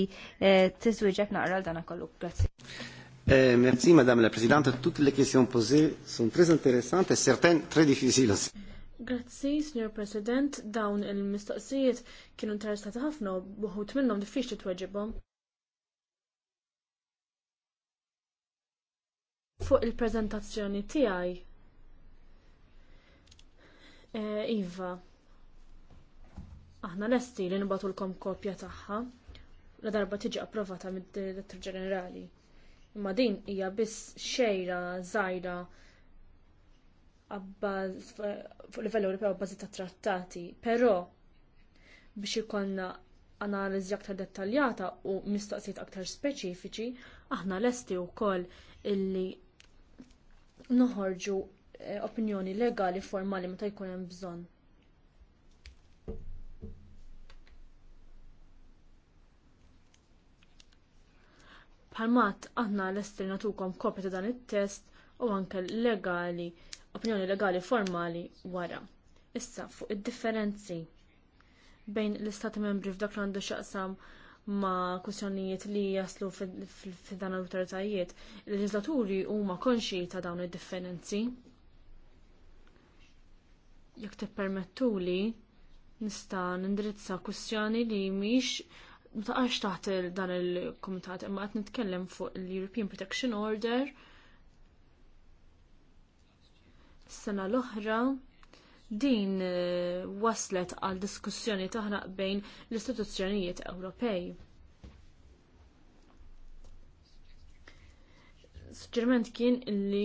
tiswiġek naqra l-dana kollu. Grazie. Merci, Madame la Présidente. Toutes les questions posées sont très intéressantes et certaines très difficiles aussi. Grazzi, Signor President, dawn il-mistoqsijiet kienu interessati ħafna u buħut minnhom diffiċli tweġibhom. Fuq il-preżentazzjoni tiegħi. Eh, iva, aħna lesti li nibatulkom kopja tagħha la darba tiġi approvata mid-Direttur Ġenerali. Imma din hija biss xejra żgħira fuq livell Ewropew bbażi ta' trattati, però biex ikollna analiżi aktar dettaljata u mistoqsijiet aktar speċifiċi, aħna lesti wkoll illi noħorġu eh, opinjoni legali formali meta jkun hemm bżonn. Palmat aħna l-estri natukom kopja ta' dan it-test u anke legali opinjoni legali formali wara. Issa fuq id-differenzi bejn l-istati membri f'dak li għandu xaqsam ma' kwistjonijiet li jaslu f'dan l-autoritajiet, il-leġislaturi huma konxi ta' dawn id-differenzi. Jekk tippermettuli nista' nindirizza kwistjoni li mhix ma taħt dan il-kumitat imma qed nitkellem fuq l-European Protection Order Sena l-oħra din eh, waslet għal diskussjoni taħraq bejn l-istituzzjonijiet Ewropej. Suġġerment kien illi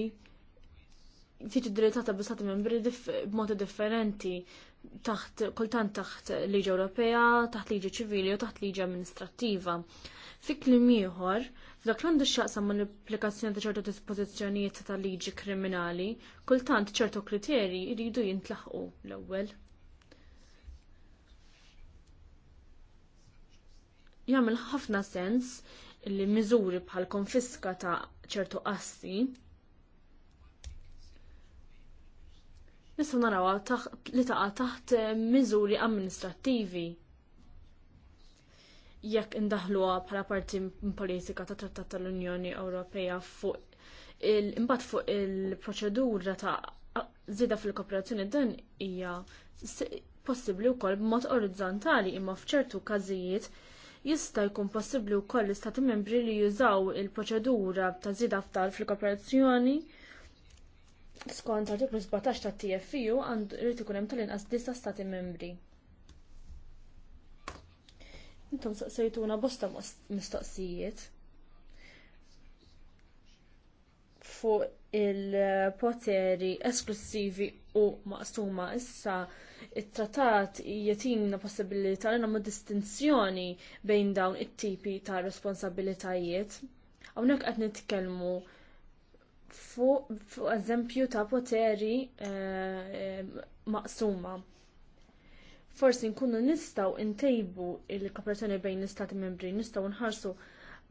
tiġi drittata b'stati membri b'modi differenti taħt kultant taħt liġi Ewropea, taħt liġi ċivili u taħt liġi amministrattiva. Fi kliem ieħor, F'dak l-għandu xaqsam ma l-applikazzjoni ta' ċertu dispożizzjonijiet ta' liġi kriminali, kultant ċertu kriterji jridu jintlaħqu l-ewwel. Jagħmel ħafna sens li miżuri bħal konfiska ta' ċertu qassi nistgħu naraw li taqa' taħt miżuri amministrattivi jekk indaħluha bħala parti politika ta' Trattat tal-Unjoni Ewropea fuq il fuq il-proċedura ta' zida fil-kooperazzjoni dan hija possibbli wkoll b'mod orizzontali imma f'ċertu każijiet jista' jkun possibbli wkoll l-istati membri li jużaw il-proċedura ta' zida ftal fil-kooperazzjoni skont artiklu 17 tat-TFU għandu jrid ikun hemm tal-inqas disa stati membri. Intom saqsejtuna bosta mistoqsijiet fuq il-poteri esklusivi u maqsuma issa it-trattat jetimna possibilità li nagħmlu distinzjoni bejn dawn it-tipi ta' responsabilitajiet. Hawnhekk qed nitkellmu fuq eżempju ta' poteri eh, eh, maqsuma forsi nkunu nistgħu ntejbu l kooperazzjoni bejn l-istati membri, nistgħu nħarsu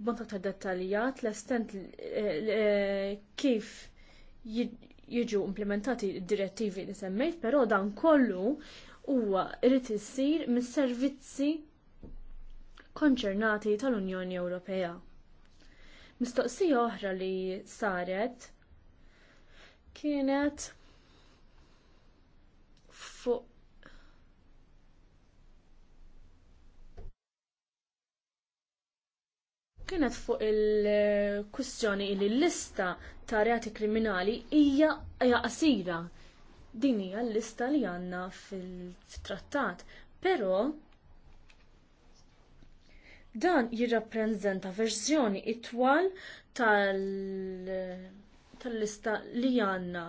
b'mod ta' dettaljat l-estent eh, eh, kif jiġu implementati d-direttivi li semmejt, però dan kollu huwa irid issir mis-servizzi konċernati tal-Unjoni Ewropea. Mistoqsija oħra li saret kienet fuq kienet fuq il-kwistjoni li l-lista ta' reati kriminali hija qasira. Din hija l-lista li għandna fil-trattat, però dan jirrappreżenta verżjoni itwal tal-lista li għandna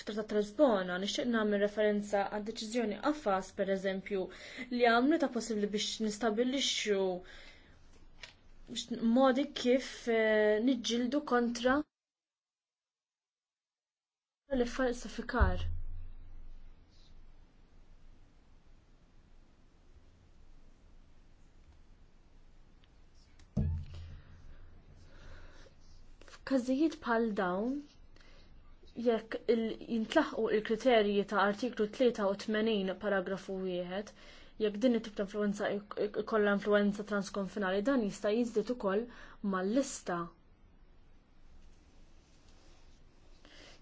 f'Trattat Lisbona nixtieq nagħmel referenza għad deċiżjoni qafas pereżempju li għamlu ta' possibbli biex nistabbilixxu modi kif eh, niġġieldu kontra l-falsifikar. F'każijiet bħal dawn, jekk jintlaħqu l kriterji ta' artiklu 83 paragrafu 1, jekk din it-tip ta' influenza ikollha influenza transkonfinali dan jista' jiżdied ukoll mal-lista.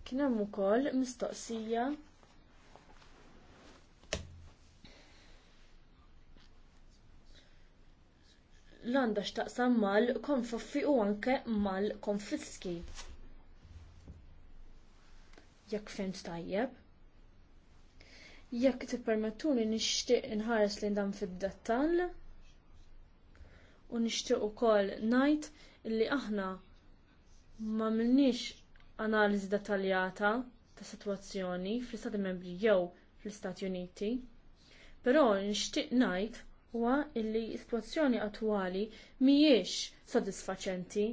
Kien hemm ukoll mistoqsija l-għanda xtaqsam mal-konfuffi u anke mal-konfiski. Jekk fim tajjeb. Jekk tippermettuni nixtieq inħares lejn dan fid-dettall u nixtieq ukoll ngħid li aħna ma analiżi dettaljata ta' sitwazzjoni fl-Istati Membri jew fl-Istati Uniti. Però nixtieq ngħid huwa li s-sitwazzjoni attwali mhijiex sodisfaċenti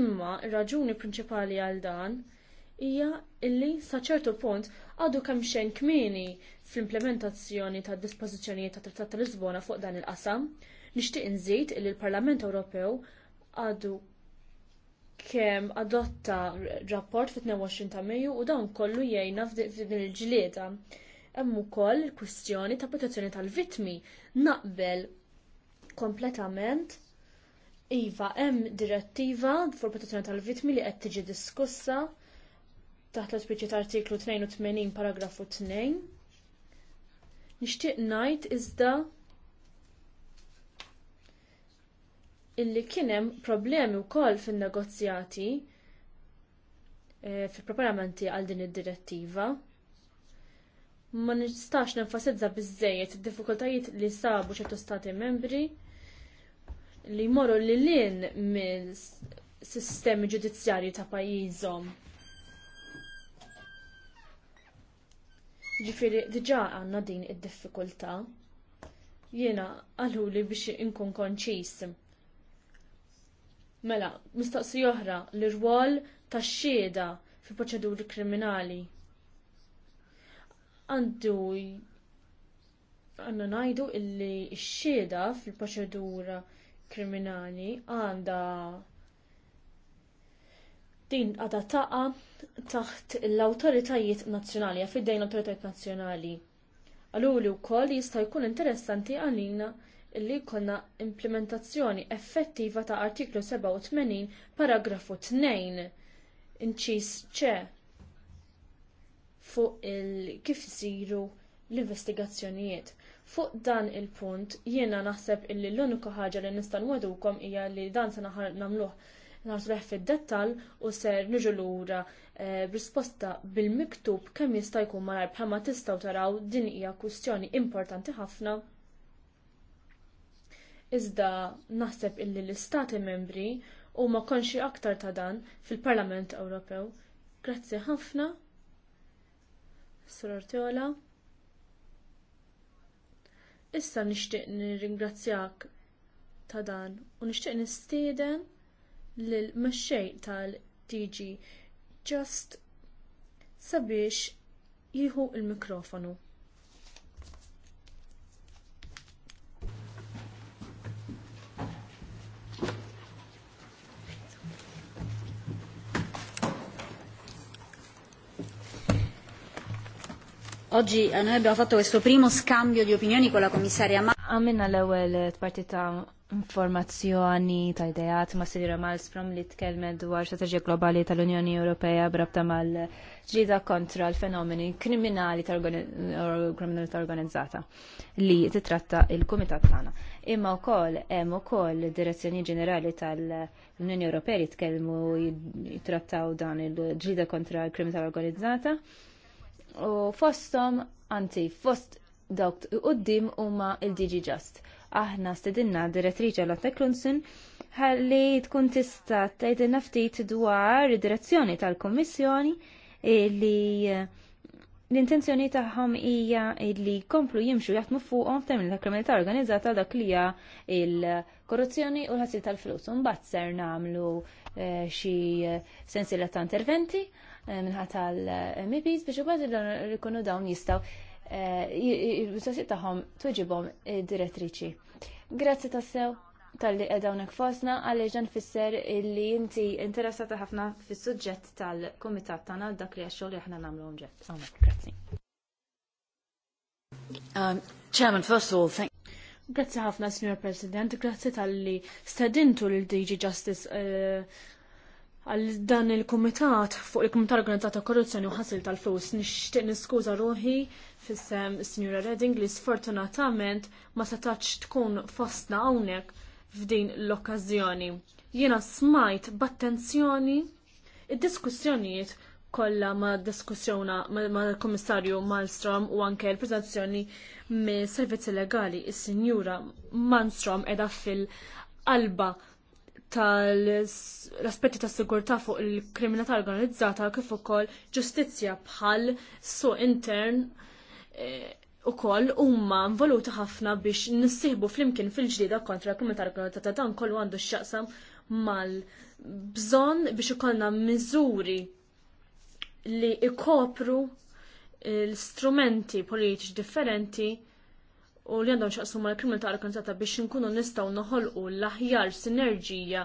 imma r raġuni prinċipali għal dan hija illi sa ċertu punt għadu kemm xejn kmieni fl-implementazzjoni tad dispożizzjonijiet ta' Trattat ta' Lisbona fuq dan il-qasam. Nixtieq inżid illi l-Parlament Ewropew għadu kemm adotta rapport fit-22 ta' Mejju u dawn kollu jgħinna f'din il-ġlieda. Hemm ukoll il-kwistjoni ta' protezzjoni tal-vittmi naqbel kompletament Iva, hemm direttiva fuq protezzjoni tal-vittmi li qed tiġi diskussa taħt l-ospiċi ta' artiklu 82 paragrafu 2. Nixtieq ngħid iżda illi kien hemm problemi wkoll fin-negozjati eh, fil-preparamenti għal din id-direttiva. Ma nistax nenfasizza biżżejjed id-diffikultajiet li sabu ċertu stati membri li jmorru li lin minn sistemi ġudizzjarji ta' pajjiżhom Ġifiri, diġa għanna din id-diffikulta. Jena li biex inkun konċis. Mela, mistaqsi oħra l-rwol ta' xieda fi proċeduri kriminali. Għandu għanna najdu illi x-xieda fil-proċedura kriminali għanda din għada taqa taħt l-autoritajiet nazzjonali, għafiddejn autoritajiet nazzjonali. u wkoll jista' jkun interessanti għalina li jkollna implementazzjoni effettiva ta' artiklu 87 paragrafu 2 inċis ċe fuq kif isiru l-investigazzjonijiet. Fuq dan il-punt jiena naħseb illi l-unika ħaġa li nista' wadukom hija li dan se naħar nagħmluh naħsbeħ fid-dettal u ser niġu lura eh, b'risposta bil-miktub kemm jista' jkun malar bħalma tistgħu taraw din hija kwistjoni importanti ħafna. Iżda naħseb illi l-istati membri huma konxi aktar ta' dan fil-Parlament Ewropew. Grazzi ħafna. Sur Teola. Issa nixtieq nirringrazzjak ta' dan u nixtieq nistieden Lil mexxej tal tg Just sabiex jieħu l mikrofonu Oggi noi abbiamo fatto questo primo scambio di opinioni con la commissaria Għamilna l-ewwel partita informazzjoni ta' idejat ma' Sirira Malmstrom li tkellmet dwar strategija globali tal-Unjoni Ewropea brabta mal ġida kontra l-fenomeni kriminali tal organizzata li titratta il-Kumitat tagħna. Imma wkoll hemm ukoll direzzjoni ġenerali tal-Unjoni Ewropea li tkellmu jitrattaw dan il ġida kontra l-kriminalità organizzata. U fosthom, anzi, fost dawk u huma il-DG Just aħna stedinna direttriċa la Teklunsen ħalli tkun tista' tgħidilna ftit dwar id-direzzjoni tal-Kummissjoni li eh, l-intenzjoni tagħhom hija li komplu jimxu jaħdmu fuqhom f'termin ta' kriminalità organizzata dak li hija il-korruzzjoni u l-ħassil tal-flus. Mbagħad ser nagħmlu eh, xi sensiela ta' interventi eh, minħata tal-MPs biex u dawn jistgħu Eh, il-mistoqsijiet taħħom tuġibom direttriċi Grazzi tassew tal-li edawnek fosna għalli ġan fisser illi inti interessata ħafna fis suġġett tal-komitat tana dak li għaxxol li ħna namlu unġet. grazzi. Um, Chairman, first of all, thank Grazzi ħafna, Sr. President, grazzi tal-li stedintu l-DG Justice eh, għal dan il-Kumitat fuq il organizzat Organizzata Korruzzjoni u ħasil tal-flus nixtieq niskuża ruħi fis-sem Sinjura Redding li sfortunatament ma setax tkun fostna hawnhekk f'din l-okkażjoni. Jiena smajt b'attenzjoni id-diskussjonijiet kollha ma' diskussjona ma' l-Kummissarju Malmstrom u anke l prezentazzjoni mis servizzi legali is-Sinjura Malmstrom edha fil-qalba tal-aspetti ta' sigurtà fuq il-kriminalità organizzata kif ukoll ġustizzja bħal su intern eh, ukoll huma involuti ħafna biex nissieħbu flimkien fil-ġdida kontra l-kriminalità organizzata dan kollu għandu x'jaqsam mal-bżonn biex ikollna miżuri li ikopru l-strumenti politiċi differenti u li għandhom xaqsum ma l ta' organizzata biex nkunu nistgħu noħolqu l-aħjar sinerġija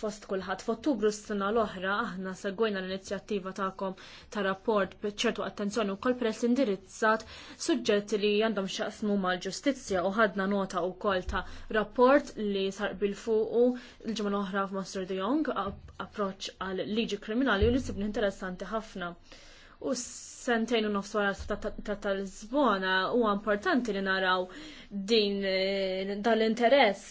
fost kulħadd. F'Ottubru s-sena l-oħra aħna segwejna l-inizjattiva tagħkom ta' rapport b'ċertu attenzjoni wkoll press indirizzat suġġetti li għandhom xaqsmu mal-ġustizzja u ħadna nota wkoll ta' rapport li sar bil-fuqu l-ġimgħa l-oħra f'Master de Jong approċċ għal liġi kriminali u li sibni interessanti ħafna u sentejn u nofs wara ta' tal-Lisbona huwa importanti li naraw din eh, dal-interess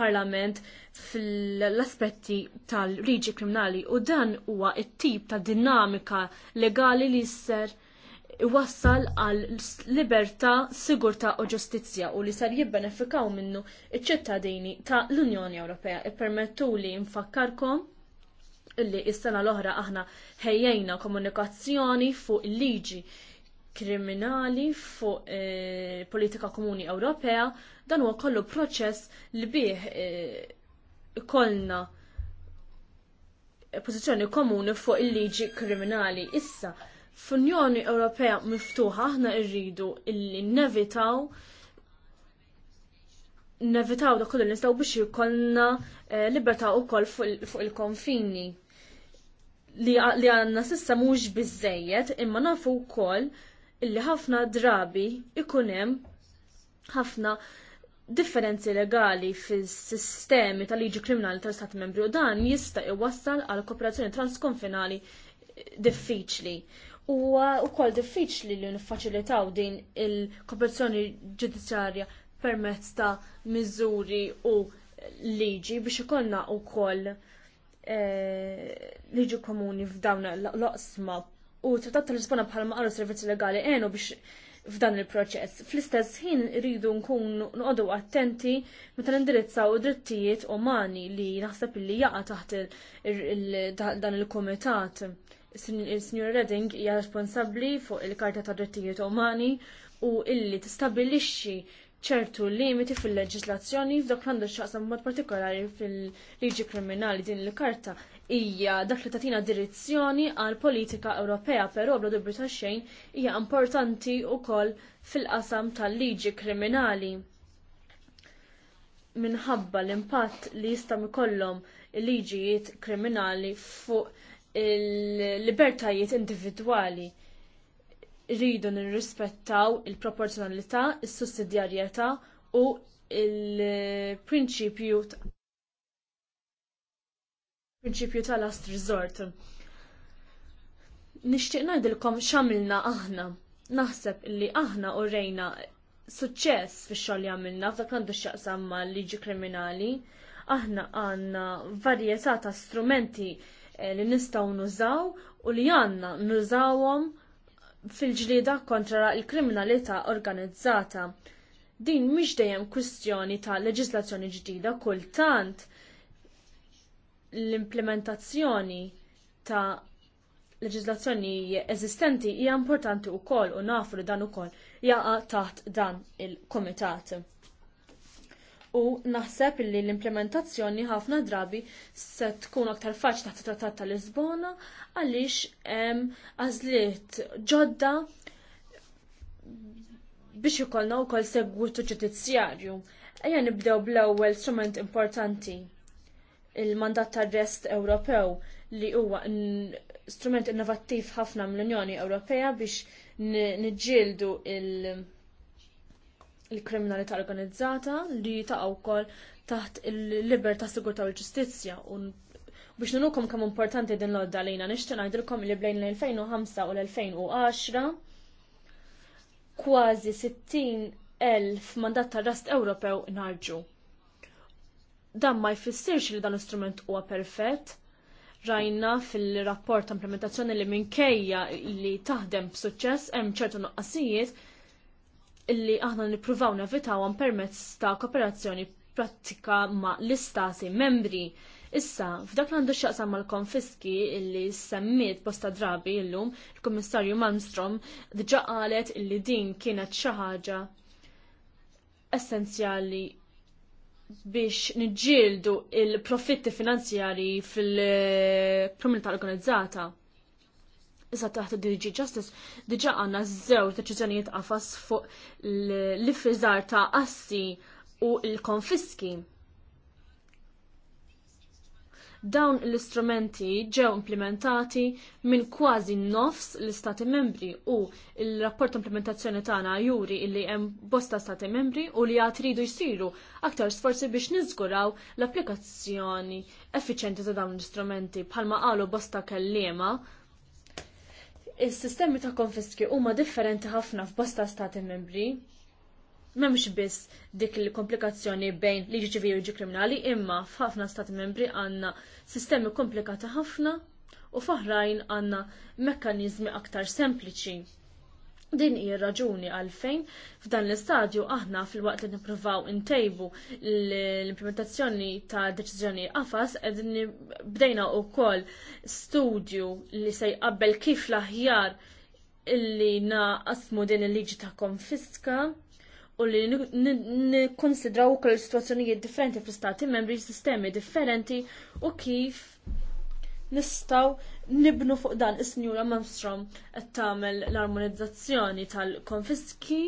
parlament fl-aspetti tal-riġi kriminali u dan huwa it-tip ta' dinamika legali li jisser wassal għal libertà, sigurtà u ġustizzja u li sar jibbenefikaw minnu iċ-ċittadini ta' l-Unjoni Ewropea. Ippermettu li nfakkarkom illi is-sena l-oħra aħna ħejjejna komunikazzjoni fuq liġi kriminali fuq eh, politika komuni Ewropea, dan huwa kollu proċess li bih ikollna eh, pożizzjoni komuni fuq il-liġi kriminali. Issa, f'Unjoni Ewropea miftuħa aħna rridu illi nevitaw nevitaw da kollu nistaw biex jkollna e, eh, libertà wkoll fuq il-konfini li għandna sissa mhux biżejjed imma nafu wkoll illi ħafna drabi ikun hemm ħafna differenzi legali fis-sistemi tal-liġi kriminali tal-Stati membri u dan jista' iwassal għal kooperazzjoni transkonfinali diffiċli. U wkoll diffiċli li niffaċilitaw din il-kooperazzjoni ġudizzjarja permezz ta' miżuri u liġi biex ikollna wkoll Eh, liġu komuni f'dawn l-oqsma u trattat tal-Lisbona bħalma għallu servizzi legali għenu biex f'dan il-proċess. Fl-istess ħin rridu nkun nqodu attenti meta nindirizzaw drittijiet umani li naħseb li jaqa taħt dan il-komitat. Signor Redding hija responsabbli fuq il-Karta ta' Drittijiet Umani u illi tistabbilixxi ċertu limiti fil-leġislazzjoni f'dak l-għandu xaqsam mod partikolari fil-liġi kriminali din il-karta hija dak li tatina direzzjoni għal politika Ewropea, però bla dubju ta' xejn hija importanti wkoll fil-qasam tal-liġi kriminali. Minħabba l-impatt li jista' ikollhom liġijiet kriminali fuq il-libertajiet individwali rridu nirrispettaw il-proporzjonalità, is-sussidjarjetà u il-prinċipju prinċipju ta' last resort. Nixtieq ngħidilkom x'għamilna aħna. Naħseb li aħna u rejna suċċess fix xogħol li għamilna f'dak għandu x'jaqsam mal-liġi kriminali. Aħna għandna varjetà ta' strumenti eh, li nistgħu nużaw u li għandna nużawhom fil-ġlida kontra il-kriminalità organizzata. Din mhix dejjem kwistjoni ta' leġislazzjoni ġdida kultant l-implementazzjoni ta' leġislazzjoni eżistenti hija importanti wkoll u nafu li dan ukoll jaqa' taħt dan il-kumitat u naħseb li l-implementazzjoni ħafna drabi se tkun aktar faċ taħt trattat ta' Lisbona għaliex hemm għażliet ġodda biex ikollna wkoll segwitu ġudizzjarju. Ejja nibdew bl-ewwel strument importanti il-mandat tar-rest Ewropew li huwa strument innovattiv ħafna mill-Unjoni Ewropea biex niġġieldu il- il-kriminalità organizzata li taqgħu wkoll taħt il-libertà sigurtà u l-ġustizzja u biex nunukom kemm importanti din l-odda lejna nixtieq ngħidilkom li bejn l-2005 u l-2010 kważi 60,000 mandat tar-rast Ewropew nħarġu. Dan ma jfissirx li dan l-istrument huwa perfett, rajna fil-rapport ta' implementazzjoni li minkejja li taħdem b'suċċess hemm ċertu nuqqasijiet illi aħna nippruvaw nevitawhom permezz ta' kooperazzjoni prattika ma' l-istati membri. Issa, f'dak l-għandu xaqsam mal konfiski illi semmiet bosta drabi illum, il-Kummissarju Malmstrom dġa qalet illi din kienet xi ħaġa essenzjali biex niġġieldu il-profitti finanzjari fil-kriminalità organizzata. Issa taħt DG Justice, diġa għanna zewġ deċiżjonijiet għafas fuq l-ifriżar ta' assi u l-konfiski. Dawn l-istrumenti ġew implementati minn kważi nofs l-Stati membri u l rapport implementazzjoni tagħna juri illi hemm bosta Stati membri u li għad ridu jsiru aktar sforzi biex niżguraw l-applikazzjoni effiċenti ta' dawn l-istrumenti bħalma qalu bosta kellima is-sistemi ta' konfiski huma differenti ħafna f'bosta stati membri. M'hemmx biss dik il-komplikazzjoni bejn liġi ċivili u liġi kriminali, imma f'ħafna stati membri għandna sistemi komplikati ħafna u f'oħrajn għandna mekkaniżmi aktar sempliċi Din hija raġuni għalfejn f'dan l-istadju aħna fil-waqt li nippruvaw intejbu l-implementazzjoni ta' deċiżjoni qafas qed bdejna wkoll studju li se jqabbel kif l-aħjar illi naqasmu din il-liġi ta' konfiska u li nikkonsidraw ukoll situazzjonijiet differenti fl-istati membri sistemi differenti u kif nistgħu nibnu fuq dan is-Sinjura Malmstrom qed tagħmel l-armonizzazzjoni tal-konfiski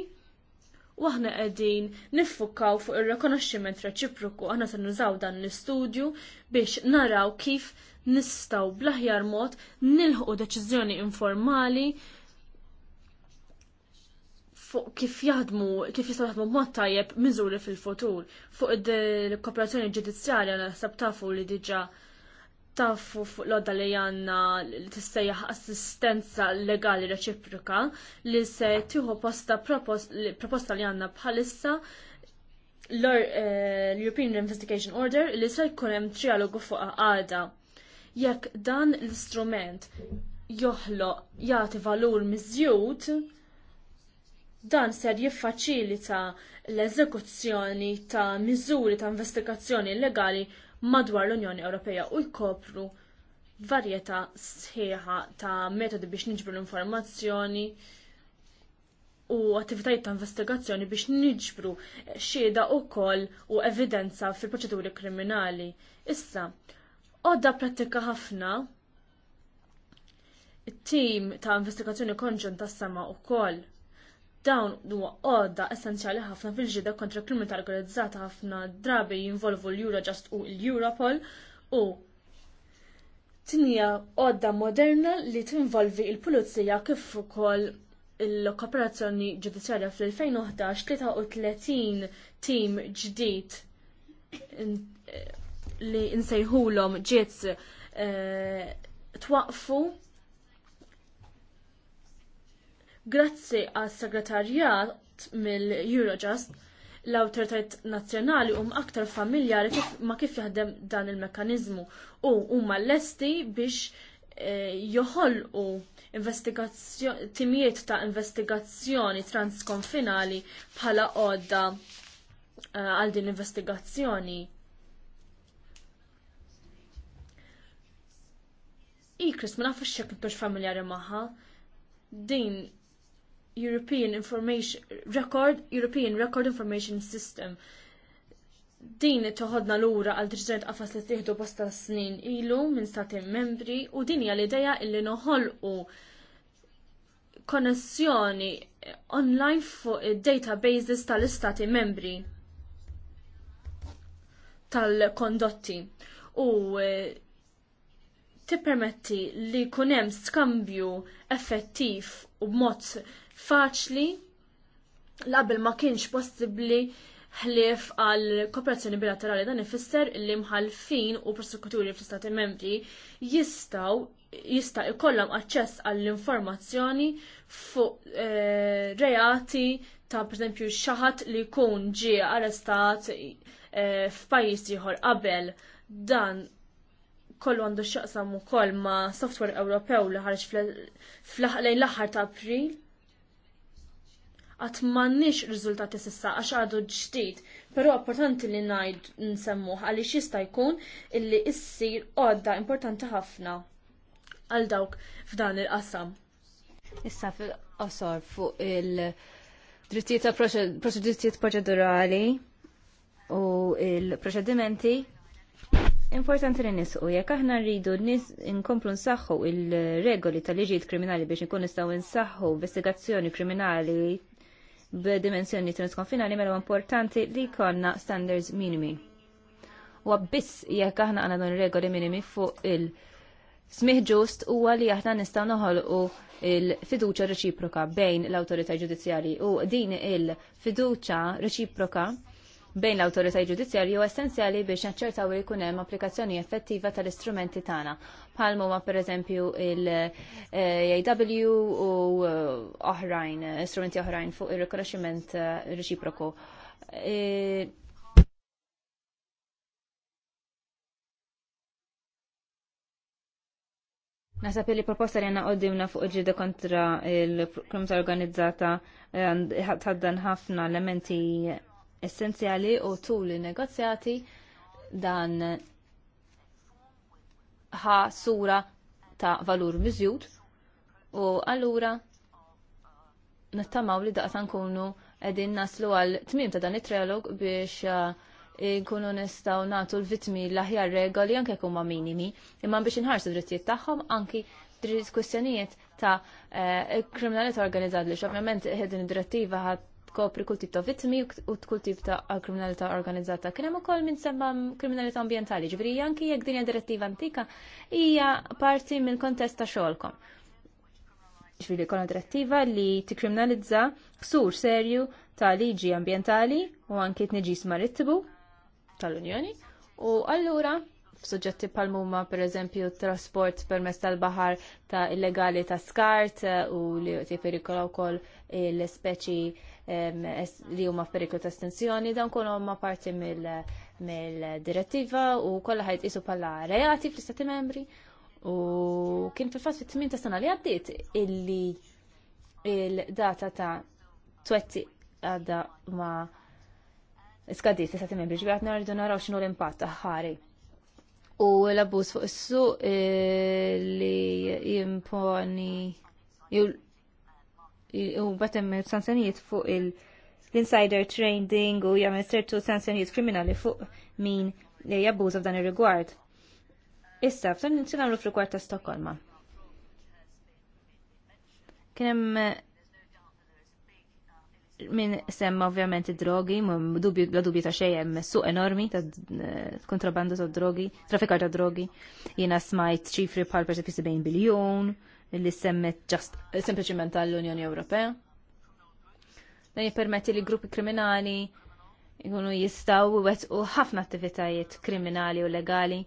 u aħna qegħdin niffukaw fuq ir-rikonoxximent reċiproku aħna se nużaw dan l-istudju biex naraw kif nistgħu bl-aħjar mod nilħu deċiżjoni informali fuq kif jaħdmu, kif jistgħu jaħdmu b'mod tajjeb miżuri fil-futur. Fuq il-kooperazzjoni ġudizzjarja naħseb tafu li diġà tafu fuq l-odda li għanna li tissejjaħ assistenza legali reċiproka li se tieħu posta proposta li għanna bħalissa eh, l-European Investigation Order li se jkun hemm trialogu fuq għada. Jekk dan l-istrument joħloq jagħti valur miżjud, dan ser jiffaċilita l-eżekuzzjoni ta' miżuri ta' investigazzjoni legali madwar l-Unjoni Ewropea u jkopru varjetà sħiħa ta' metodi biex niġbru l-informazzjoni u attivitajiet ta' investigazzjoni biex niġbru xieda u koll u evidenza fil-proċeduri kriminali. Issa, għodda pratika ħafna it-tim ta' investigazzjoni konġun ta' sama u koll dawn huwa għodda essenzjali ħafna fil-ġida kontra kriminalità organizzata ħafna drabi jinvolvu l-Eurojust u l-Europol u hija għodda moderna li tinvolvi l pulizija kif ukoll l-kooperazzjoni ġudizzjarja fl-2011 33 tim ġdid eh, li nsejħulhom ġiet eh, twaqfu Grazzi għas segretarjat mill-Eurojust, l awtoritajiet nazzjonali huma aktar familjari ma kif jaħdem dan il mekkaniżmu u huma lesti biex e, joħolqu timijiet ta' investigazzjoni transkonfinali bħala għodda e, għal din investigazzjoni. Chris, ma nafx xek familjari maħħa. Din European Information Record European Record Information System. Din toħodna lura għal driġġed għafas li tieħdu bosta snin ilu minn stati membri u din hija l-idea illi noħolqu konnessjoni online fuq id-databases tal-istati membri tal-kondotti u e, tippermetti li jkun hemm skambju effettiv u mod faċli labil ma kienx possibbli ħlief għal kooperazzjoni bilaterali dan ifisser li mħalfin u prosekuturi fl istati membri jistaw jista' jkollhom aċċess għall informazzjoni fuq eh, reati ta' pereżempju xaħat li jkun ġie arrestat eh, f'pajjiż ieħor qabel dan kollu għandu x'aqsam ukoll ma' software Ewropew li ħarġ fl lejn l-aħħar ta' April għat mannix riżultati sissa għax għadu ġdid, pero importanti li najd nsemmuħ għalli xista jkun illi issir għodda importanti ħafna għal dawk f'dan il-qasam. Issa fil-qosor fuq il-drittijiet ta' proċedurijiet proċedurali u il-proċedimenti Importanti li nisqu, jekk aħna rridu nis inkomplu nsaħħu il-regoli tal-liġijiet kriminali biex ikun nistgħu nsaħħu investigazzjoni kriminali b'dimensjoni transkonfinali mela importanti li jkollna standards minimi. U biss jekk aħna għandna dawn regoli minimi fuq il- Smih ġust huwa li aħna nistgħu noħolqu il-fiduċa reċiproka bejn l-awtorità ġudizzjali u din il-fiduċa reċiproka bejn l autorità ġudizzjarji u essenzjali biex naċċertaw li kunem hemm applikazzjoni effettiva tal-istrumenti tagħna. ma huma pereżempju il-AW e u eh, oħrajn, istrumenti oħrajn fuq ir-rikonoxximent eh, reċiproku. E, Nasab li proposta li għanna għoddimna fuq ġida kontra il-krimta organizzata għaddan eh, ħafna elementi essenzjali u tul il-negozjati dan ħa sura ta' valur miżjud u allura nittamaw li daqsan nkunu edin naslu għal tmim ta' dan it-trialog biex uh, nkunu nistaw natu l-vitmi l-aħjar regoli anke kumma minimi, imma biex nħarsu drittijiet tagħhom anki kwistjonijiet ta' eh, kriminalità organizzat li xovjament id direttiva tkopri kull tip ta' vittmi u kull tip ta' kriminalità organizzata. Kien hemm ukoll minn semma kriminalità ambjentali, ġifieri anki jekk din direttiva antika hija parti mill-kontest ta' xogħolkom. Ġifieri jkollna direttiva li tikkriminalizza ksur serju ta' liġi ambjentali u anki tniġis marittibu tal-Unjoni. U allura f'suġġetti bħal huma pereżempju t trasport permess tal-baħar ta' illegali ta' skart eh, u li ti perikola wkoll l speċi li huma f'periklu ta' estensjoni dan kun huma parti mill-direttiva u kollha ħajt isu bħala reati fl-istati membri u kien fil-fatt fit-tmien ta' sena li għaddiet illi il-data ta' twetti għadda ma skadiet l-istati membri ġbirat narridu naraw x'inhu l-impatt ħari. U l-abbuż fuq is-suq eh, li jimponi u batem sanzjonijiet fuq l-insider trading u jgħamil sertu sanzjonijiet kriminali fuq min li jabbuża f'dan ir-rigward. Issa, f'dan fil f'rigward ta' Stokkolma. Kien hemm eh, min semma ovvjament id-drogi, la dubju ta' xejn hemm suq enormi ta' eh, kontrabbandu ta' drogi, trafikar ta' drogi. Jiena smajt ċifri bħal per 70 biljun li semmet ġast eh, sempliciment għall-Unjoni Ewropea. Dan jippermetti li gruppi kriminali jkunu jistaw u ħafna attivitajiet kriminali u legali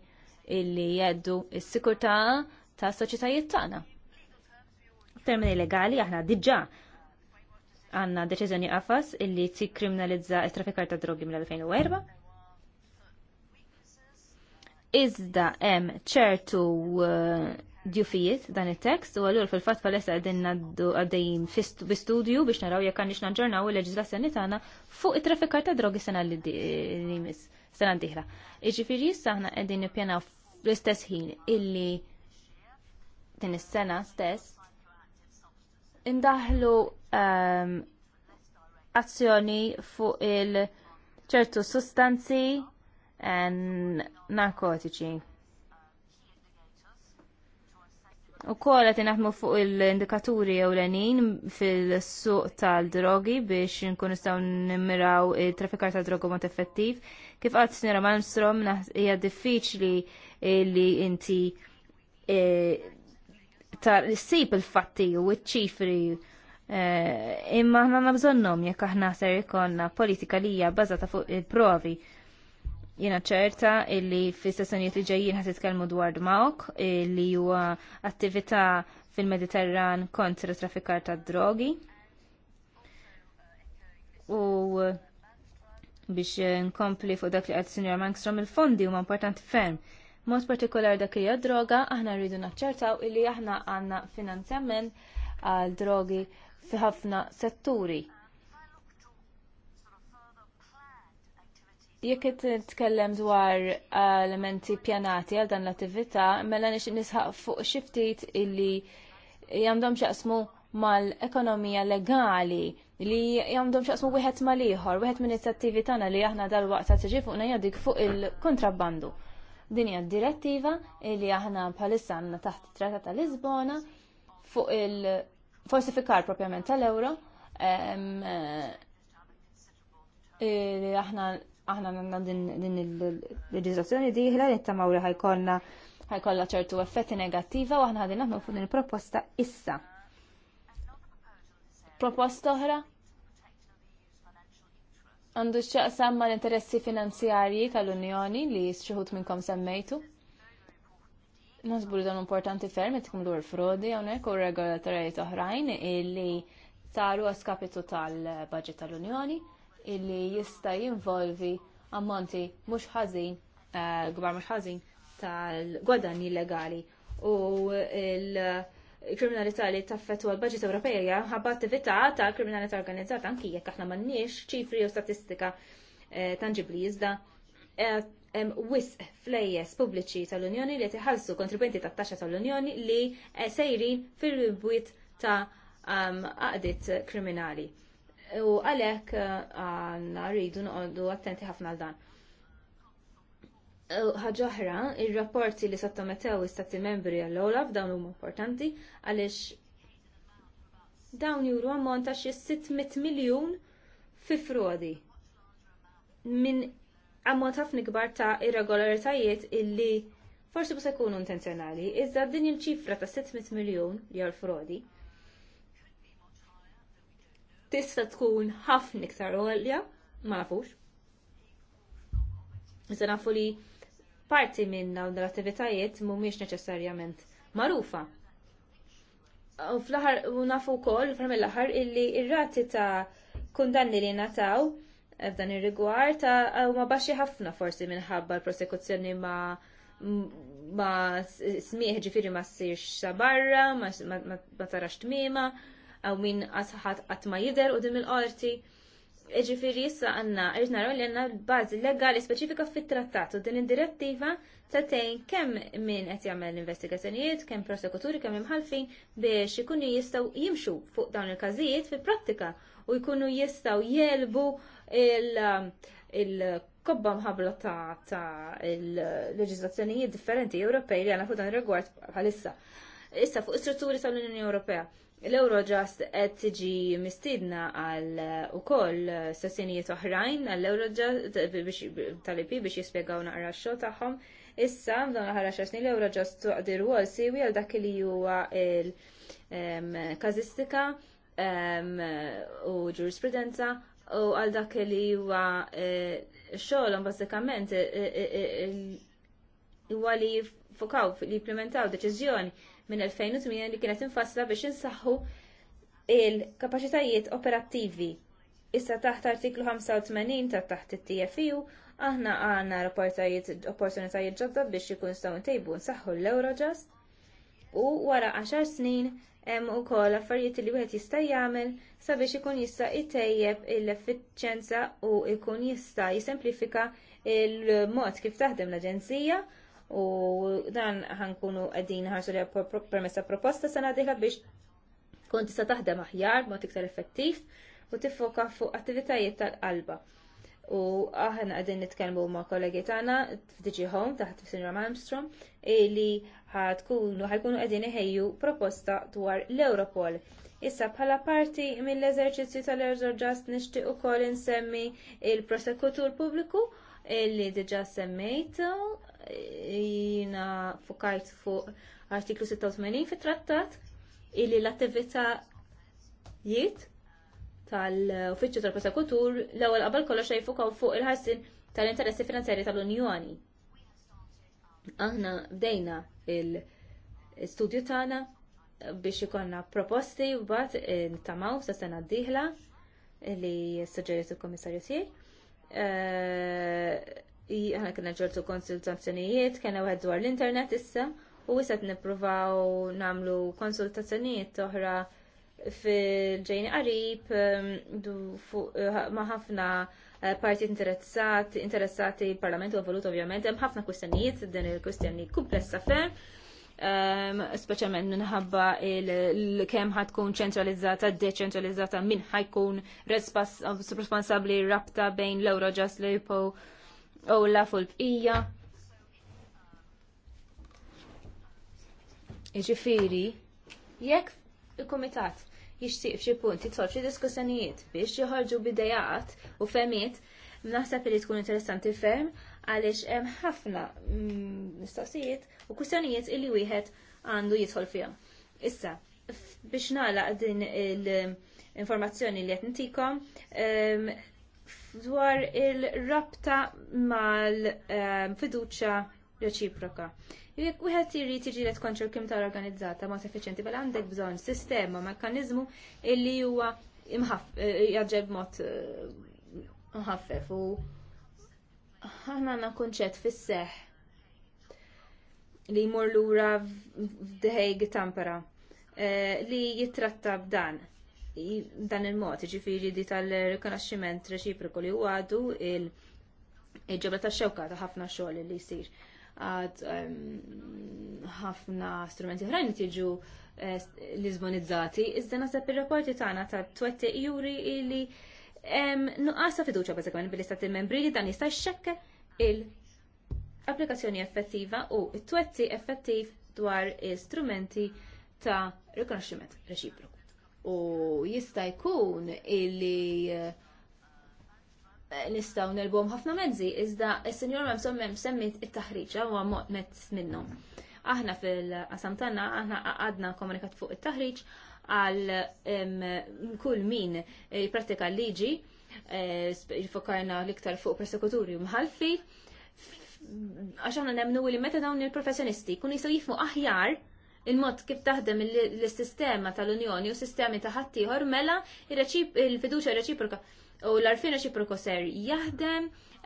illi jeddu s-sikurtà ta' soċjetajiet tagħna. Termini legali aħna diġà għandna deċiżjoni qafas illi tikkriminalizza t-traffikar ta' drogi mill-2004 iżda hemm ċertu eh, djufijiet dan it-tekst u għallur fil-fat palessa għedin għaddejn fi-studju biex naraw jekk għandix naġġornaw il-leġislazzjoni tagħna fuq it-traffikar ta' drogi sena l dimis sena d-dieħla. Iġifieri issa aħna qegħdin nippjanaw l-istess ħin illi din is-sena stess indaħlu ehm, azzjoni fuq il ċertu sustanzi narkotiċi U kol għati naħmu fuq l-indikaturi ewlenin fil-suq tal-drogi biex nkun istaw nimmiraw il-trafikar tal-drogu mod effettiv. Kif għad s-nira Malmstrom, hija diffiċli li inti e, tal sip il-fatti u ċifri e, imma ħna nabżonnom jekk aħna ser ikonna politika li hija bbażata fuq il-provi Jena ċerta illi fi sessonijiet li ġejjin ħat itkellmu dwar Mawk li huwa attività fil-Mediterran kontra traffikar ta' drogi. U biex nkompli fuq dak li qed Sinjor Mangstrom il-fondi huma importanti ferm. Mod partikolar dak li droga aħna rridu naċċertaw illi aħna għandna finanzjament għal drogi fi ħafna setturi Jekk nitkellem dwar elementi pjanati għal dan l-attività, mela nix nisħaq fuq xiftit illi jandom xaqsmu mal-ekonomija legali li jandom xaqsmu wieħed mal-ieħor, wieħed minn it-attivi tagħna li aħna dal-waqt ta' tiġi fuqna jadik fuq il-kontrabbandu. Din hija direttiva li aħna bħalissa għandna taħt it-Tratat ta' Lisbona fuq il-forsifikar propjament tal-euro eh, li aħna aħna għandna din il leġizazzjoni diħla li ta' li ħajkolla ċertu effetti negattiva u aħna għadin naħdmu fuq din il-proposta issa. Proposta oħra? Għandu x'aqsam ma l-interessi finanzjarji tal-Unjoni li xieħut minnkom semmejtu? Nasbu li dan importanti ferm qed tkun frodi hawnhekk u regolatorjiet oħrajn illi saru għaskapitu tal-budget tal-Unjoni. tal budget tal unjoni illi jista' jinvolvi ammonti mhux ħażin, eh, kbar mhux ħażin tal-gwadanji legali u il-kriminalità li taffetwa l bagġet Ewropeja ħabba attività ta' kriminalità organizzata anki jekk aħna m'għandniex ċifri u statistika eh, tangibli iżda eh, hemm wisq flejjes pubbliċi tal-Unjoni li tiħallsu kontribwenti tat-taxxa tal-Unjoni li sejrin fil-ribwiet ta' għaqdiet kriminali. U għalek eh, għanna rridu noqogħdu attenti ħafna għal dan. Eh, Ħaġoħra, il-rapporti li sottometew istati membri għall-Olaf dawn huma importanti għaliex dawn juru ammont xie xi 600 miljun fi frodi Min ammont ħafna kbar ta' irregolaritajiet illi forsi bus ikunu intenzjonali, iżda din il-ċifra ta' 600 miljun jew frodi tista' tkun ħafna iktar għolja, ma nafux. Iżda nafu li parti minn dawn l-attivitajiet mhumiex neċessarjament magħrufa. U fl-aħħar u nafu wkoll mill l-aħħar illi r rati ta' kundanni li nataw f'dan ir rigward ta' huma baxxi ħafna forsi minħabba l-prosekuzzjoni ma' ma smieħ ġifieri ma ssirx sa barra, ma tarax tmiema għaw min għasħat għatma jider u dim il-qorti. Ġifiri issa għanna, irrit naraw li għanna l-bazi legali specifika fit-trattat u din id-direttiva tatejn kemm min qed jagħmel investigazzjonijiet, kemm prosekuturi, kemm imħalfin biex ikunu jistgħu jimxu fuq dawn il-każijiet fil-prattika u jkunu jistgħu jelbu il-kobba um, mħabla ta' il-leġiżlazzjonijiet differenti Ewropej li għanna fuq dan ir-rigward bħalissa. Issa fuq istrutturi tal-Unjoni Ewropea l-Eurojust qed tiġi mistidna għal ukoll sessinijiet oħrajn għall-Eurojust tal-IP biex jispjegaw naqra x-xogħol tagħhom. Issa dawn l-ħara snin l-Eurojust tuqdi rwol siwi għal dak li huwa l kazistika u ġurisprudenza u għal dak li huwa xogħolhom bażikament huwa li fukaw li jimplementaw deċiżjoni minn 2008 li kienet infassla biex insaħħu il-kapaċitajiet operattivi. Issa taħt artiklu 85 ta' taħt it-TFU aħna għandna rapportajiet opportunitajiet ġodda biex ikun staw ntejbu nsaħħu l-Eurojust u wara 10 snin hemm ukoll affarijiet li wieħed jista' jagħmel sabiex ikun jista' jtejjeb l-effiċjenza u jkun jista' jisemplifika l mod kif taħdem l-Aġenzija u dan ħankunu għedin ħarsu li permessa proposta sena diħla biex kun tista' taħdem aħjar mod iktar effettiv u tiffoka fuq attivitajiet tal-qalba. U aħna għedin nitkellmu ma' kollegi tagħna f'Digi Home taħt Sinra Malmstrom li ħatkunu ħajkunu qegħdin iħejju proposta dwar l-Europol. Issa bħala parti mill-eżerċizzju tal Just nixtieq ukoll insemmi il-prosekutur pubbliku illi diġa semmejtu jina fukajt fuq artiklu 86 fit-trattat illi l-attività jiet tal-Uffiċċju tal-Prosekutur l-ewwel qabel kollox jfokaw fuq il-ħarsin tal-interessi finanzjarji tal-Unjoni. Aħna bdejna il-studju tagħna biex ikonna proposti u mbagħad eh, nittamaw sa sena d-dieħla li suġġeriet il-Kummissarju tiegħi eh, ħana kena ġortu konsultazzjonijiet, kena wieħed dwar l-internet issa, u issa nippruvaw namlu konsultazzjonijiet oħra fil-ġejni għarib, um, eh, ma' ħafna eh, parti interessati, interessati parlamentu parlament u ovvjament, hemm ħafna din um, il kustjoni kumplessa fer, specialment minħabba il-kem ħatkun ċentralizzata, deċentralizzata, minn ħajkun responsabli rabta bejn l-Eurojust, l-IPO, u la fuq l-bqija. Iġifiri, jekk il-komitat jixtieq f'xi punti jitolb xi diskussjonijiet biex joħorġu bidejat u femiet, naħseb li tkun interessanti ferm għaliex hemm ħafna mm, mistoqsijiet u kwistjonijiet illi wieħed għandu jidħol fihom. Issa, biex nagħlaq din il informazzjoni li qed ntikom, ehm, dwar il-rabta mal-fiduċa reċiproka. Jek wieħed tiġi li tkonċu kim tal organizzata ma' sefficienti, bħal għandek bżonn sistema, mekkaniżmu illi huwa jaġġeb mot mħaffef u ħana għandna kunċett fis li jmur lura f'dehejg tampera li jitratta b'dan dan il-mod, ġifiri di tal-rikonaxximent reċiproku li għadu il-ġebla ta' xewka ta' ħafna xogħol li jsir. Għad ħafna strumenti ħrajn tiġu lizbonizzati, iżda nasab il-rapporti tagħna ta' twetti juri li nuqqasa fiduċa għan bil-istati membri li dan jista' xekke il-applikazzjoni effettiva u t twetti effettiv dwar strumenti ta' rikonoxximent reċiproku u jista' jkun illi eh, nistaw nelbhom ħafna mezzi, iżda il-senjor ma msommem semmit it taħriġ għu għamot mezz minnom. Aħna fil-qasam tagħna aħna għadna komunikat fuq it taħriġ għal kull min jippratika l-liġi, eh, jifokajna l-iktar fuq persekuturi mħalfi, għax aħna nemnu li meta dawn il-professjonisti kun jistgħu jifmu aħjar il-mod kif taħdem l-sistema tal-Unjoni u sistemi ta' ħaddieħor mela il-fiduċja reċiproka u l-arfin reċiproko ser jaħdem,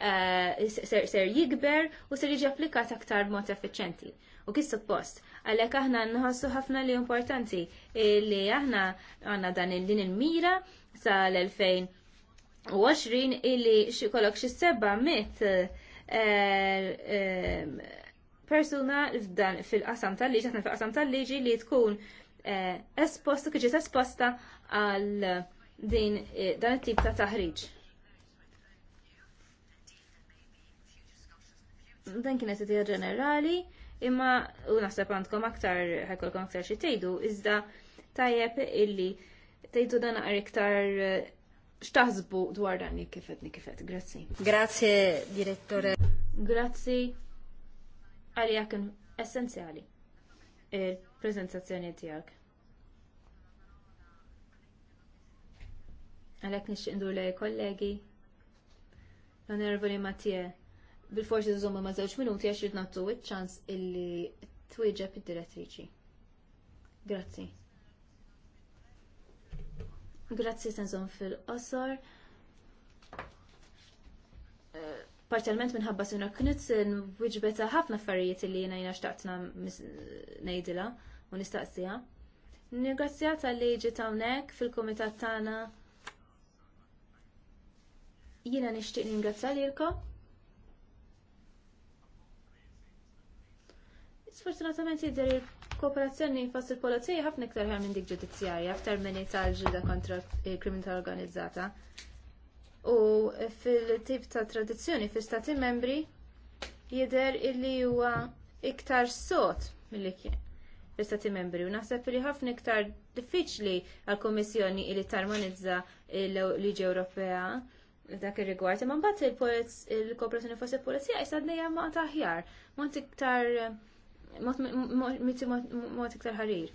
eh, ser jikber u ser jiġi applikat aktar mod effiċenti. U kif suppost, għalhekk aħna nħossu ħafna li importanti li aħna għandna dan il din il-mira sal-2020 illi xi kollok xi seba' mit eh, eh, persuna f'dan fil-qasam tal-liġi, aħna fil-qasam tal-liġi li tkun eh, esposta, kħiġi esposta għal eh, din eh, dan it-tip ta' taħriġ. Dan kienet idea ġenerali, imma u naħseb għandkom aktar, ħekolkom aktar xi tgħidu, iżda tajjeb illi tgħidu dan għar iktar xtaħsbu dwar dan kifet kifet. Grazzi. Grazie, direttore. Grazzi għalija kien essenzjali il-prezentazzjoni tiegħek. Għalhekk nixtieq ndur lej kollegi l-Onorevoli Mattie bil-forsi żomma ma' żewġ minuti għax rid nagħtu iċ-ċans illi twieġeb id-direttriċi. Grazzi. Grazzi senżon fil-qosor. Uh, Partialment minħabba knit Knudsen wieġbeta ħafna affarijiet li jiena xtaqtna xtaqt ngħidilha u nistaqsija. Nirgrazzjat għalli ġiet hawnhekk fil-kumitat tagħna jiena nixtieq ningrazzja lilkom. Sfortunatament jidher il-kooperazzjoni fost il-polizija ħafna iktar ħar minn dik ġudizzjarja, aktar minn tal-ġida kontra il organizzata u fil-tip ta' tradizzjoni fl istati membri jidher illi huwa iktar sot milli kien fl-istati membri u naħseb li ħafna iktar diffiċli għall kummissjoni illi tarmonizza l-liġi Ewropea dak ir-rigward. Imma mbagħad il-kooperazzjoni fost il-pulizija jsadna hija ma' taħjar, mod iktar mod iktar ħarir.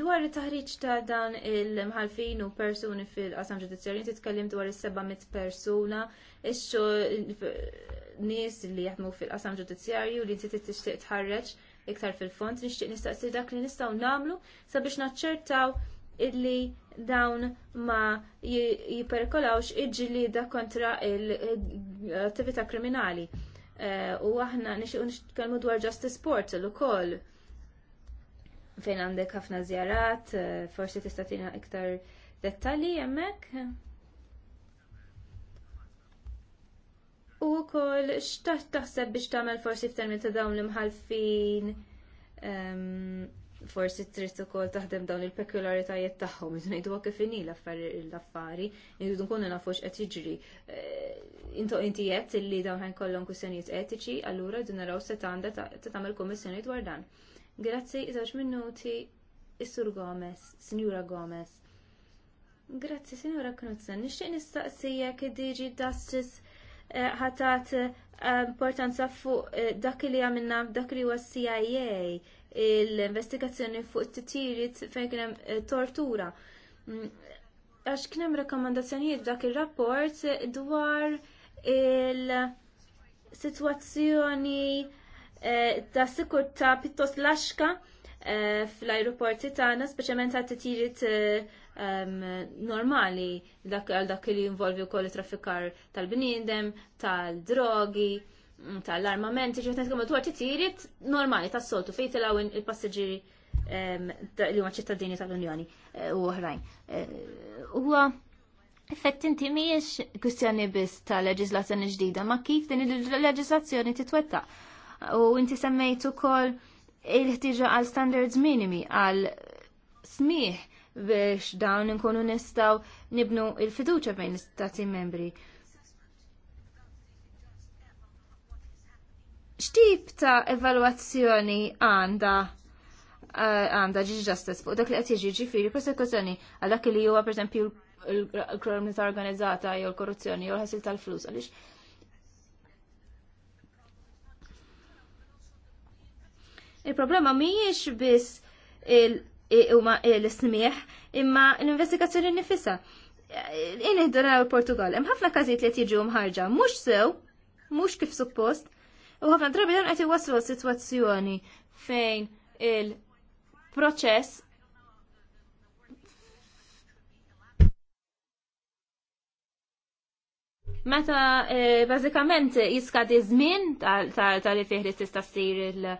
Dwar it-taħriġ ta' dan il-mħalfin u persuni fil-qasam ġudizzjarju, titkellim dwar is-700 persuna, ix nies li jaħdmu fil-qasam ġudizzjarju li inti tixtieq tħarreġ iktar fil-fond, nixtieq nistaqsi dak li nistgħu nagħmlu sabiex naċċertaw illi dawn ma jiperikolawx iġġilida kontra l-attività kriminali. Eh, u aħna nixtieq nitkellmu dwar Justice Portal ukoll fejn għandek ħafna żjarat, eh, forsi tista' tina iktar dettalji hemmhekk. U wkoll x'taħt taħseb biex tagħmel forsi f'termin ta' dawn l-imħalfin ehm, forsi trid ukoll taħdem dawn il-pekularitajiet tagħhom, jidu ngħidu kif inhi l-affari, irridu nkunu nafux qed jiġri. Eh, into inti qed illi dawn ħajn kwistjonijiet etiċi, allura rridu naraw se tagħmel kummissjoni dwar dan. Grazzi, żewġ minuti, Is-Sur Gomez, Sinjura Gomez. Grazzi, Sinjura Knudsen. Nixtieq nistaqsija id diġi dastis eh, ħatat eh, importanza fuq eh, dak li għamilna dak li huwa CIA l-investigazzjoni fuq t-tirit fejn kien hemm tortura. Mm, għax kien hemm rakkomandazzjonijiet dak ir-rapport dwar il-sitwazzjoni Eh, ta' ta' pittos laxka eh, fl-aeroporti tagħna, speċjalment għat titirit eh, normali dak għal dak li jinvolvi wkoll traffikar tal-bniedem, tal-drogi, mm, tal-armamenti, ġifiet nitkellmu dwar titirit normali tas-soltu fejn tilgħu il-passiġġieri li huma ċittadini tal-Unjoni u oħrajn. Huwa effett inti mhijiex kwistjoni biss ta' leġislazzjoni ġdida, ma kif din il-leġislazzjoni titwettaq u inti semmejt ukoll il-ħtiġa għal standards minimi għal smih biex dawn inkunu nistaw nibnu il-fiduċa bejn l-istati membri. X'tip ta' evalwazzjoni għanda għanda ġiġi ġastas fuq dak li qed ġifiri ġifieri persekuzzjoni għal dak li huwa pereżempju l-kriminalità organizzata jew l-korruzzjoni jew l-ħasil tal-flus għaliex Il-problema mhijiex biss l-ismieħ imma l-investigazzjoni nifisa. Inħidura l-Portugal, hemm ħafna każijiet li qed jiġu mħarġa, mhux sew, mhux kif suppost, u ħafna drabi dan qed iwasslu situazzjoni fejn il-proċess Meta eh, bażikament jiskadi żmien tal-li fih li tista' ssir il-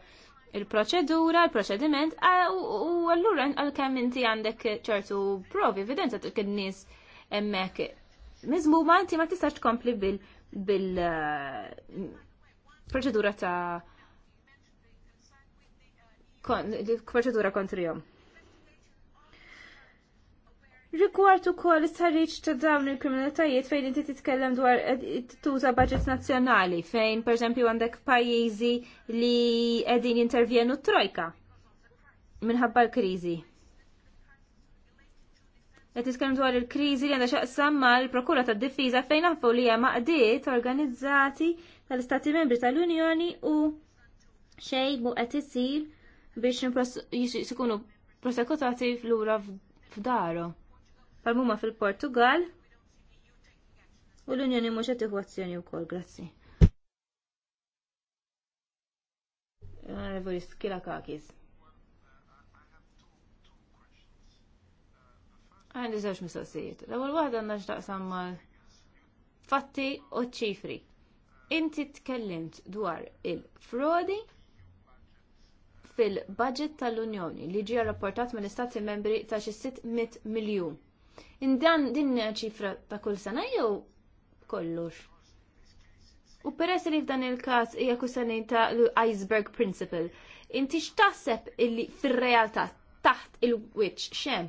il-proċedura, il-proċediment, u allura għal-kem inti għandek ċertu provi, evidenza t nis emmek. Mizmu ma inti ma tistax tkompli bil-proċedura eh, ta' proċedura kontrijom. Rigward ukoll is-sarriċ ta' dawn il-kriminalitajiet fejn inti titkellem dwar tuża budgets nazzjonali, fejn eżempju għandek pajjiżi li qegħdin jintervjenu trojka minħabba l-kriżi. Qed titkellem dwar il krizi li għandha x'aqsam mal-Prokura tad-Difiża fejn nafu li hemm qdiet organizzati tal-Istati Membri tal-Unjoni u xejn mu qed isir biex ikunu prosekutati flura f'daru palmuma fil-Portugal u l-Unjoni mhux qed tieħu wkoll, grazzi. Onorevoli Kakis. Għandi żewġ mistoqsijiet. L-ewwel waħda għandna x'taqsam mal fatti u ċifri. Inti tkellimt dwar il-frodi fil-budget tal-Unjoni li ġie rapportat mill-Istati membri ta' xi 600 miljun Indan din ċifra ta' kull sena jew kollox. U peress li f'dan il-każ hija kusanin ta' l-iceberg principle, inti x'taħseb illi fir-realtà taħt il-wiċċ xem?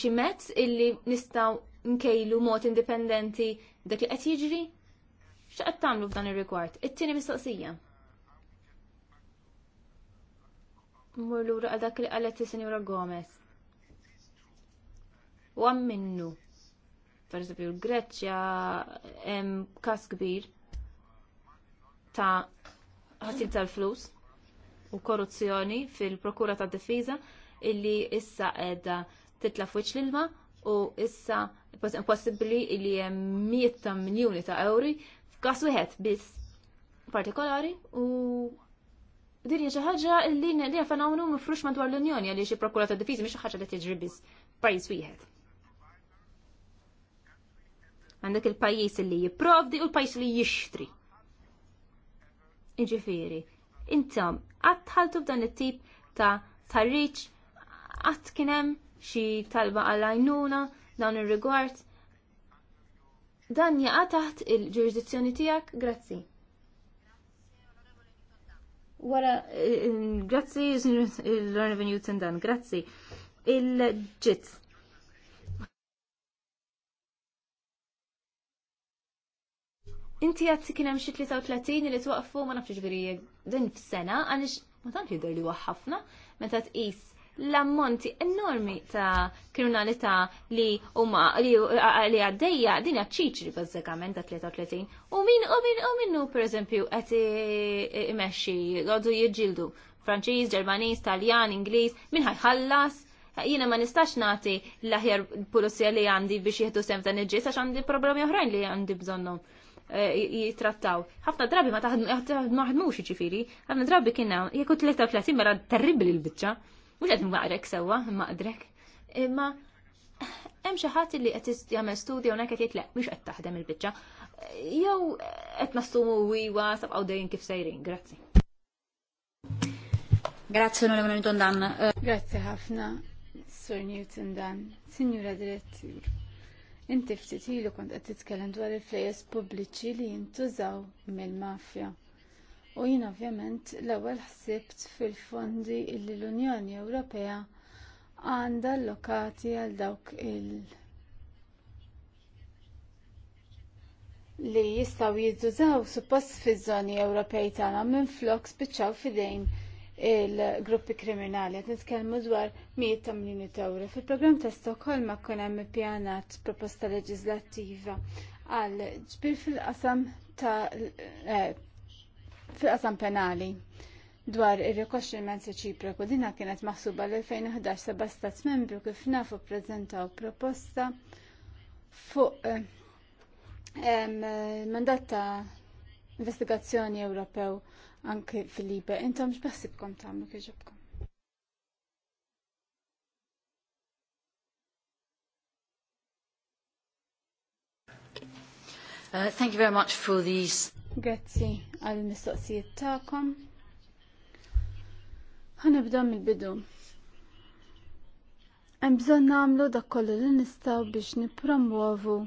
xi mezz illi nistgħu nkejlu mod indipendenti dak li qed jiġri? X'qed tagħmlu f'dan ir-rigward? It-tieni mistoqsija. mur lura għal dak li qalet is senjura Gomez. U għam minnu. Per esempio, l-Greċja hemm każ kbir ta' ħasil tal-flus u korruzzjoni fil-Prokura tad Difiża illi issa qiegħda titla' fuċ l-ilma u issa possibbli illi hemm mijiet ta' miljuni ta' ewri f'każ wieħed biss partikolari u Dinja xi ħaġa li li fenomenu mifrux madwar l-Unjoni għaliex il-Prokura ta' Difiżi mhix ħaġa li tiġri biss pajjiż wieħed. Għandek il-pajjiż li jipprovdi u l-pajjiż li jixtri. Iġifieri, intom qatt ħaltu f'dan it-tip ta' tarriċ qatt kien hemm xi talba għal għajnuna dawn ir-rigward dan jaqa' taħt il-ġurisdizzjoni tiegħek, grazzi. Wara, eh, eh, grazzi, l-Lorna eh, Venju Tendan, grazzi. Il-ġitz. Inti għad kien hemm xi 33 li twaqfu ma nafx ġifieri din f'sena sena għaliex ma tantx jidher li huwa ħafna meta tqis l-ammonti enormi ta' kriminalità li huma li għaddejja din hija ċiċri bażikament ta' 33 u min u min u minnu pereżempju qed imexxi għodu jiġġieldu Franċiż, Ġermaniż, Taljan, Ingliż, min ħajħallas jiena ma nistax nagħti l-aħjar pulizija li għandi biex jieħdu sem ta' il għax għandi problemi oħrajn li għandi bżonnhom e, jitrattaw. ħafna drabi ma taħdmux ġifiri, ħafna drabi kiena, jekku 33 mera terribli l-bicċa mhux qed nwaqrek sewwa maqdrek. Imma hemm xi ħadd li qed jagħmel studja hawnhekk qed jgħid mhux qed taħdem il-biċċa. Jew qed nassumu wiwa sabqgħu dejjin kif sejrin, grazzi. Grazzi onorevole Newton Dan. Grazzi ħafna, Sur Newton Dan, Sinjura Direttur. Inti ftit ilu kont qed titkellem dwar il-flejers pubbliċi li jintużaw mill-mafja U jien ovvjament l-ewwel ħsibt fil-fondi li l-Unjoni Ewropea għandha allokati għal dawk il- li jistaw jizzużaw suppost fiż-żoni Ewropej tagħna minn flok spiċċaw fidejn il-gruppi kriminali qed nitkellmu dwar mijiet ta' miljuni ta' euro. Fil-programm ta' Stokholma kien hemm ippjanat proposta leġislattiva għal ġbir fil-qasam ta' eh, fil-qasam penali dwar ir-rikoxximent reċiproku dina kienet maħsuba l-2011 seba' stat membru kif nafu ppreżentaw proposta fuq eh, mandat ta' investigazzjoni Ewropew anke fil-Libe. Intom x'baħsibkom tagħmlu kieġobkom? Uh, thank you very much for these Grazzi għal mistoqsijiet tagħkom. Ħanibda mill-bidu. Hemm bżonn nagħmlu dak kollu li nistgħu biex nippromuovu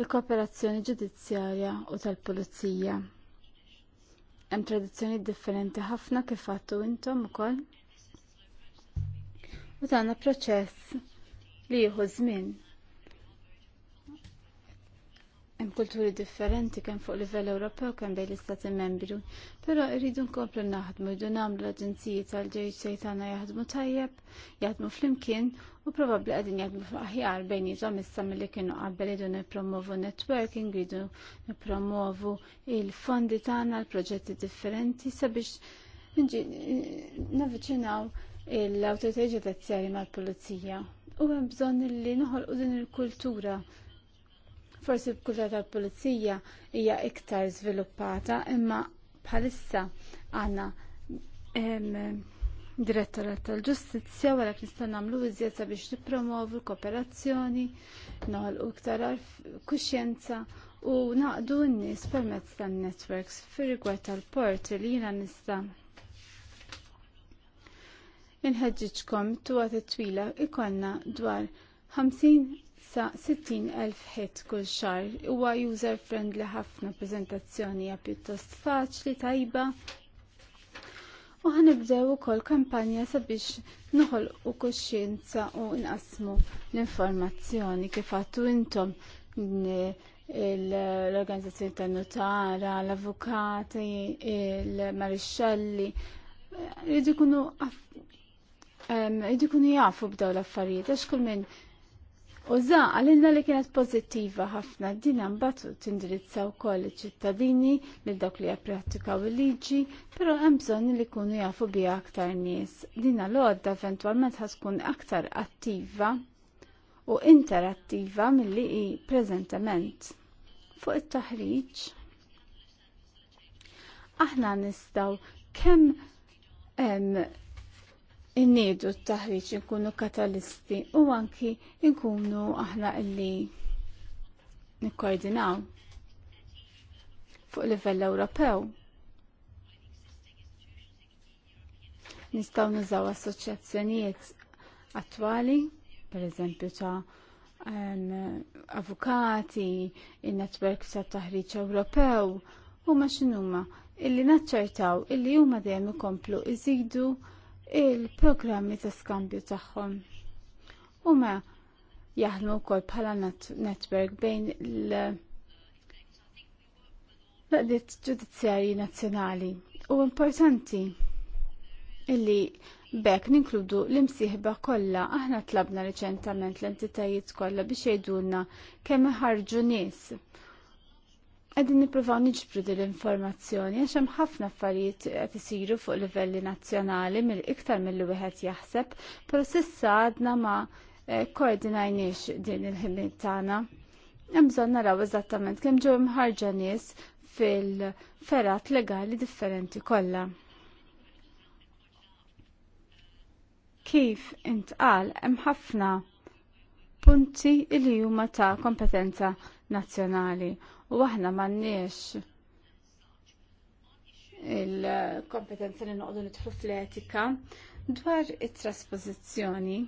l-kooperazzjoni ġudizzjarja u tal-pulizija. Hemm tradizzjoni differenti ħafna kif għattu intom ukoll. U tagħna proċess li jieħu żmien hemm kulturi differenti kemm fuq livell Ewropew kemm bejn l-istati membri, però rridu nkomplu naħdmu jdu nagħmlu l-aġenziji tal-ġejġ tagħna jaħdmu tajjeb, jaħdmu flimkien u probabbli qegħdin jaħdmu f'aħjar aħjar bejn iżhom issa milli kienu qabel jdu nippromovu networking, jdu nippromovu il-fondi tagħna l-proġetti differenti sabiex navviċinaw l-awtoritajiet ġudizzjarji mal-pulizija. U hemm bżonn li noħolqu din il-kultura Forsi l-kultura tal-pulizija hija iktar żviluppata, imma bħalissa għandna direttorat tal-ġustizzja wara nistgħu nagħmlu iżjed sabiex nippromovu l-kooperazzjoni, noħolqu iktar kuxjenza u naqdu n-nies permezz tan-networks fir-rigward tal-port li jiena nista' inħeġġiġkom tuwa twila ikollna dwar 50 sa 60,000 hit kull xar. Huwa user friendly ħafna prezentazzjoni hija pjuttost faċli tajba. U ħanibdew ukoll kampanja sabiex noħolqu kuxjenza u nqasmu l-informazzjoni kif għattu intom l-organizzazzjoni tan notara, l-avukati, il-marixxalli, jridu eh, jkunu jafu b'daw l-affarijiet, għax kull minn U għalina li kienet pozittiva ħafna din mbagħad tindirizza wkoll ċittadini lil dak li jappratikaw il-liġi, però hemm bżonn li jkunu jafu biha aktar nies. Din l-għodda eventualment ħaskun aktar attiva u interattiva milli i preżentament. Fuq it-taħriġ aħna nistgħu kemm innidu t-taħriġ nkunu katalisti u anki nkunu aħna illi nikkoordinaw fuq livell Ewropew. Nistaw nużaw assoċjazzjonijiet attwali, per eżempju ta' um, avukati, il-netwerk ta' taħriġ Ewropew, u ma' illi naċċertaw illi huma dejjem ikomplu iżidu il-programmi ta' skambju tagħhom. Huma jaħdmu wkoll bħala netwerk bejn l għadiet ġudizzjarji nazzjonali u importanti illi bekk ninkludu l-imsieħba kollha aħna tlabna riċentament l-entitajiet kollha biex jgħidulna kemm iħarġu nies Għedin niprofaw niġbru din l-informazzjoni għax hemm ħafna affarijiet qed isiru fuq livelli nazzjonali mill-iktar mill wieħed jaħseb, però s'issa għadna ma eh, koordinajniex din il-ħimien tagħna. Hemm bżonn naraw eżattament kemm ġew imħarġa nies fil-ferat legali differenti kollha. Kif intqal hemm ħafna punti li huma ta' kompetenza nazzjonali u aħna m'għandniex il-kompetenza li noqogħdu nidħlu fl-etika dwar it-trasposizzjoni.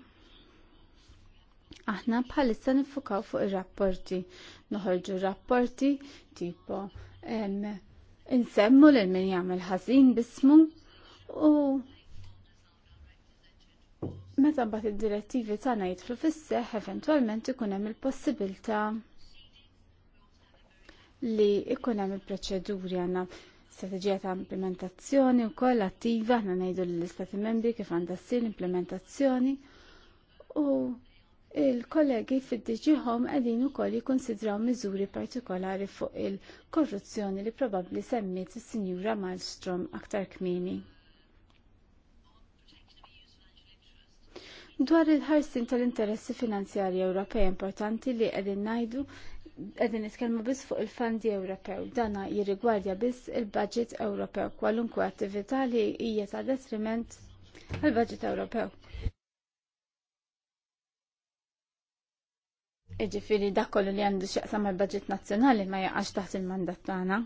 Aħna bħalissa nifukaw fuq ir-rapporti, noħorġu rapporti tipo insemmu lil min jagħmel ħażin bismu u meta mbagħad id-direttivi tagħna jidħlu fis-seħħ eventwalment ikun hemm il-possibilità li ikkun hemm il-proċeduri għandna strategija ta' implementazzjoni u koll attiva aħna ngħidu lill-Istati Membri kif għandha ssir implementazzjoni u il-kollegi fid diġihom qegħdin ukoll jikkonsidraw miżuri partikolari fuq il-korruzzjoni li probabbli semmiet is-Sinjura Malmstrom aktar kmieni. Dwar il-ħarsin tal-interessi finanzjarji Ewropej importanti li qegħdin ngħidu qegħdin nitkellmu biss fuq il fandi Ewropew. Dana jirrigwardja biss il-budget Ewropew kwalunkwe attività li hija ta' detriment għall budget Ewropew. Iġifieri dak kollu li għandu x'jaqsam mal-budget nazzjonali ma jaqax taħt il-mandat tagħna.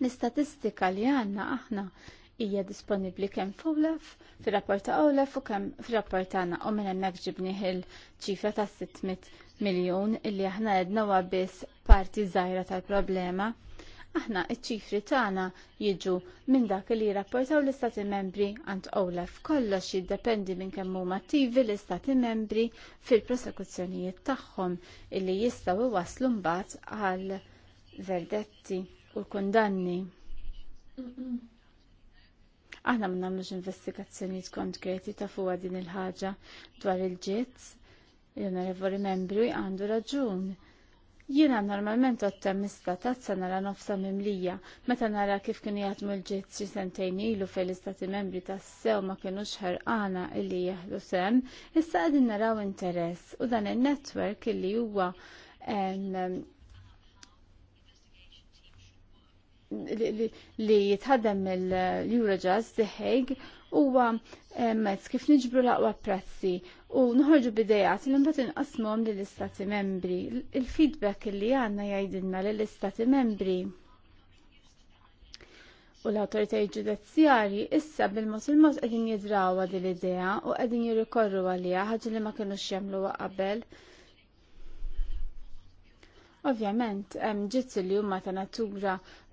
L-istatistika li għandna aħna hija disponibbli kemm f'Olaf, fir-rapport ta' Olaf u kemm fir-rapport tagħna u minn hemmhekk ġibnieh il-ċifra ta' 600 miljun illi aħna għedna huwa biss parti żgħira tal-problema. Aħna iċ-ċifri tagħna jiġu minn dak li jirrapportaw l-Istati Membri għand Olaf kollox jiddependi minn kemm huma attivi l-Istati Membri fil-prosekuzzjonijiet tagħhom illi jistgħu iwasslu mbagħad għal verdetti u kundanni. Mm -mm. Aħna ma nagħmlux investigazzjonijiet konkreti ta' fuq din il-ħaġa dwar il-ġitz. Il-onorevoli membri għandu raġun. Jiena normalment ottemista tazza nara nofsa mimlija, meta nara kif kien jaħdmu l-ġiet xi sentejn ilu fej l-istati membri tas-sew ma kinux ħarqana illi jaħdu sem, issa għadin naraw interess u dan in netwerk illi huwa li jitħadem mill-Eurojust eh, The Hague huwa eh, mezz kif niġbru l-aqwa u nħorġu bidejat li mbagħad li lill-istati membri. Il-feedback li għandna jgħidilna l istati membri u l-autoritajiet ġudizzjarji issa bil mos il-mod qegħdin jidrawa din l-idea u qegħdin jirrikorru għalija ħaġa li ma kinux jagħmluha qabel. Ovvjament, hemm ġitzi li huma ta' natura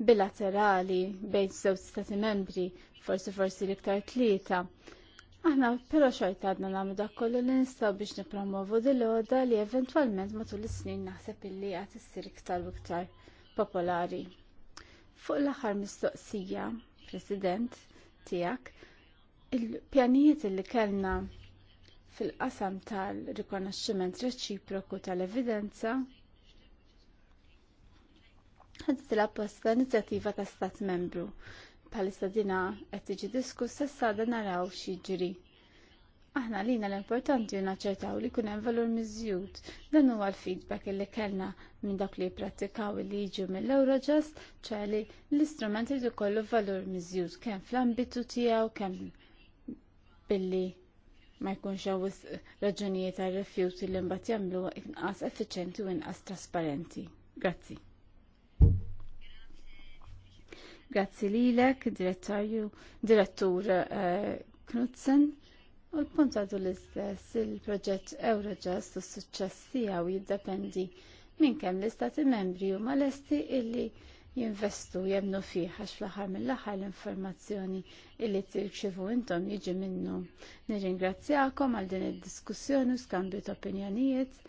bilaterali bejn żewġ stati membri, forsi forsi l-iktar tlieta. Aħna però xorta għadna nagħmlu dak kollu li nistgħu biex nippromovu dil-għoda li eventwalment matul is-snin naħseb illi qed issir iktar u iktar popolari. Fuq l-aħħar mistoqsija, President, tiegħek, il-pjanijiet li kellna fil-qasam tal-rikonoxximent reċiproku tal-evidenza ħad tilab posta inizjattiva ta' stat membru. Palissa dina qed tiġi diskussa s-sada naraw x'jiġri. Aħna lina l-importanti u naċċertaw li kun hemm valur miżjud. Dan huwa l-feedback li kellna minn dak li jippratikaw li jiġu mill-Eurojust, ċali l istrumenti li jkollu valur miżjud kemm fl-ambitu tiegħu kemm billi ma jkunx hawn raġunijiet għar refjut li mbagħad jagħmlu inqas effiċjenti u inqas trasparenti. Grazzi. Grazzi lilek, id-direttorju, direttur eh, Knudsen. U l-punt għadu l-istess, il-proġett Eurojust u s-suċċess tiegħu jiddependi minn kemm l-istati membri huma malesti illi jinvestu jemnu fiħax fl-aħħar mill-aħħar l-informazzjoni illi tirċivu intom jiġi minnu. Nirringrazzjakom għal din id-diskussjoni u skambju ta' opinjonijiet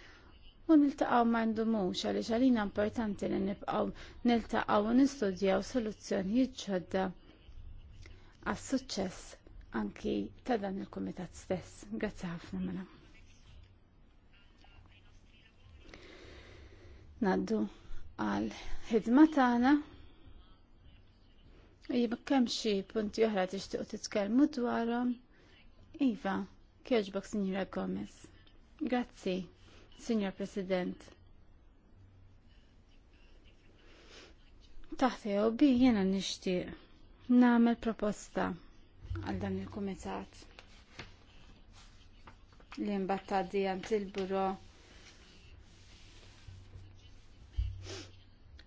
u niltaqgħu ma ndumux għaliex għalina importanti li nibqgħu niltaqgħu u nistudjaw soluzzjonijiet ġodda għas-suċċess anki ta' dan il-kumitat stess. Grazzi ħafna mela. Naddu għal ħidma tagħna. Jibba kemm xi punti oħra tixtiequ titkellmu dwarhom. Iva, kieġbok Sinjura Gomez. Grazzi. Signor President. Taħt EOB jena nishti namel proposta għal dan il-komitat li mbattaddi għant il-buro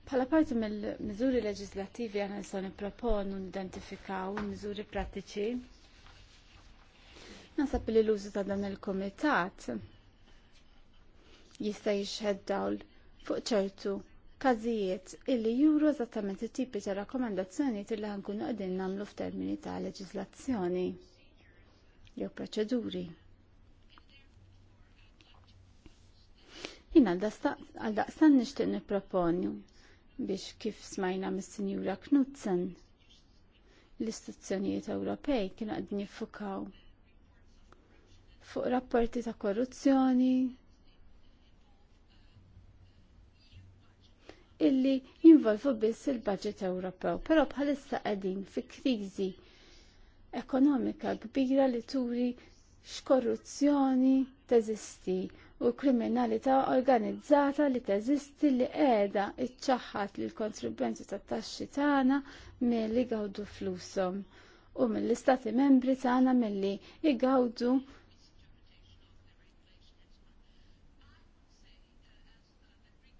Bħala parti mill-miżuri leġislattivi għana nisa niproponu nidentifikaw miżuri prattiċi. Nasab li l-użu ta' dan il-komitat jista' jixħed dawl fuq ċertu każijiet illi juru eżattament it-tipi ta' rakkomandazzjonijiet illi nkunu qegħdin nagħmlu f'termini ta' leġiżlazzjoni jew proċeduri. Jiena għal daqstan nixtieq nipproponi biex kif smajna mis-Sinjura Knudsen l-istituzzjonijiet Ewropej kienu qegħdin jiffukaw fuq rapporti ta' korruzzjoni, illi jinvolvu biss il-budget Ewropew, però bħalissa qegħdin fi kriżi ekonomika kbira li turi x'korruzzjoni teżisti u kriminalità organizzata li teżisti li qiegħda iċċaħħat lil kontribwenti tat-taxxi tagħna milli gawdu flushom u mill-istati membri tagħna milli igawdu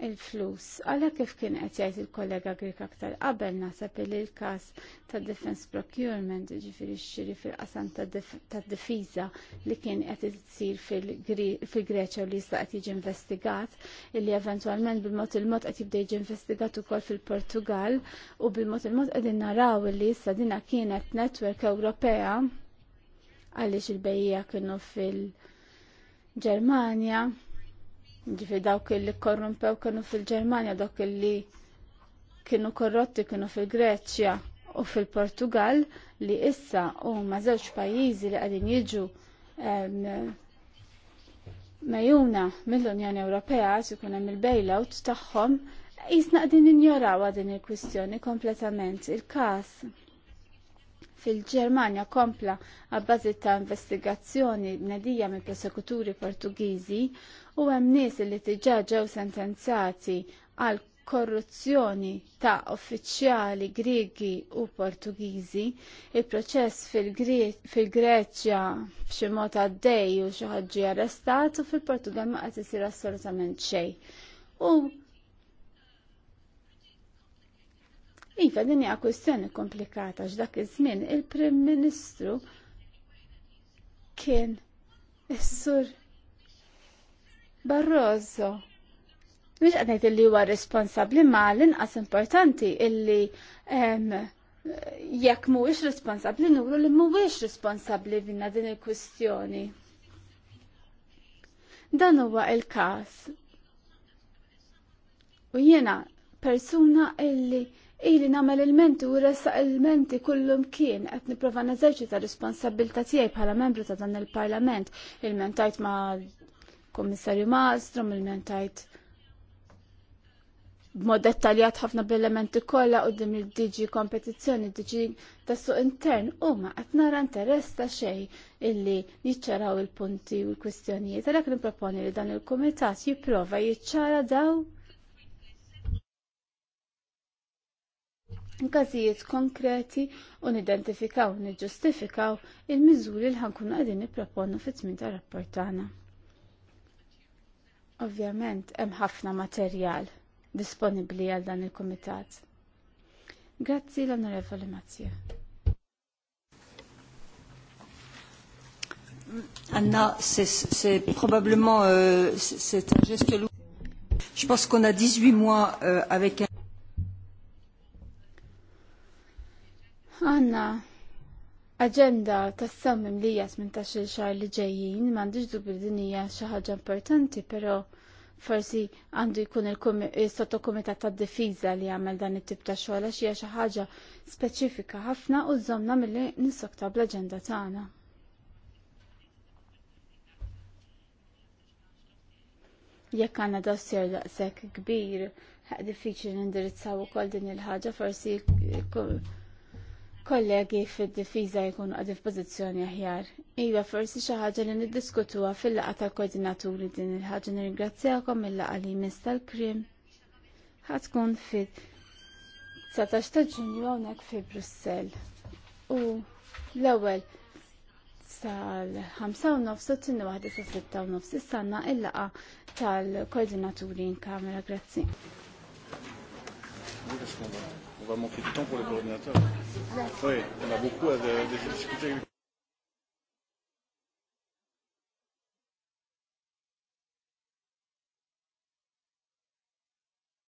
il-flus. Għalhekk kif kien qed jgħid il-kollega Grik aktar qabel naħseb li l-każ tad defense procurement, ġifieri xiri fil-qasam tad difiża li kien qed isir fil-Greċja u li jista' qed jiġi investigat, illi eventwalment bil-mod il-mod qed jibda jiġi investigat ukoll fil-Portugal u bil-mod il-mod qegħdin naraw li issa dina kienet netwerk Ewropea għaliex il-bejja kienu fil-Ġermanja Ġifi dawk li korrumpew kienu fil-Ġermanja, dawk li kienu korrotti kienu fil-Greċja u fil-Portugal li issa huma żewġ pajjiżi li qegħdin jiġu mejuna mill-Unjoni Ewropea se jkun hemm il-bailout tagħhom jisna qegħdin ignoraw din il-kwistjoni kompletament. Il-każ fil-Ġermanja kompla għabbażi ta' investigazzjoni bnedija mill prosekuturi Portugiżi u hemm nies li diġà ġew sentenzati għal korruzzjoni ta' uffiċjali Griegi u Portugiżi, il-proċess fil-Greċja b'xi mod għaddej u xi ħaġġi arrestat u fil-Portugal ma qed isir assolutament xejn. U Iva, din hija kwistjoni komplikata x'dak iż-żmien il-Prim Ministru kien is-Sur Barroso. Mhux qed ngħid li huwa responsabbli ma l-inqas importanti illi jekk mhuwiex responsabbli nuru li mhuwiex responsabbli vinna din il-kwistjoni. Dan huwa il-każ. U jiena persuna illi Ili namel il-menti u ressaq il-menti kullum kien għet niprofa ta' responsabilta tiegħi bħala membru ta' dan il-parlament. Il-mentajt ma' komissarju Malstrom, il-mentajt b'mod dettaljat ħafna bil-elementi kollha u dim il-DG kompetizzjoni, diġi ta' suq intern u ma qed nara interess ta' xejn illi jiċċaraw il-punti u l-kwistjonijiet. Għalhekk nipproponi li dan il-kumitat jipprova jiċċara daw każijiet konkreti u nidentifikaw u niġġustifikaw il-miżuri li ħankun qegħdin nipproponu fit-tmien tar Ovvjament hemm ħafna materjal disponibbli għal dan il-kumitat. Grazzi l-Onorevoli Mazzja. Anna, c'est probablement euh, c'est un geste lourd. Je pense qu'on a 18 mois euh, avec un Għanna Aġenda tas-sammim li jas minn ta' xil xar li ġejjin, mandiġ dubbi din hija xi ħaġa importanti, però forsi għandu jkun il-sottokumitat tad difiża li għamel dan it-tip ta' xogħol għax hija xi ħaġa speċifika ħafna u żomna milli nissokta bl-aġenda tagħna. Jekk għandna dossier daqshekk kbir, diffiċli nindirizzaw ukoll din il-ħaġa forsi kollegi fid-difiża jkunu għadif pozizjoni aħjar. Iva forsi xi ħaġa li niddiskutuha fil-laqgħa tal-koordinaturi din il-ħaġa nirringrazzjakom il-laqgħa li jmiss tal-krim. Ħatkun fit 19 ta' Ġunju hawnhekk fi Brussell. U l-ewwel sal-5 nofs u tinni waħda sa' 6 nofs is-sanna il-laqgħa tal-koordinaturi in kamera. Grazzi. Oui, parce qu'on va, manquer du temps pour les coordinateurs. Oui, on a beaucoup à, discuter avec